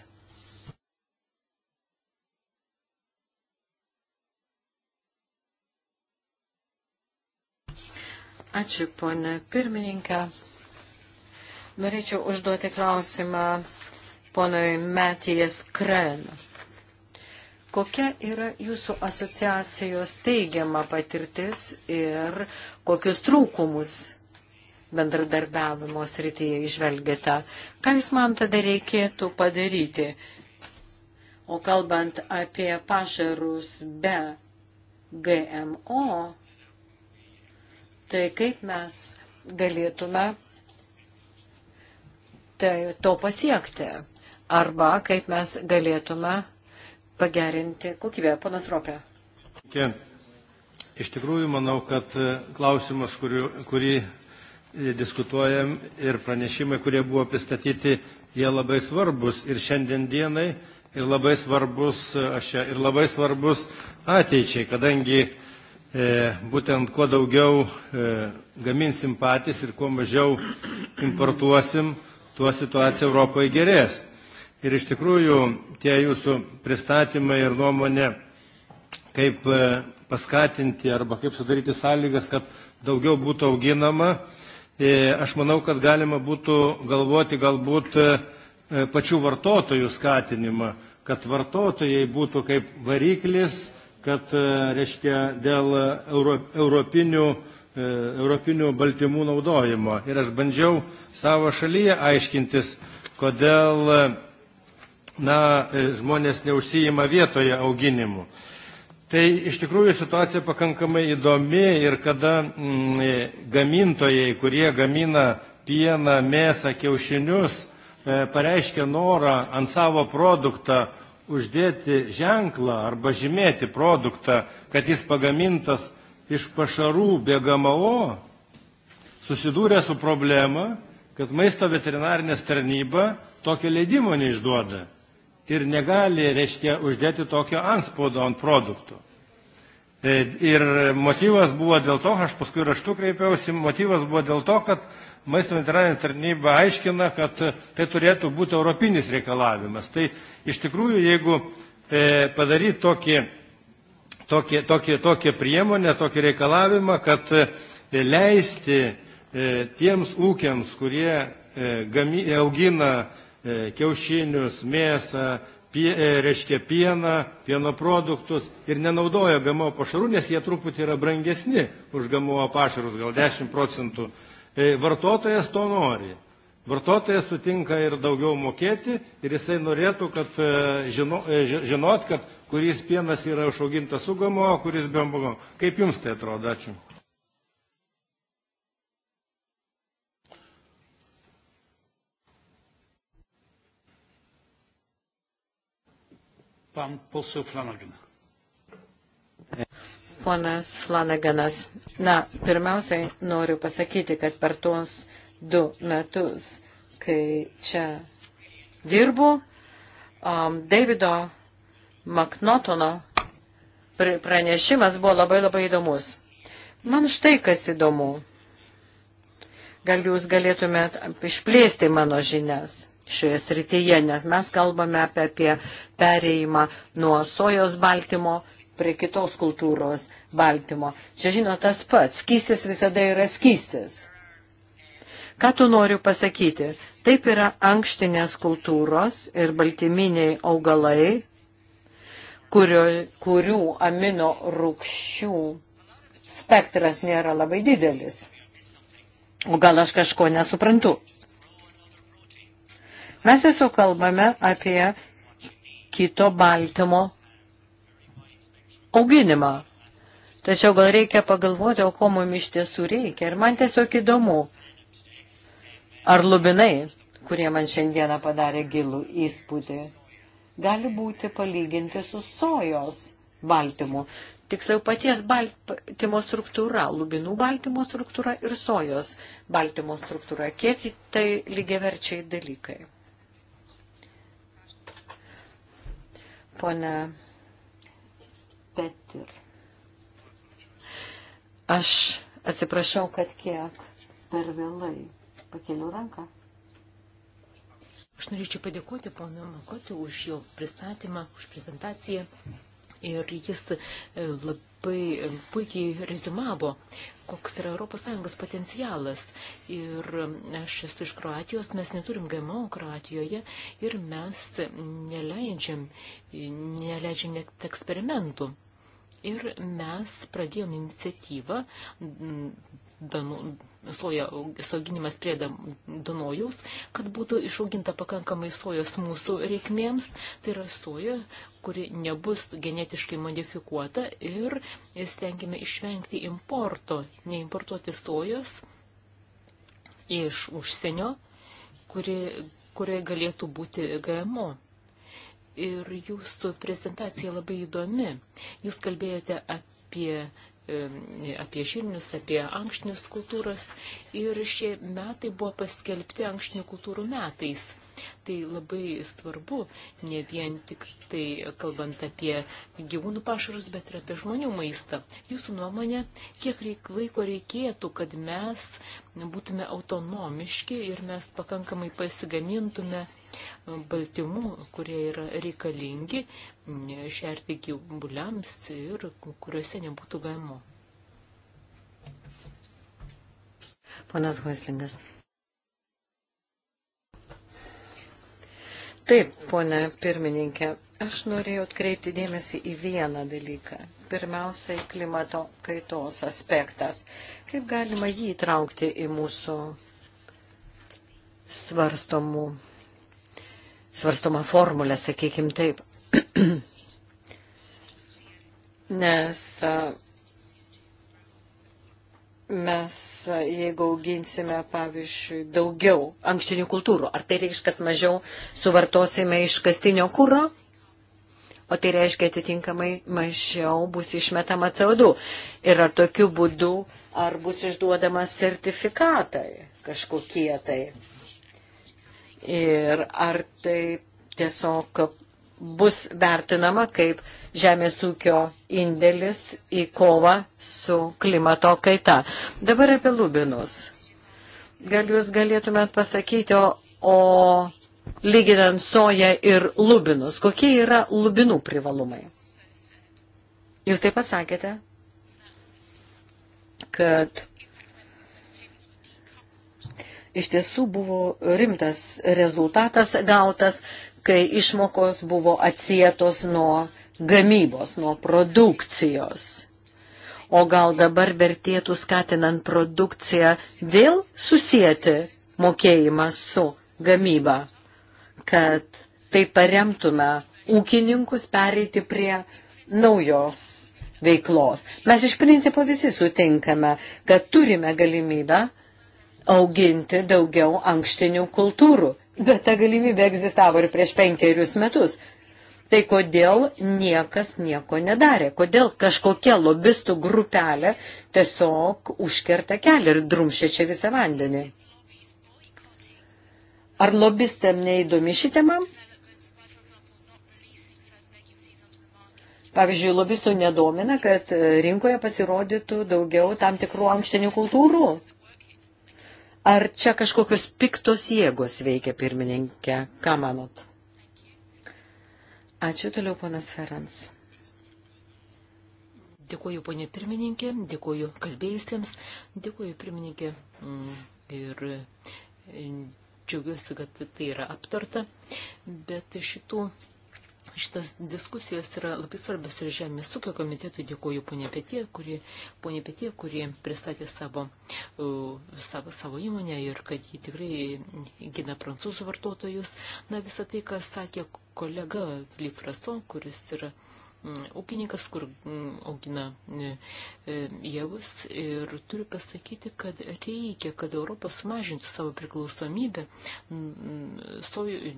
Ačiū, ponė pirmininkė. Norėčiau užduoti klausimą ponui Metijas Kren. Kokia yra jūsų asociacijos teigiama patirtis ir kokius trūkumus bendradarbiavimo srityje išvelgėte? Ką jūs man tada reikėtų padaryti? O kalbant apie pašarus be GMO, tai kaip mes galėtume tai, to pasiekti arba kaip mes galėtume pagerinti kokybę. Ponas Ropė. Iš tikrųjų, manau, kad e, klausimas, kurį, kurį e, diskutuojam ir pranešimai, kurie buvo pristatyti, jie labai svarbus ir šiandien dienai, ir labai svarbus, e, aš, ir labai svarbus ateičiai, kadangi E, būtent kuo daugiau e, gaminsim patys ir kuo mažiau importuosim, tuo situacija Europoje gerės. Ir iš tikrųjų tie jūsų pristatymai ir nuomonė, kaip e, paskatinti arba kaip sudaryti sąlygas, kad daugiau būtų auginama, aš manau, kad galima būtų galvoti galbūt pačių vartotojų skatinimą, kad vartotojai būtų kaip variklis kad, e, reiškia, dėl euro, europinių, e, europinių baltymų naudojimo. Ir aš bandžiau savo šalyje aiškintis, kodėl e, na, žmonės neužsijima vietoje auginimu. Tai iš tikrųjų situacija pakankamai įdomi ir kada mm, gamintojai, kurie gamina pieną, mėsą, kiaušinius, e, pareiškia norą ant savo produktą uždėti ženklą arba žymėti produktą, kad jis pagamintas iš pašarų bėgamao, susidūrė su problema, kad maisto veterinarinės tarnyba tokio leidimo neišduoda ir negali, reiškia, uždėti tokio anspaudo ant produktų. E, ir motyvas buvo dėl to, aš paskui raštu kreipiausi, motyvas buvo dėl to, kad maisto veterinarinė tarnyba aiškina, kad e, tai turėtų būti europinis reikalavimas. Tai iš tikrųjų, jeigu e, padaryti tokį, tokį, tokį, tokį priemonę, tokį reikalavimą, kad e, leisti e, tiems ūkiams, kurie e, gamy, e, augina e, kiaušinius, mėsą, pie, e, reiškia pieną, pieno produktus ir nenaudoja GMO pašarų, nes jie truputį yra brangesni už GMO pašarus, gal 10 procentų E, vartotojas to nori. Vartotojas sutinka ir daugiau mokėti ir jisai norėtų, kad e, žino, e, žinot, kad kuris pienas yra išaugintas su GMO, kuris be GMO. Kaip jums tai atrodo? Ačiū. Pan poseł Flanagan ponas Flanaganas. Na, pirmiausiai noriu pasakyti, kad per tuos du metus, kai čia dirbu, um, Davido Maknotono pranešimas buvo labai labai įdomus. Man štai kas įdomu. Gal jūs galėtumėt išplėsti mano žinias šioje srityje, nes mes kalbame apie, apie pereimą nuo sojos baltymo prie kitos kultūros baltymo. Čia žino tas pats, skystis visada yra skystis. Ką tu noriu pasakyti? Taip yra ankštinės kultūros ir baltyminiai augalai, kurio, kurių amino rūkščių spektras nėra labai didelis. O gal aš kažko nesuprantu? Mes tiesiog kalbame apie kito baltymo auginimą. Tačiau gal reikia pagalvoti, o ko mums iš tiesų reikia. Ir man tiesiog įdomu, ar lubinai, kurie man šiandieną padarė gilų įspūdį, gali būti palyginti su sojos baltymu. Tiksliau, paties baltymo struktūra, lubinų baltymo struktūra ir sojos baltymo struktūra. Kiek tai lygiaverčiai dalykai? Pone Petir. Aš atsiprašau, kad kiek per vėlai pakeliu ranką. Aš norėčiau padėkoti pono Makotį už jo pristatymą, už prezentaciją. Ir jis e, labai e, puikiai rezumavo, koks yra ES potencialas. Ir e, aš esu iš Kroatijos, mes neturim GMO Kroatijoje ir mes neleidžiam, neleidžiam net eksperimentų. Ir mes pradėjome iniciatyvą Danu, soja, sauginimas prie Dunojaus, kad būtų išauginta pakankamai sojos mūsų reikmėms. Tai yra soja, kuri nebus genetiškai modifikuota ir stengiame išvengti importo, neimportuoti sojos iš užsienio, kuri, kurioje galėtų būti GMO ir jūsų prezentacija labai įdomi. Jūs kalbėjote apie apie žirnius, apie ankštinius kultūras ir šie metai buvo paskelbti ankštinių kultūrų metais. Tai labai svarbu, ne vien tik tai kalbant apie gyvūnų pašarus, bet ir apie žmonių maistą. Jūsų nuomonė, kiek reik, laiko reikėtų, kad mes būtume autonomiški ir mes pakankamai pasigamintume baltymų, kurie yra reikalingi šerti gyvuliams ir kuriuose nebūtų gamo. Ponas Hoislingas. Taip, ponė pirmininkė, aš norėjau atkreipti dėmesį į vieną dalyką. Pirmiausiai klimato kaitos aspektas. Kaip galima jį įtraukti į mūsų svarstomų, svarstomą formulę, sakykim taip. Nes mes, jeigu auginsime, pavyzdžiui, daugiau ankštinių kultūrų, ar tai reiškia, kad mažiau suvartosime iškastinio kūro? O tai reiškia atitinkamai mažiau bus išmetama CO2. Ir ar tokiu būdu, ar bus išduodamas sertifikatai kažkokie tai. Ir ar tai tiesiog bus vertinama kaip žemės ūkio indėlis į kovą su klimato kaita. Dabar apie lubinus. Gal jūs galėtumėt pasakyti, o, o lyginant soją ir lubinus, kokie yra lubinų privalumai? Jūs taip pasakėte, kad iš tiesų buvo rimtas rezultatas gautas, kai išmokos buvo atsietos nuo gamybos, nuo produkcijos. O gal dabar vertėtų skatinant produkciją vėl susijęti mokėjimą su gamyba, kad tai paremtume ūkininkus pereiti prie naujos veiklos. Mes iš principo visi sutinkame, kad turime galimybę auginti daugiau ankštinių kultūrų bet ta galimybė egzistavo ir prieš penkerius metus. Tai kodėl niekas nieko nedarė? Kodėl kažkokia lobistų grupelė tiesiog užkerta kelią ir drumšia čia visą vandenį? Ar lobistam neįdomi ši tema? Pavyzdžiui, lobistų nedomina, kad rinkoje pasirodytų daugiau tam tikrų ankštinių kultūrų. Ar čia kažkokios piktos jėgos veikia pirmininkė? Ką manot? Ačiū toliau, ponas Ferans. Dėkuoju, ponė pirmininkė, dėkuoju kalbėjusiems, dėkuoju pirmininkė mm, ir e, džiaugiuosi, kad tai yra aptarta, bet šitų Šitas diskusijos yra labai svarbios ir Žemės ūkio komitetui dėkoju ponė Petie, kuri, ponė Petie, kuri pristatė savo, savo, savo įmonę ir kad ji tikrai gina prancūzų vartotojus. Na, visą tai, kas sakė kolega Filip Rason, kuris yra Mm, ūkininkas, kur mm, augina javus e, e, ir turiu pasakyti, kad reikia, kad Europos sumažintų savo priklausomybę mm, soju,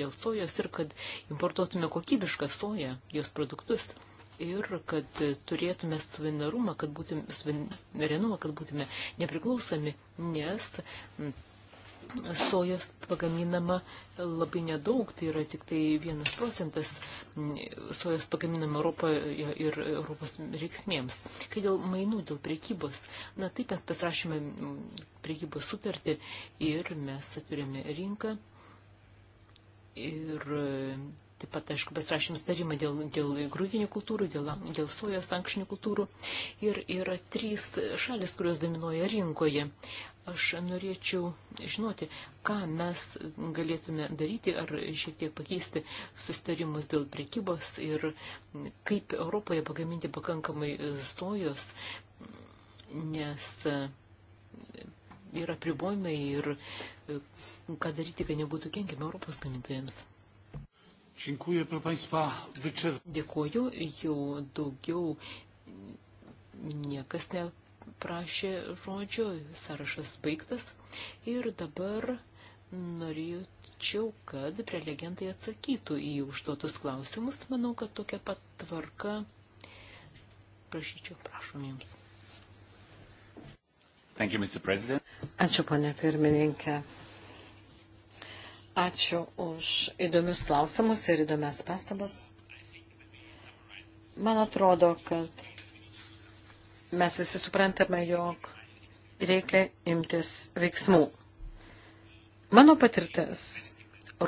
dėl sojos ir kad importuotume kokybišką soją, jos produktus ir kad turėtume suverenumą, kad būtume, suverenumą, kad būtume nepriklausomi, nes sojos pagaminama labai nedaug, tai yra tik tai vienas procentas sojos pagaminama Europoje ir Europos reiksmėms. Kai dėl mainų, dėl priekybos, na taip mes pasirašėme priekybos sutartį ir mes atvirėme rinką ir Taip pat, aišku, pasirašėm starimą dėl, dėl grūdinių kultūrų, dėl, dėl sojos ankšnių kultūrų. Ir yra trys šalis, kurios dominuoja rinkoje. Aš norėčiau žinoti, ką mes galėtume daryti ar šiek tiek pakeisti sustarimus dėl prekybos ir kaip Europoje pagaminti pakankamai stojos, nes yra pribojimai ir ką daryti, kad nebūtų kenkiama Europos gamintojams. Dziękuję, proszę Państwa, wyczerp... Dėkuoju, jau daugiau niekas ne prašė žodžio, sąrašas baigtas ir dabar norėčiau, kad prelegentai atsakytų į užduotus klausimus. Manau, kad tokia pat tvarka. Prašyčiau, prašom jums. Thank you, Mr. President. Ačiū, ponė pirmininkė. Ačiū už įdomius klausimus ir įdomias pastabas. Man atrodo, kad mes visi suprantame, jog reikia imtis veiksmų. Mano patirtis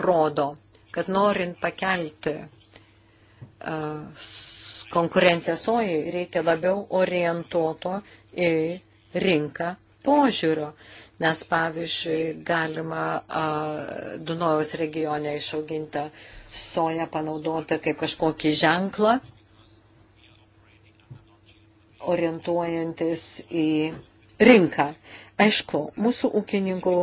rodo, kad norint pakelti uh, konkurenciją sojai, reikia labiau orientuoto į rinką požiūrio. Nes, pavyzdžiui, galima uh, Dunojaus regione išaugintą soją panaudoti kaip kažkokį ženklą orientuojantis į rinką. Aišku, mūsų ūkininkų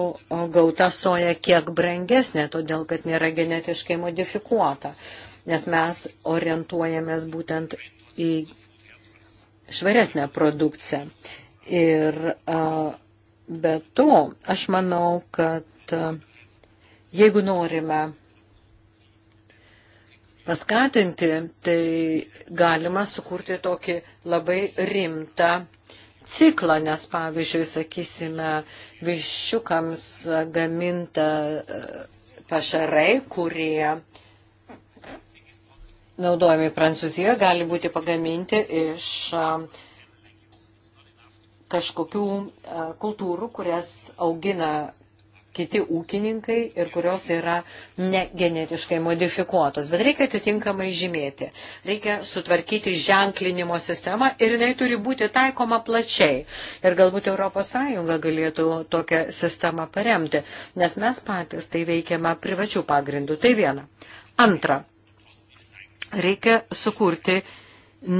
gauta soja kiek brangesnė, todėl kad nėra genetiškai modifikuota, nes mes orientuojamės būtent į švaresnę produkciją. Ir be to, aš manau, kad jeigu norime paskatinti, tai galima sukurti tokį labai rimtą ciklą, nes pavyzdžiui, sakysime, viščiukams gaminta e, pašarai, kurie naudojami Prancūzijoje, gali būti pagaminti iš e, kažkokių e, kultūrų, kurias augina kiti ūkininkai ir kurios yra negenetiškai modifikuotos. Bet reikia atitinkamai žymėti. Reikia sutvarkyti ženklinimo sistemą ir jinai turi būti taikoma plačiai. Ir galbūt ES galėtų tokią sistemą paremti, nes mes patys tai veikiame privačių pagrindų. Tai viena. Antra. Reikia sukurti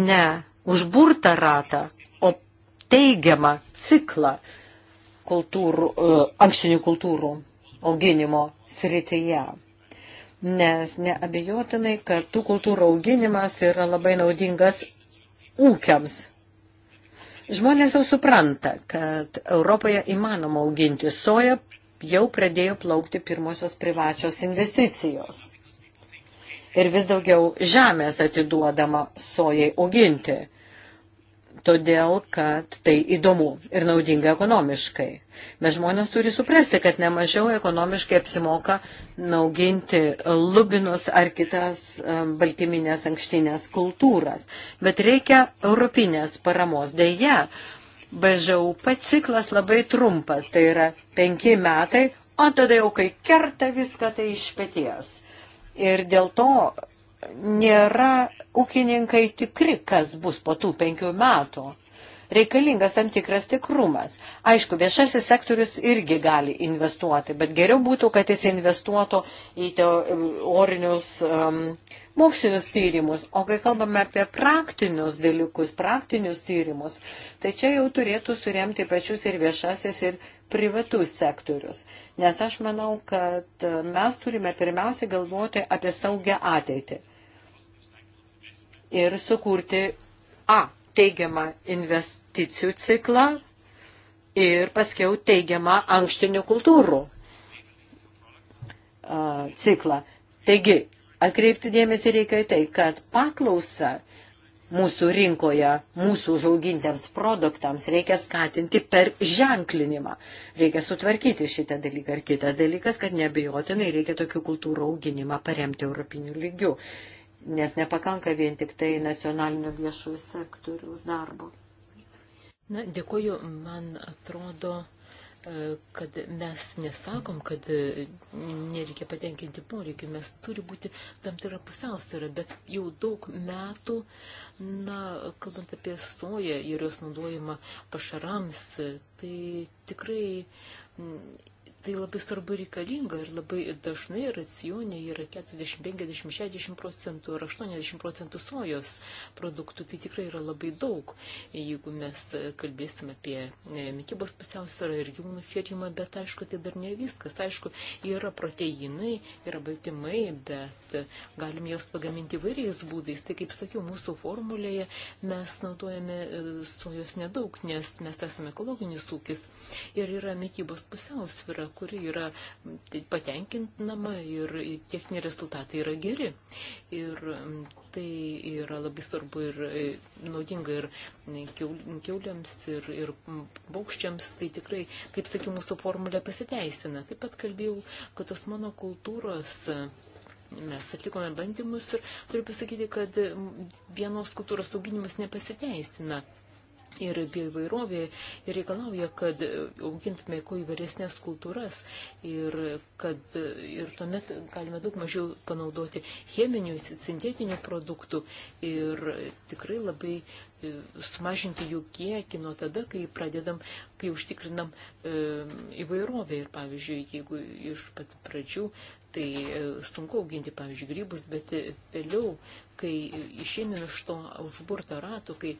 ne užburtą ratą, o teigiamą ciklą kultūrų, e, ankštinių kultūrų auginimo srityje. Nes neabejotinai, kad tų kultūrų auginimas yra labai naudingas ūkiams. Žmonės jau supranta, kad Europoje įmanoma auginti soją, jau pradėjo plaukti pirmosios privačios investicijos. Ir vis daugiau žemės atiduodama sojai auginti todėl kad tai įdomu ir naudinga ekonomiškai. Bet žmonės turi suprasti, kad nemažiau ekonomiškai apsimoka nauginti lubinus ar kitas baltyminės ankštinės kultūras. Bet reikia europinės paramos. Deja, BŽUP ciklas labai trumpas, tai yra penki metai, o tada jau kai kerta viską, tai iš pėties. Ir dėl to nėra ūkininkai tikri, kas bus po tų penkių metų. Reikalingas tam tikras tikrumas. Aišku, viešasis sektorius irgi gali investuoti, bet geriau būtų, kad jis investuotų į teorinius um, mokslinius tyrimus. O kai kalbame apie praktinius dalykus, praktinius tyrimus, tai čia jau turėtų suremti pačius ir viešasis, ir privatus sektorius. Nes aš manau, kad uh, mes turime pirmiausia galvoti apie saugę ateitį ir sukurti A teigiamą investicijų ciklą ir paskiau teigiamą ankštinių kultūrų ciklą. Taigi, atkreipti dėmesį reikia į tai, kad paklausa mūsų rinkoje, mūsų žaugintiems produktams reikia skatinti per ženklinimą. Reikia sutvarkyti šitą dalyką. Ir kitas dalykas, kad nebejotinai reikia tokių kultūrų auginimą paremti europinių lygių nes nepakanka vien tik tai nacionalinio viešojo sektoriaus darbo. Na, dėkuoju, man atrodo, e, kad mes nesakom, kad e, nereikia patenkinti poreikių, mes turi būti tam tikra pusiausvyrą, bet jau daug metų, na, kalbant apie soją ir jos naudojimą pašarams, tai tikrai tai labai svarbu reikalinga ir labai dažnai racione yra 40, 50, 60 procentų ar 80 procentų sojos produktų, tai tikrai yra labai daug, jeigu mes kalbėsim apie e, mytybos pusiausvyrą ir gyvūnų šėrimą, bet aišku, tai dar ne viskas. Aišku, yra proteinai, yra baltymai, bet galim juos pagaminti įvairiais būdais. Tai kaip sakiau, mūsų formulėje mes naudojame e, sojos nedaug, nes mes esame ekologinis ūkis ir yra mytybos pusiausvyrą kuri yra tai patenkinama ir techniniai rezultatai yra geri. Ir tai yra labai svarbu ir naudinga ir keuliams, ir, ir paukščiams. Tai tikrai, kaip sakiau, mūsų formulė pasiteisina. Taip pat kalbėjau, kad tos monokultūros mes atlikome bandymus ir turiu pasakyti, kad vienos kultūros auginimas nepasiteisina ir bioįvairovė reikalauja, kad augintume kuo įvairesnės kultūras ir kad ir tuomet galime daug mažiau panaudoti cheminių, sintetinių produktų ir tikrai labai e, sumažinti jų kiekį nuo tada, kai pradedam, kai užtikrinam e, įvairovę. Ir pavyzdžiui, jeigu iš pat pradžių, tai e, sunku auginti, pavyzdžiui, grybus, bet vėliau kai išėmėm iš to užburto rato, kai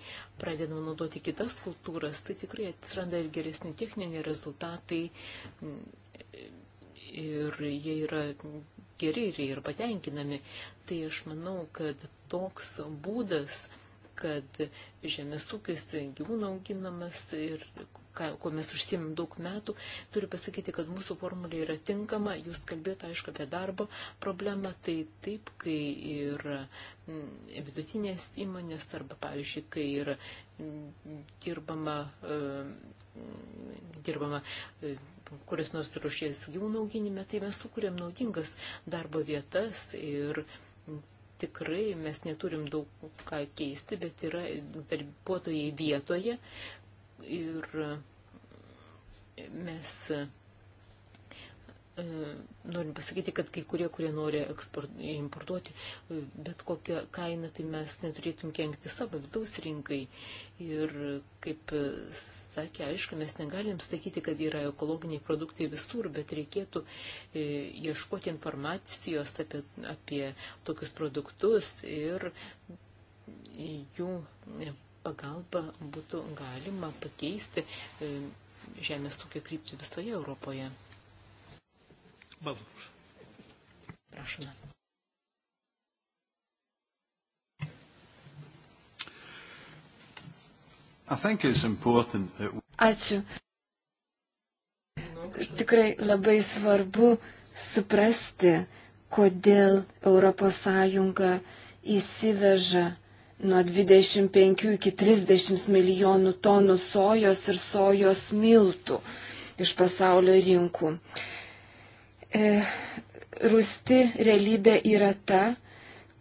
pradedam naudoti kitas kultūras, tai tikrai atsiranda ir geresni techniniai rezultatai ir jie yra geri ir jie yra patenkinami. Tai aš manau, kad toks būdas, kad žemės ūkis gyvūnų auginamas ir ką, kuo mes užsimėm daug metų, turiu pasakyti, kad mūsų formulė yra tinkama, jūs kalbėjote, aišku, apie darbo problemą, tai taip, kai ir mm, vidutinės įmonės arba, pavyzdžiui, kai yra mm, dirbama, e, dirbama e, kuris nors rušies gyvūnų auginime, tai mes sukūrėm naudingas darbo vietas ir mm, tikrai mes neturim daug ką keisti, bet yra darbuotojai vietoje, ir e, mes e, norim pasakyti, kad kai kurie, kurie nori eksport, importuoti e, bet kokią kainą, tai mes neturėtum kenkti savo vidaus rinkai. Ir kaip sakė, aišku, mes negalim sakyti, kad yra ekologiniai produktai visur, bet reikėtų ieškoti informacijos apie, apie tokius produktus ir jų pagalba būtų galima pakeisti e, žemės ūkio kryptį visoje Europoje. Balduš. Prašome. Ačiū. Tikrai labai svarbu suprasti, kodėl ES įsiveža nuo 25 iki 30 milijonų tonų sojos ir sojos miltų iš pasaulio rinkų. E, rusti realybė yra ta,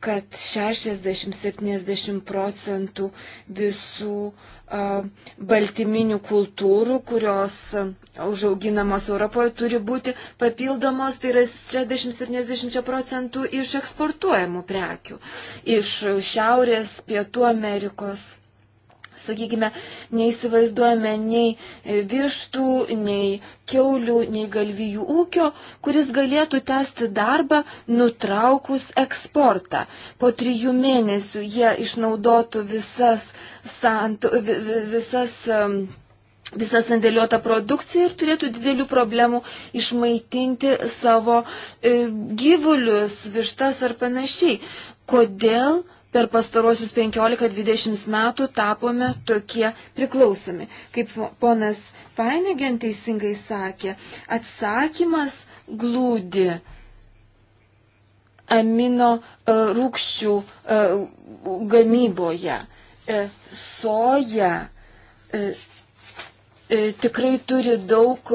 kad 60-70 procentų visų baltyminių kultūrų, kurios užauginamos Europoje, turi būti papildomos, tai yra 60-70 procentų iš eksportuojamų prekių, iš Šiaurės, Pietų Amerikos sakykime, neįsivaizduojame nei vištų, nei keulių, nei galvijų ūkio, kuris galėtų tęsti darbą nutraukus eksportą. Po trijų mėnesių jie išnaudotų visas, santu, visas um, visą sandėliuotą produkciją ir turėtų didelių problemų išmaitinti savo e, gyvulius, vištas ar panašiai. Kodėl per pastarosius 15-20 metų tapome tokie priklausomi. Kaip ponas Painegen teisingai sakė, atsakymas glūdi amino e, rūkščių e, gamyboje. E, soja tikrai turi daug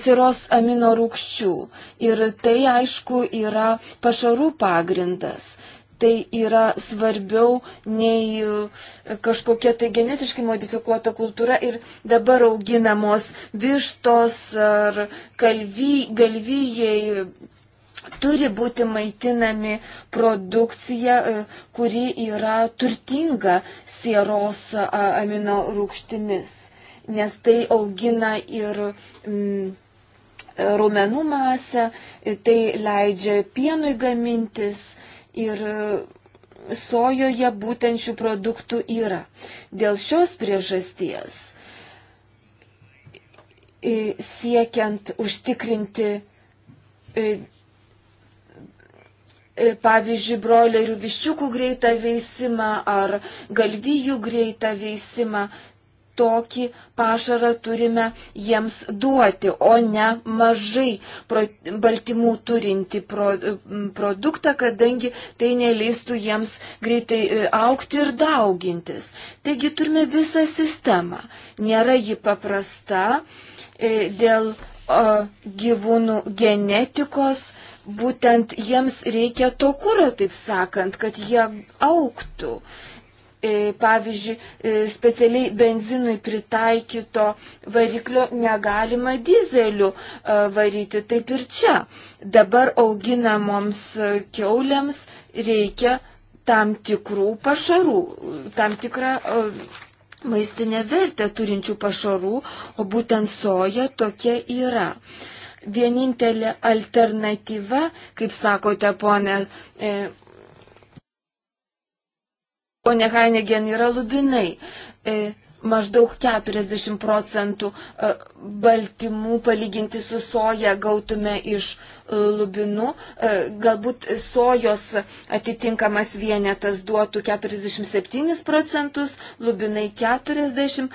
siros amino rūkščių. Ir tai, aišku, yra pašarų pagrindas. Tai yra svarbiau nei e, kažkokia tai genetiškai modifikuota kultūra ir dabar auginamos vištos ar kalvy, galvijai turi būti maitinami produkcija, e, kuri yra turtinga sieros amino rūkštimis nes tai augina ir mm, raumenų masę, tai leidžia pienui gamintis ir sojoje būtent šių produktų yra. Dėl šios priežasties siekiant užtikrinti, pavyzdžiui, broilerių viščiukų greitą veisimą ar galvijų greitą veisimą, tokį pašarą turime jiems duoti, o ne mažai pro, baltymų turinti pro, produktą, kadangi tai neleistų jiems greitai e, aukti ir daugintis. Taigi turime visą sistemą. Nėra ji paprasta e, dėl o, gyvūnų genetikos. Būtent jiems reikia to kūro, taip sakant, kad jie auktų. Uh, E, pavyzdžiui, e, specialiai benzinui pritaikyto variklio negalima dizeliu e, varyti. Taip ir čia. Dabar auginamoms keuliams reikia tam tikrų pašarų, tam tikrą maistinę vertę turinčių pašarų, o būtent soja tokia yra vienintelė alternatyva, kaip sakote, ponė, Pone Heinegen yra lubinai. E, maždaug 40 procentų e, baltymų palyginti su soja gautume iš e, lubinų. Galbūt sojos atitinkamas vienetas duotų 47 procentus, lubinai 40,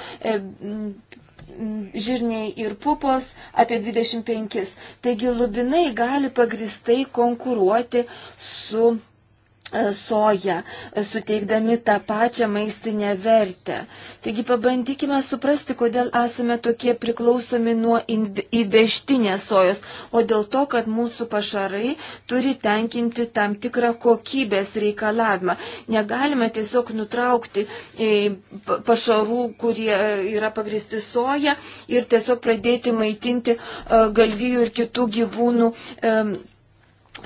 žirniai ir pupos apie 25. Taigi lubinai gali pagristai konkuruoti su E, soja, e, suteikdami tą pačią maistinę vertę. Taigi pabandykime suprasti, kodėl esame tokie priklausomi nuo įvežtinės sojos, o dėl to, kad mūsų pašarai turi tenkinti tam tikrą kokybės reikalavimą. Negalime tiesiog nutraukti e, pašarų, kurie yra pagristi soja ir tiesiog pradėti maitinti galvijų ir kitų gyvūnų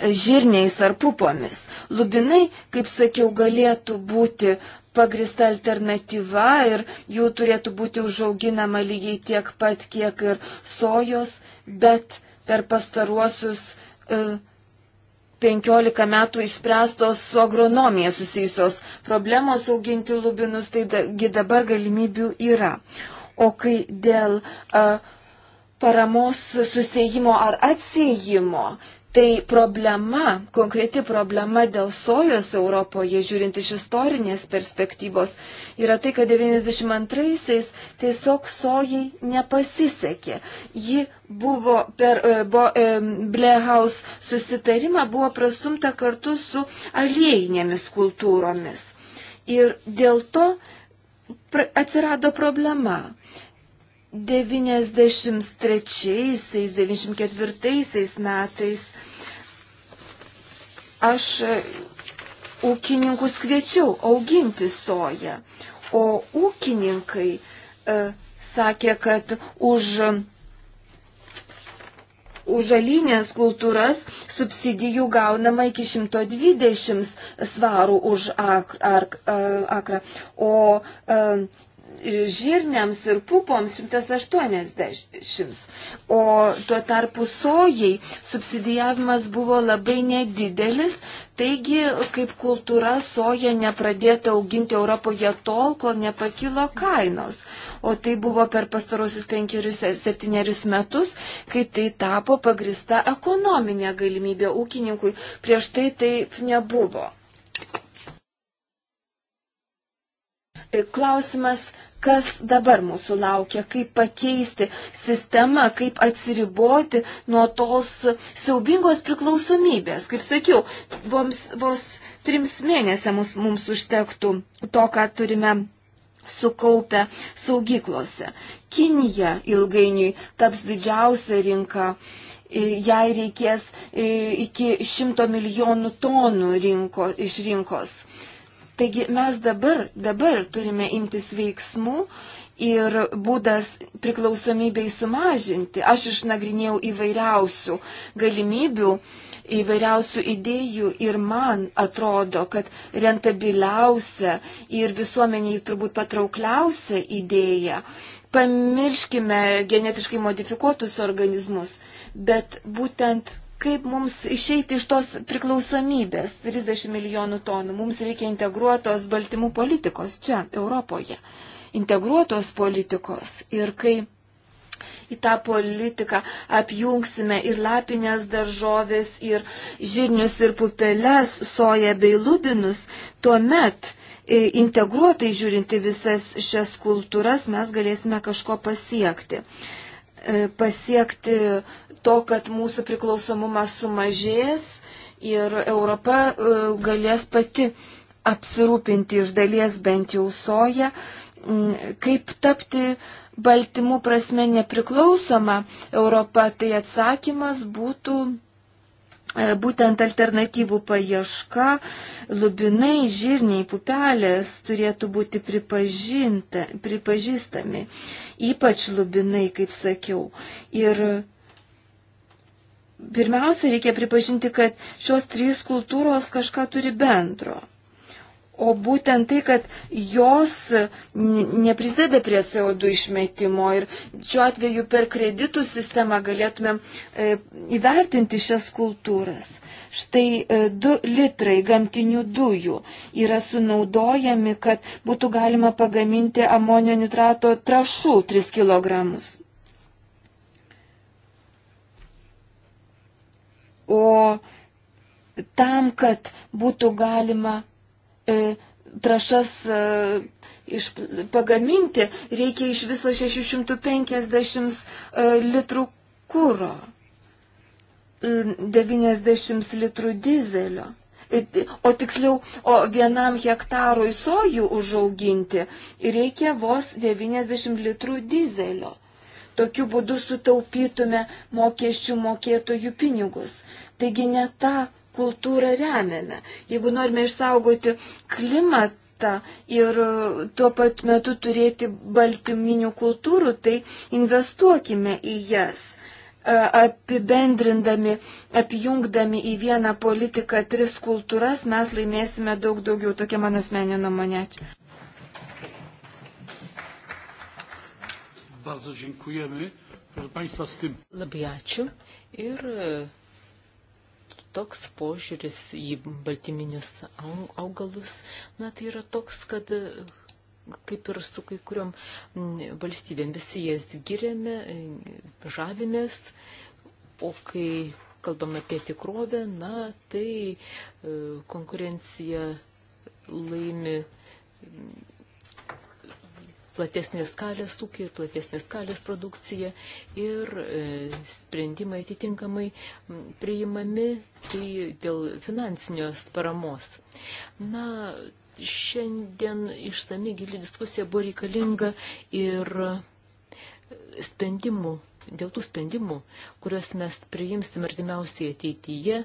žirniais ar pupomis. Lubinai, kaip sakiau, galėtų būti pagrista alternatyva ir jų turėtų būti užauginama lygiai tiek pat, kiek ir sojos, bet per pastaruosius e, 15 metų išspręstos su agronomija susijusios problemos auginti lubinus, taigi dabar galimybių yra. O kai dėl e, paramos susėjimo ar atsėjimo, Tai problema, konkreti problema dėl sojos Europoje, žiūrint iš istorinės perspektyvos, yra tai, kad 92-aisiais tiesiog sojai nepasisekė. Ji buvo per e, bo, e, Blehaus susitarimą buvo prastumta kartu su aliejinėmis kultūromis. Ir dėl to atsirado problema. 93-94 metais aš e, ūkininkus kviečiau auginti soją, o ūkininkai e, sakė, kad už užalinės kultūras subsidijų gaunama iki 120 svarų už akrą, ak, ak, ak, o e, žirniams ir pupoms 180, o tuo tarpu sojai subsidijavimas buvo labai nedidelis, taigi kaip kultūra soja nepradėta auginti Europoje tol, kol nepakilo kainos. O tai buvo per pastarosius penkerius, septynerius metus, kai tai tapo pagrista ekonominė galimybė ūkininkui. Prieš tai taip nebuvo. Klausimas, kas dabar mūsų laukia, kaip pakeisti sistemą, kaip atsiriboti nuo tos siaubingos priklausomybės. Kaip sakiau, voms, vos trims mėnesiams mums, mums užtektų to, ką turime sukaupę saugyklose. Kinija ilgainiui taps didžiausia rinka jai reikės iki 100 milijonų tonų rinko, iš rinkos. Taigi mes dabar, dabar turime imtis veiksmų ir būdas priklausomybei sumažinti. Aš išnagrinėjau įvairiausių galimybių, įvairiausių idėjų ir man atrodo, kad rentabiliausia ir visuomeniai turbūt patraukliausia idėja. Pamirškime genetiškai modifikuotus organizmus, bet būtent kaip mums išeiti iš tos priklausomybės 30 milijonų tonų. Mums reikia integruotos baltymų politikos čia, Europoje. Integruotos politikos. Ir kai į tą politiką apjungsime ir lapinės daržovės, ir žirnius, ir pupeles, soją bei lubinus, tuomet e, integruotai žiūrinti visas šias kultūras mes galėsime kažko pasiekti e, pasiekti to, kad mūsų priklausomumas sumažės ir Europa e, galės pati apsirūpinti iš dalies bent jau soją, mm, kaip tapti baltymų prasme nepriklausoma Europa, tai atsakymas būtų e, būtent alternatyvų paieška, lubinai, žirniai, pupelės turėtų būti pripažinta, pripažįstami, ypač lubinai, kaip sakiau. Ir pirmiausia, reikia pripažinti, kad šios trys kultūros kažką turi bendro. O būtent tai, kad jos neprisideda prie CO2 išmetimo ir šiuo atveju per kreditų sistemą galėtumėm e, įvertinti šias kultūras. Štai 2 e, litrai gamtinių dujų yra sunaudojami, kad būtų galima pagaminti amonio nitrato trašų 3 kilogramus. o tam, kad būtų galima e, trašas e, iš, pagaminti, reikia iš viso 650 e, litrų kūro, e, 90 litrų dizelio. E, o tiksliau, o vienam hektarui sojų užauginti reikia vos 90 litrų dizelio. Tokiu būdu sutaupytume mokesčių mokėtojų pinigus. Taigi ne tą kultūrą remiame. Jeigu norime išsaugoti klimatą ir e, tuo pat metu turėti baltyminių kultūrų, tai investuokime į jas e, apibendrindami, apjungdami į vieną politiką tris kultūras, mes laimėsime daug daugiau. Tokia mano asmeninė nuomonė. Ačiū. Bardzo dziękujemy. Proszę Państwa, z tym. Labai ačiū. Ir e, toks požiūris į baltyminius augalus, na tai yra toks, kad e, kaip ir su kai kuriuom valstybėm visi jas giriame, e, žavimės, o kai kalbam apie tikrovę, na tai e, konkurencija laimi platesnės skalės ūkį ir platesnės skalės produkciją ir e, sprendimai atitinkamai priimami tai dėl finansinios paramos. Na, šiandien išsami gili diskusija buvo reikalinga ir sprendimų, dėl tų sprendimų, kuriuos mes priimsim artimiausiai ateityje,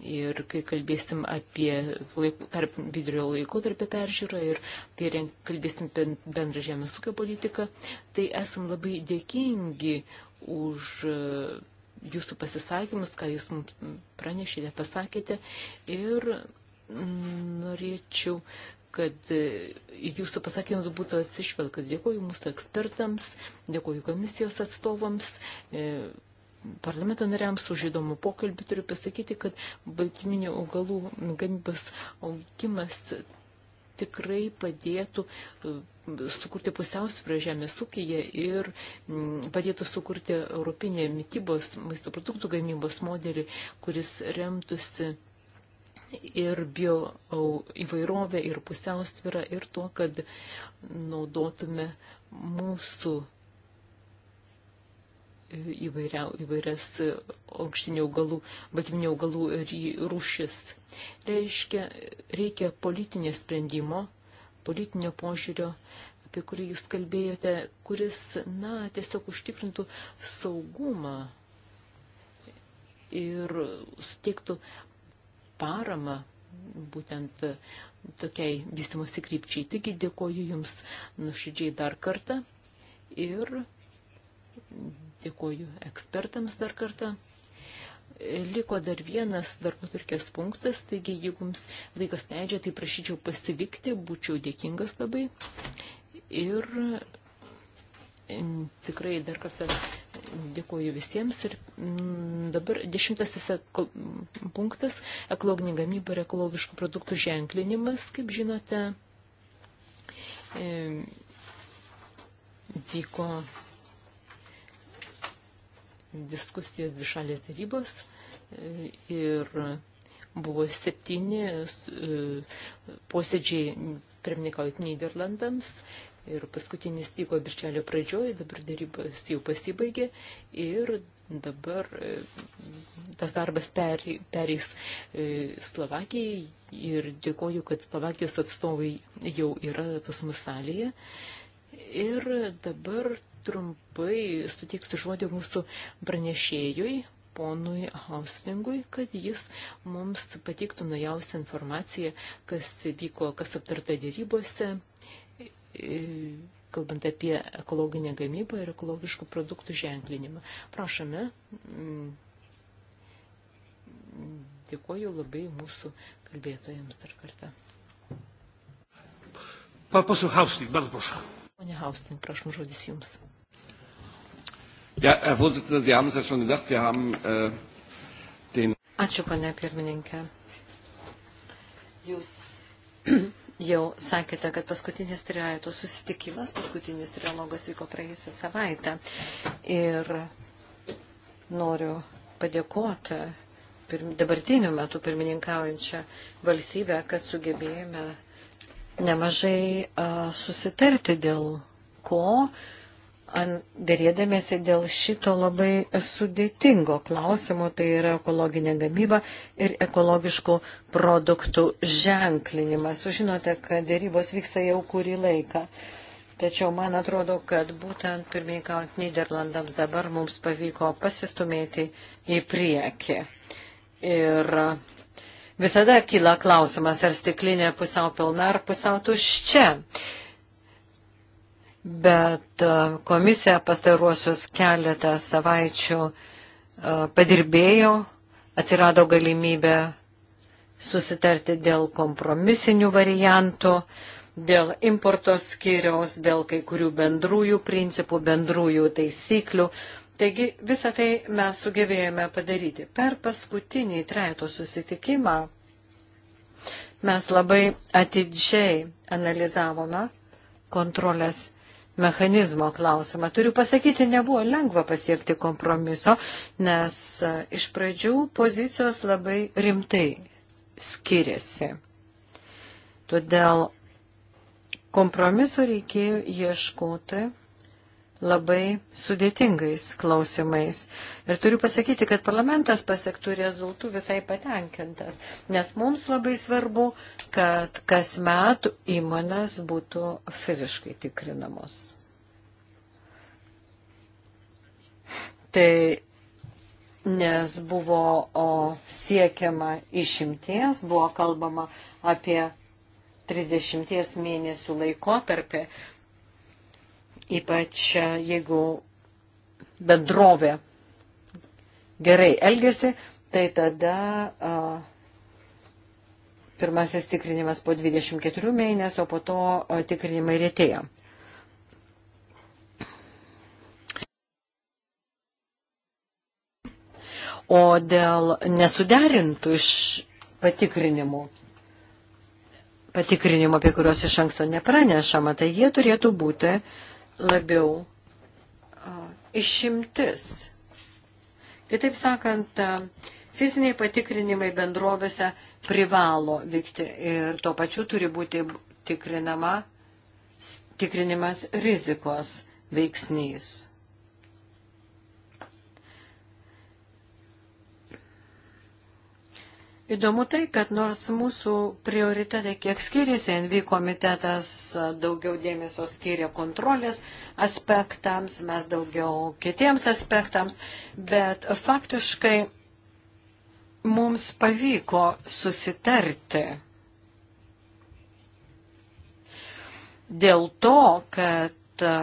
Ir kai kalbėsim apie laiko, tarp vidurio laiko tarp peržiūrą ir kai renk, kalbėsim apie bendrą žemės ūkio politiką, tai esam labai dėkingi už e, jūsų pasisakymus, ką jūs mums pranešėte, pasakėte. Ir norėčiau kad e, jūsų pasakymas būtų atsižvelgta. Dėkuoju mūsų ekspertams, dėkuoju komisijos atstovams, e, parlamento nariams už įdomų pokalbį. Turiu pasakyti, kad baltyminių augalų gamybos augimas tikrai padėtų e, sukurti pusiausvyrą žemės ūkyje ir padėtų sukurti europinę mytybos maisto produktų gamybos modelį, kuris remtųsi ir bio įvairovę, ir pusiausvyrą, ir tuo, kad naudotume mūsų įvairia, įvairias aukštinių augalų, baltyminių augalų rūšis. Reiškia, reikia politinio sprendimo, politinio požiūrio, apie kurį jūs kalbėjote, kuris, na, tiesiog užtikrintų saugumą ir suteiktų paramą būtent tokiai vystimosi krypčiai. Taigi dėkoju Jums nušydžiai dar kartą ir Dėkuoju ekspertams dar kartą. Liko dar vienas darbo turkės punktas, taigi jeigu jums laikas leidžia, tai prašyčiau pasilikti, būčiau dėkingas labai. Ir tikrai dar kartą dėkuoju visiems. Ir dabar dešimtasis punktas – ekologinė gamyba ir ekologiškų produktų ženklinimas. Kaip žinote, vyko diskusijos dvišalės darybos e, ir buvo septyni e, posėdžiai pirmininkaujant Niderlandams ir paskutinis vyko birželio pradžioje, dabar darybos jau pasibaigė ir dabar e, tas darbas pereis Slovakijai ir dėkoju, kad Slovakijos atstovai jau yra pas mus salėje. Ir dabar trumpai suteiksiu žodį mūsų pranešėjui, ponui Hauslingui, kad jis mums patiktų naujausią informaciją, kas vyko, kas aptarta dėrybose, kalbant apie ekologinę gamybą ir ekologiškų produktų ženklinimą. Prašome. Mm, Dėkuoju labai mūsų kalbėtojams dar kartą. Pan poseł Hausling, bardzo proszę. Panie Hausling, proszę, żodzi jums. Ja, Herr Vorsitzender, Sie haben es ja schon gesagt, wir haben äh, den. Ačiū, ponė pirmininkė. Jūs jau sakėte, kad paskutinis triajato susitikimas, paskutinis trialogas vyko praėjusią savaitę. Ir noriu padėkoti pirm, dabartiniu metu pirmininkaujančią valstybę, kad sugebėjome nemažai a, susitarti dėl ko dėrėdamėsi dėl šito labai sudėtingo klausimo, tai yra ekologinė gamyba ir ekologiškų produktų ženklinimas. Sužinote, kad dėrybos vyksta jau kurį laiką. Tačiau man atrodo, kad būtent pirmininkaujant Niderlandams dabar mums pavyko pasistumėti į priekį. Ir visada kyla klausimas, ar stiklinė pusiau pilna ar pusiau tuščia bet e, komisija pastaruosius keletą savaičių e, padirbėjo, atsirado galimybė susitarti dėl kompromisinių variantų, dėl importo skiriaus, dėl kai kurių bendrųjų principų, bendrųjų taisyklių. Taigi visą tai mes sugebėjome padaryti. Per paskutinį trejato susitikimą mes labai atidžiai analizavome kontrolės mechanizmo klausimą. Turiu pasakyti, nebuvo lengva pasiekti kompromiso, nes e, iš pradžių pozicijos labai rimtai skiriasi. Todėl kompromiso reikėjo ieškoti labai sudėtingais klausimais. Ir turiu pasakyti, kad parlamentas pasiektų rezultų visai patenkintas, nes mums labai svarbu, kad kas metų įmonės būtų fiziškai tikrinamos. Tai nes buvo o, siekiama išimties, buvo kalbama apie 30 mėnesių laikotarpį, Ypač e, jeigu bendrovė gerai elgesi, tai tada a, e, pirmasis tikrinimas po 24 mėnesių, o po to a, e, tikrinimai rėtėja. O dėl nesuderintų iš patikrinimų, patikrinimų, apie kuriuos iš anksto nepranešama, tai jie turėtų būti uh, labiau išimtis. Kitaip sakant, fiziniai patikrinimai bendrovėse privalo vykti ir tuo pačiu turi būti tikrinama, tikrinimas rizikos veiksnys. Įdomu tai, kad nors mūsų prioritetai kiek skiriasi, NV komitetas daugiau dėmesio skiria kontrolės aspektams, mes daugiau kitiems aspektams, bet faktiškai mums pavyko susitarti dėl to, kad e,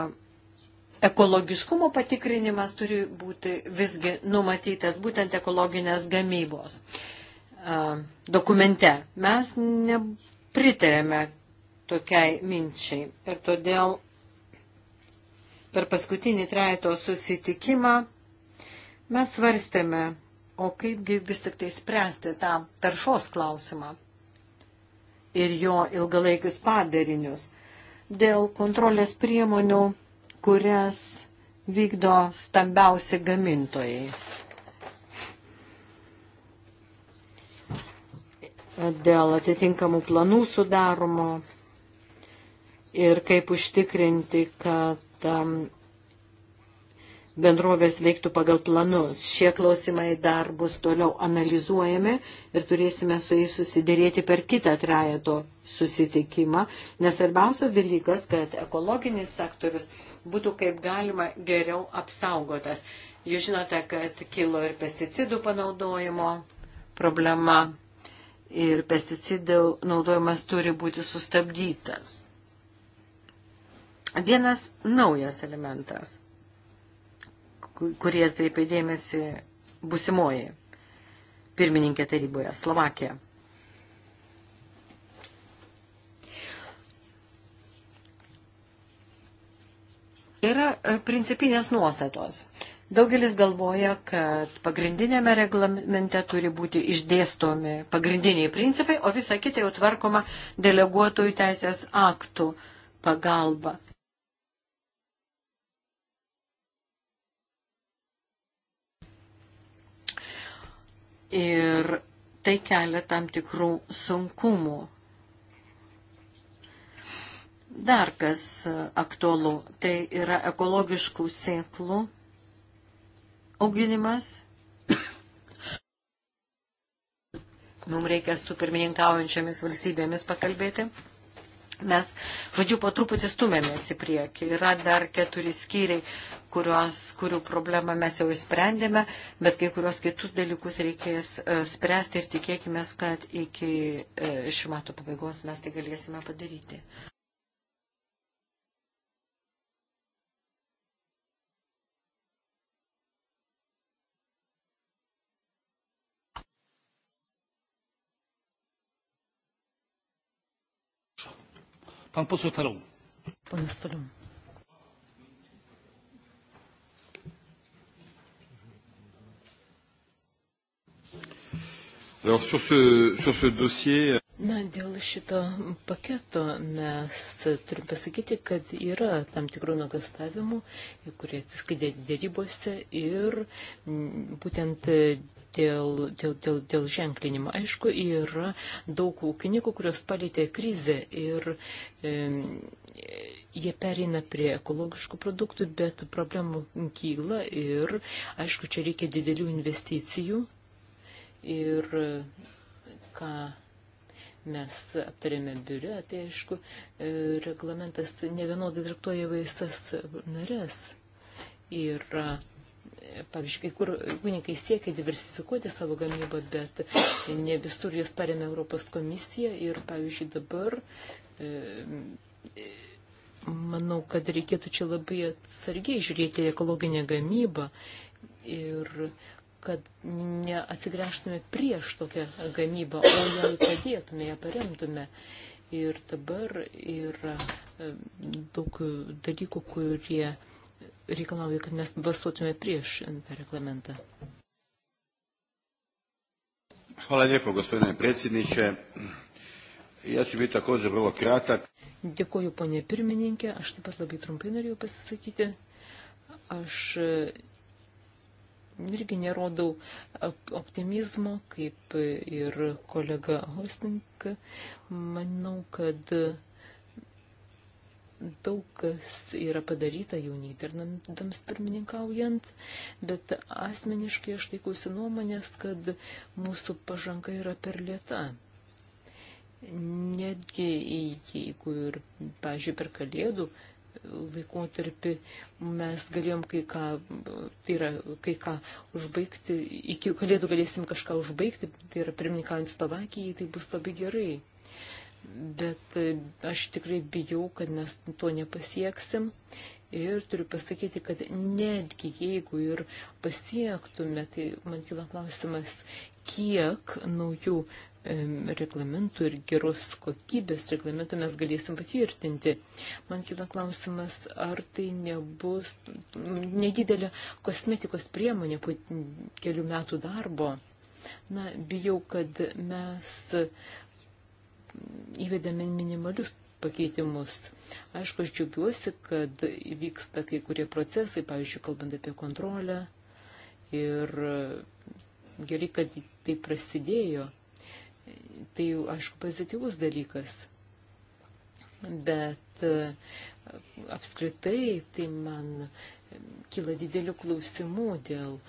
ekologiškumo patikrinimas turi būti visgi numatytas būtent ekologinės gamybos. Uh, dokumente. Mes nepritarėme tokiai minčiai ir todėl per paskutinį traito susitikimą mes svarstėme, o kaipgi vis tik tai spręsti tą taršos klausimą ir jo ilgalaikius padarinius. Dėl kontrolės priemonių, kurias vykdo stambiausi gamintojai. dėl atitinkamų planų sudaromo ir kaip užtikrinti, kad um, bendrovės veiktų pagal planus. Šie klausimai dar bus toliau analizuojami ir turėsime su jais susidėrėti per kitą trajeto susitikimą, nes svarbiausias dalykas, kad ekologinis sektorius būtų kaip galima geriau apsaugotas. Jūs žinote, kad kilo ir pesticidų panaudojimo problema ir pesticidų naudojimas turi būti sustabdytas. Vienas naujas elementas, kurį atkreipė dėmesį busimoji pirmininkė taryboje Slovakija. Yra e, principinės nuostatos, Daugelis galvoja, kad pagrindinėme reglamente turi būti išdėstomi pagrindiniai principai, o visa kita jau tvarkoma deleguotojų teisės aktų pagalba. Ir tai kelia tam tikrų sunkumų. Dar kas aktualu, tai yra ekologiškų sėklų auginimas. Mums reikia su pirmininkaujančiamis valstybėmis pakalbėti. Mes, žodžiu, po truputį stumėmės į priekį. Yra dar keturi skyriai, kurios, kurių problemą mes jau išsprendėme, bet kai kurios kitus dalykus reikės e, spręsti ir tikėkime, kad iki e, šių metų pabaigos mes tai galėsime padaryti. Pan poseł Ferą. Ponas Ferą. Alors, sur ce, sur ce dossier... Euh, Na, dėl šito paketo mes turim pasakyti, kad yra tam tikrų nuogastavimų, kurie atsiskaidė dėrybose ir būtent dėl, dėl, dėl, dėl ženklinimo. Aišku, yra daug ūkininkų, kurios palėtė krizę ir e, jie pereina prie ekologiškų produktų, bet problemų kyla ir, aišku, čia reikia didelių investicijų. Ir ką mes aptarėme biure, tai aišku, e, reglamentas nevienodai traktuoja vaistas narės. Yra pavyzdžiui, kai kur ūkininkai siekia diversifikuoti savo gamybą, bet ne visur jis paremė Europos komisiją ir, pavyzdžiui, dabar e, manau, kad reikėtų čia labai atsargiai žiūrėti ekologinę gamybą ir kad neatsigręžtume prieš tokią gamybą, o ją padėtume, ją paremtume. Ir dabar yra e, daug dalykų, kurie reikalauja, kad mes balsuotume prieš reglamentą. Hvala lijepo, gospodine predsjedniče. Ja ću biti također vrlo kratak. Dėkuoju, ponė pirmininkė. Aš taip pat labai trumpai norėjau pasisakyti. Aš e, irgi nerodau optimizmo, kaip ir kolega Hostink. Manau, kad daug kas yra padaryta jau Niderlandams pirmininkaujant, bet asmeniškai aš laikausi nuomonės, kad mūsų pažanga yra per lėta. Netgi jeigu ir, pažiūrėjau, per kalėdų laikotarpį mes galėjom kai ką, tai yra, kai ką užbaigti, iki kalėdų galėsim kažką užbaigti, tai yra pirmininkaujant Slovakijai, tai bus labai gerai bet e, aš tikrai bijau, kad mes to nepasieksim. Ir turiu pasakyti, kad netgi jeigu ir pasiektume, tai man kyla klausimas, kiek naujų reglamentų ir geros kokybės reglamentų mes galėsim patvirtinti. Man kila klausimas, ar tai nebus nedidelė kosmetikos priemonė po kelių metų darbo. Na, bijau, kad mes įvedame minimalius pakeitimus. Aišku, aš džiaugiuosi, kad vyksta kai kurie procesai, pavyzdžiui, kalbant apie kontrolę. Ir gerai, kad tai prasidėjo. Tai, aišku, pozityvus dalykas. Bet e, apskritai, tai man kyla didelių klausimų dėl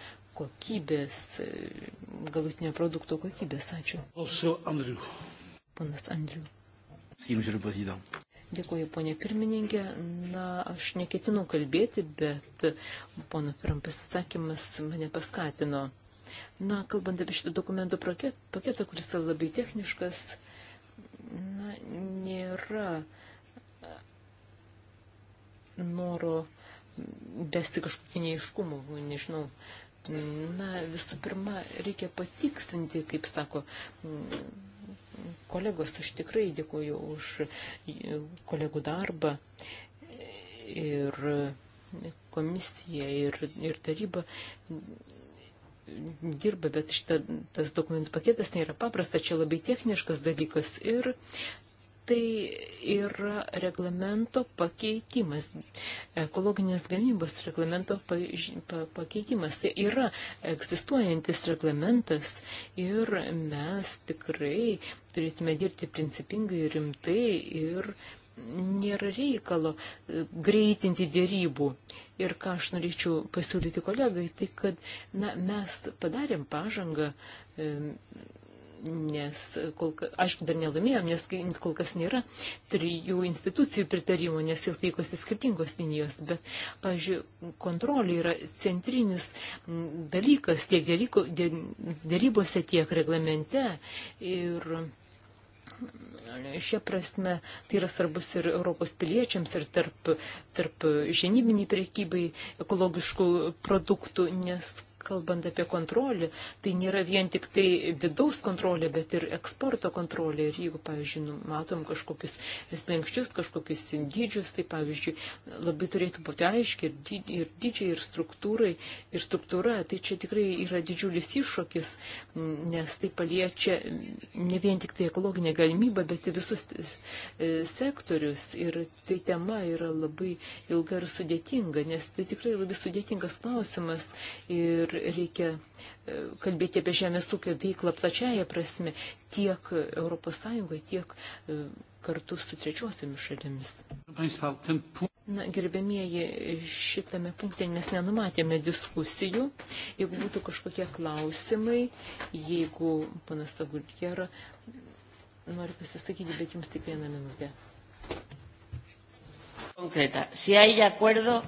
kokybės, e, galutinio produkto kokybės. Ačiū. Also, Andriu. Ponas Andriu. Dėkuoju, ponė pirmininkė. Na, aš neketinau kalbėti, bet pono Piram pasisakymas mane paskatino. Na, kalbant apie šitą dokumentų paketą, kuris yra labai techniškas, na, nėra e, noro besti kažkokį neiškumų, nežinau. Na, visų pirma, reikia patikslinti, kaip sako kolegos, aš tikrai dėkuoju už kolegų darbą ir komisija ir, ir taryba dirba, bet šita, tas dokumentų paketas nėra paprasta, čia labai techniškas dalykas ir tai yra reglamento pakeitimas, ekologinės gamybos reglamento pakeitimas. Tai yra egzistuojantis reglamentas ir mes tikrai turėtume dirbti principingai ir rimtai ir nėra reikalo e, greitinti dėrybų. Ir ką aš norėčiau pasiūlyti kolegai, tai kad na, mes padarėm pažangą. E, nes, kol, aišku, dar nelaimėjom, nes kol kas nėra trijų institucijų pritarimo, nes jau laikosi skirtingos linijos, bet, pažiūrėjau, kontrolė yra centrinis dalykas tiek dėrybose, tiek reglamente. Ir, Šia prasme, tai yra svarbus ir Europos piliečiams, ir tarp, tarp žinybiniai priekybai ekologiškų produktų, nes kalbant apie kontrolį, tai nėra vien tik tai vidaus kontrolė, bet ir eksporto kontrolė. Ir jeigu, pavyzdžiui, nu, matom kažkokius slengščius, kažkokius dydžius, tai, pavyzdžiui, labai turėtų būti aiški ir, ir dydžiai, ir struktūrai, ir struktūra. Tai čia tikrai yra didžiulis iššūkis, nes tai paliečia ne vien tik tai ekologinę galimybę, bet ir visus e, sektorius. Ir tai tema yra labai ilga ir sudėtinga, nes tai tikrai labai sudėtingas klausimas. Ir ir reikia e, kalbėti apie žemės ūkio veiklą plačiaja prasme tiek ES, tiek e, kartu su trečiosiomis šalimis. Na, gerbėmieji, šitame punkte mes nenumatėme diskusijų. Jeigu būtų kažkokie klausimai, jeigu panas Tagulkėra nori pasisakyti, bet jums tik vieną minutę. Konkreta. Si hay acuerdo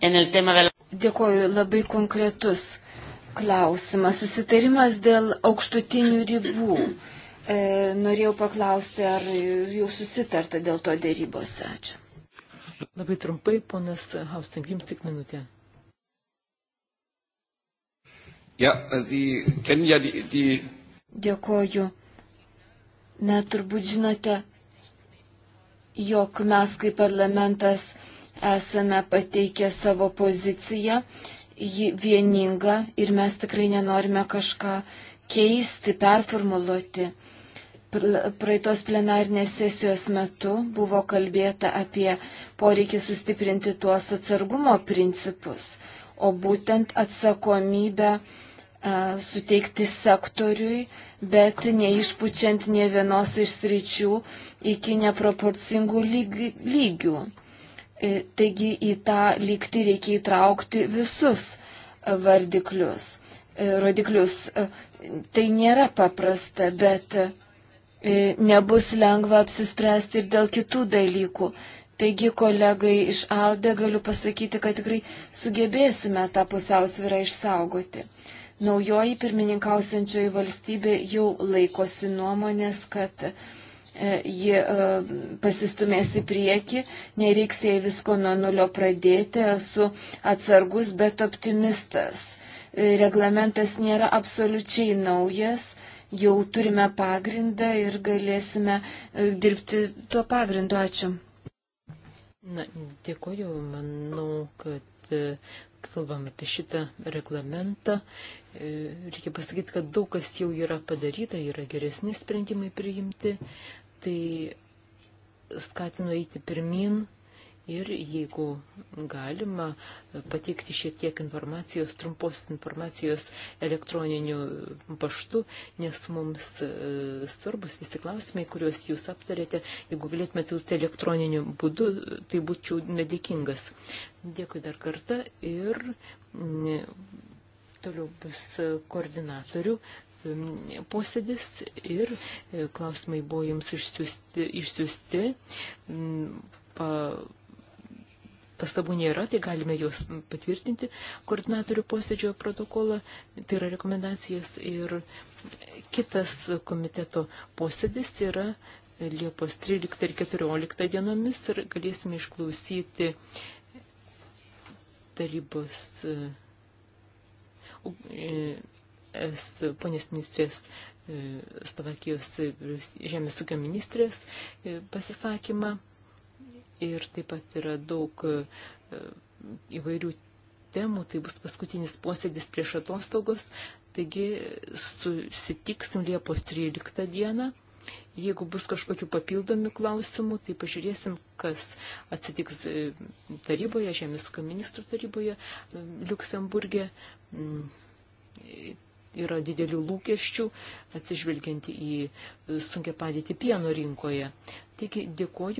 en el tema de la... Dėkuoju, labai konkretus klausimą. Susitarimas dėl aukštutinių ribų. E, norėjau paklausti, ar jau susitarta dėl to dėrybose. Ačiū. Labai trumpai, ponas Hausting, jums tik minutė. Ja, Sie kennen ja die, die... Dėkoju. Na, turbūt žinote, jog mes kaip parlamentas esame pateikę savo poziciją ji vieninga ir mes tikrai nenorime kažką keisti, performuluoti. Praeitos plenarnės sesijos metu buvo kalbėta apie poreikį sustiprinti tuos atsargumo principus, o būtent atsakomybę e, suteikti sektoriui, bet neišpučiant ne vienos iš sričių iki neproporcingų lygių. E, taigi į tą lygti reikia įtraukti visus vardiklius, e, rodiklius. E, tai nėra paprasta, bet nebus lengva apsispręsti ir dėl kitų dalykų. Taigi, kolegai iš Alde galiu pasakyti, kad tikrai sugebėsime tą pusiausvyrą išsaugoti. Naujoji pirmininkausiančioji valstybė jau laikosi nuomonės, kad uh, E, ji e, pasistumės į priekį, nereiks jai visko nuo nulio pradėti, esu atsargus, bet optimistas. E, reglamentas nėra absoliučiai naujas, jau turime pagrindą ir galėsime dirbti tuo pagrindu. Ačiū. Na, dėkuoju, manau, kad kalbam apie šitą reglamentą, reikia pasakyti, kad daug kas jau yra padaryta, yra geresni sprendimai priimti, tai skatinu eiti pirmin ir jeigu galima pateikti šiek tiek informacijos, trumpos informacijos elektroniniu paštu, nes mums e, svarbus visi klausimai, kuriuos jūs aptarėte, jeigu galėtumėte jūs elektroniniu būdu, tai būčiau nedėkingas. Dėkui dar kartą ir toliau bus koordinatorių posėdis ir e, klausimai buvo jums išsiusti, išsiusti mm, pa, pastabų nėra, tai galime juos patvirtinti koordinatorių posėdžio protokolą, tai yra rekomendacijas ir kitas komiteto posėdis yra Liepos 13 ir 14 dienomis ir galėsime išklausyti tarybos e, e, ponės ministrės e, Slovakijos e, žemės ūkio ministrės e, pasisakymą. Ir taip pat yra daug įvairių temų, tai bus paskutinis posėdis prieš atostogos, taigi susitiksim Liepos 13 dieną. Jeigu bus kažkokių papildomių klausimų, tai pažiūrėsim, kas atsitiks taryboje, Žemės ūkio ministrų taryboje, Luksemburgė mm, yra didelių lūkesčių, atsižvelgiant į sunkia padėti pieno rinkoje. Taigi dėkoju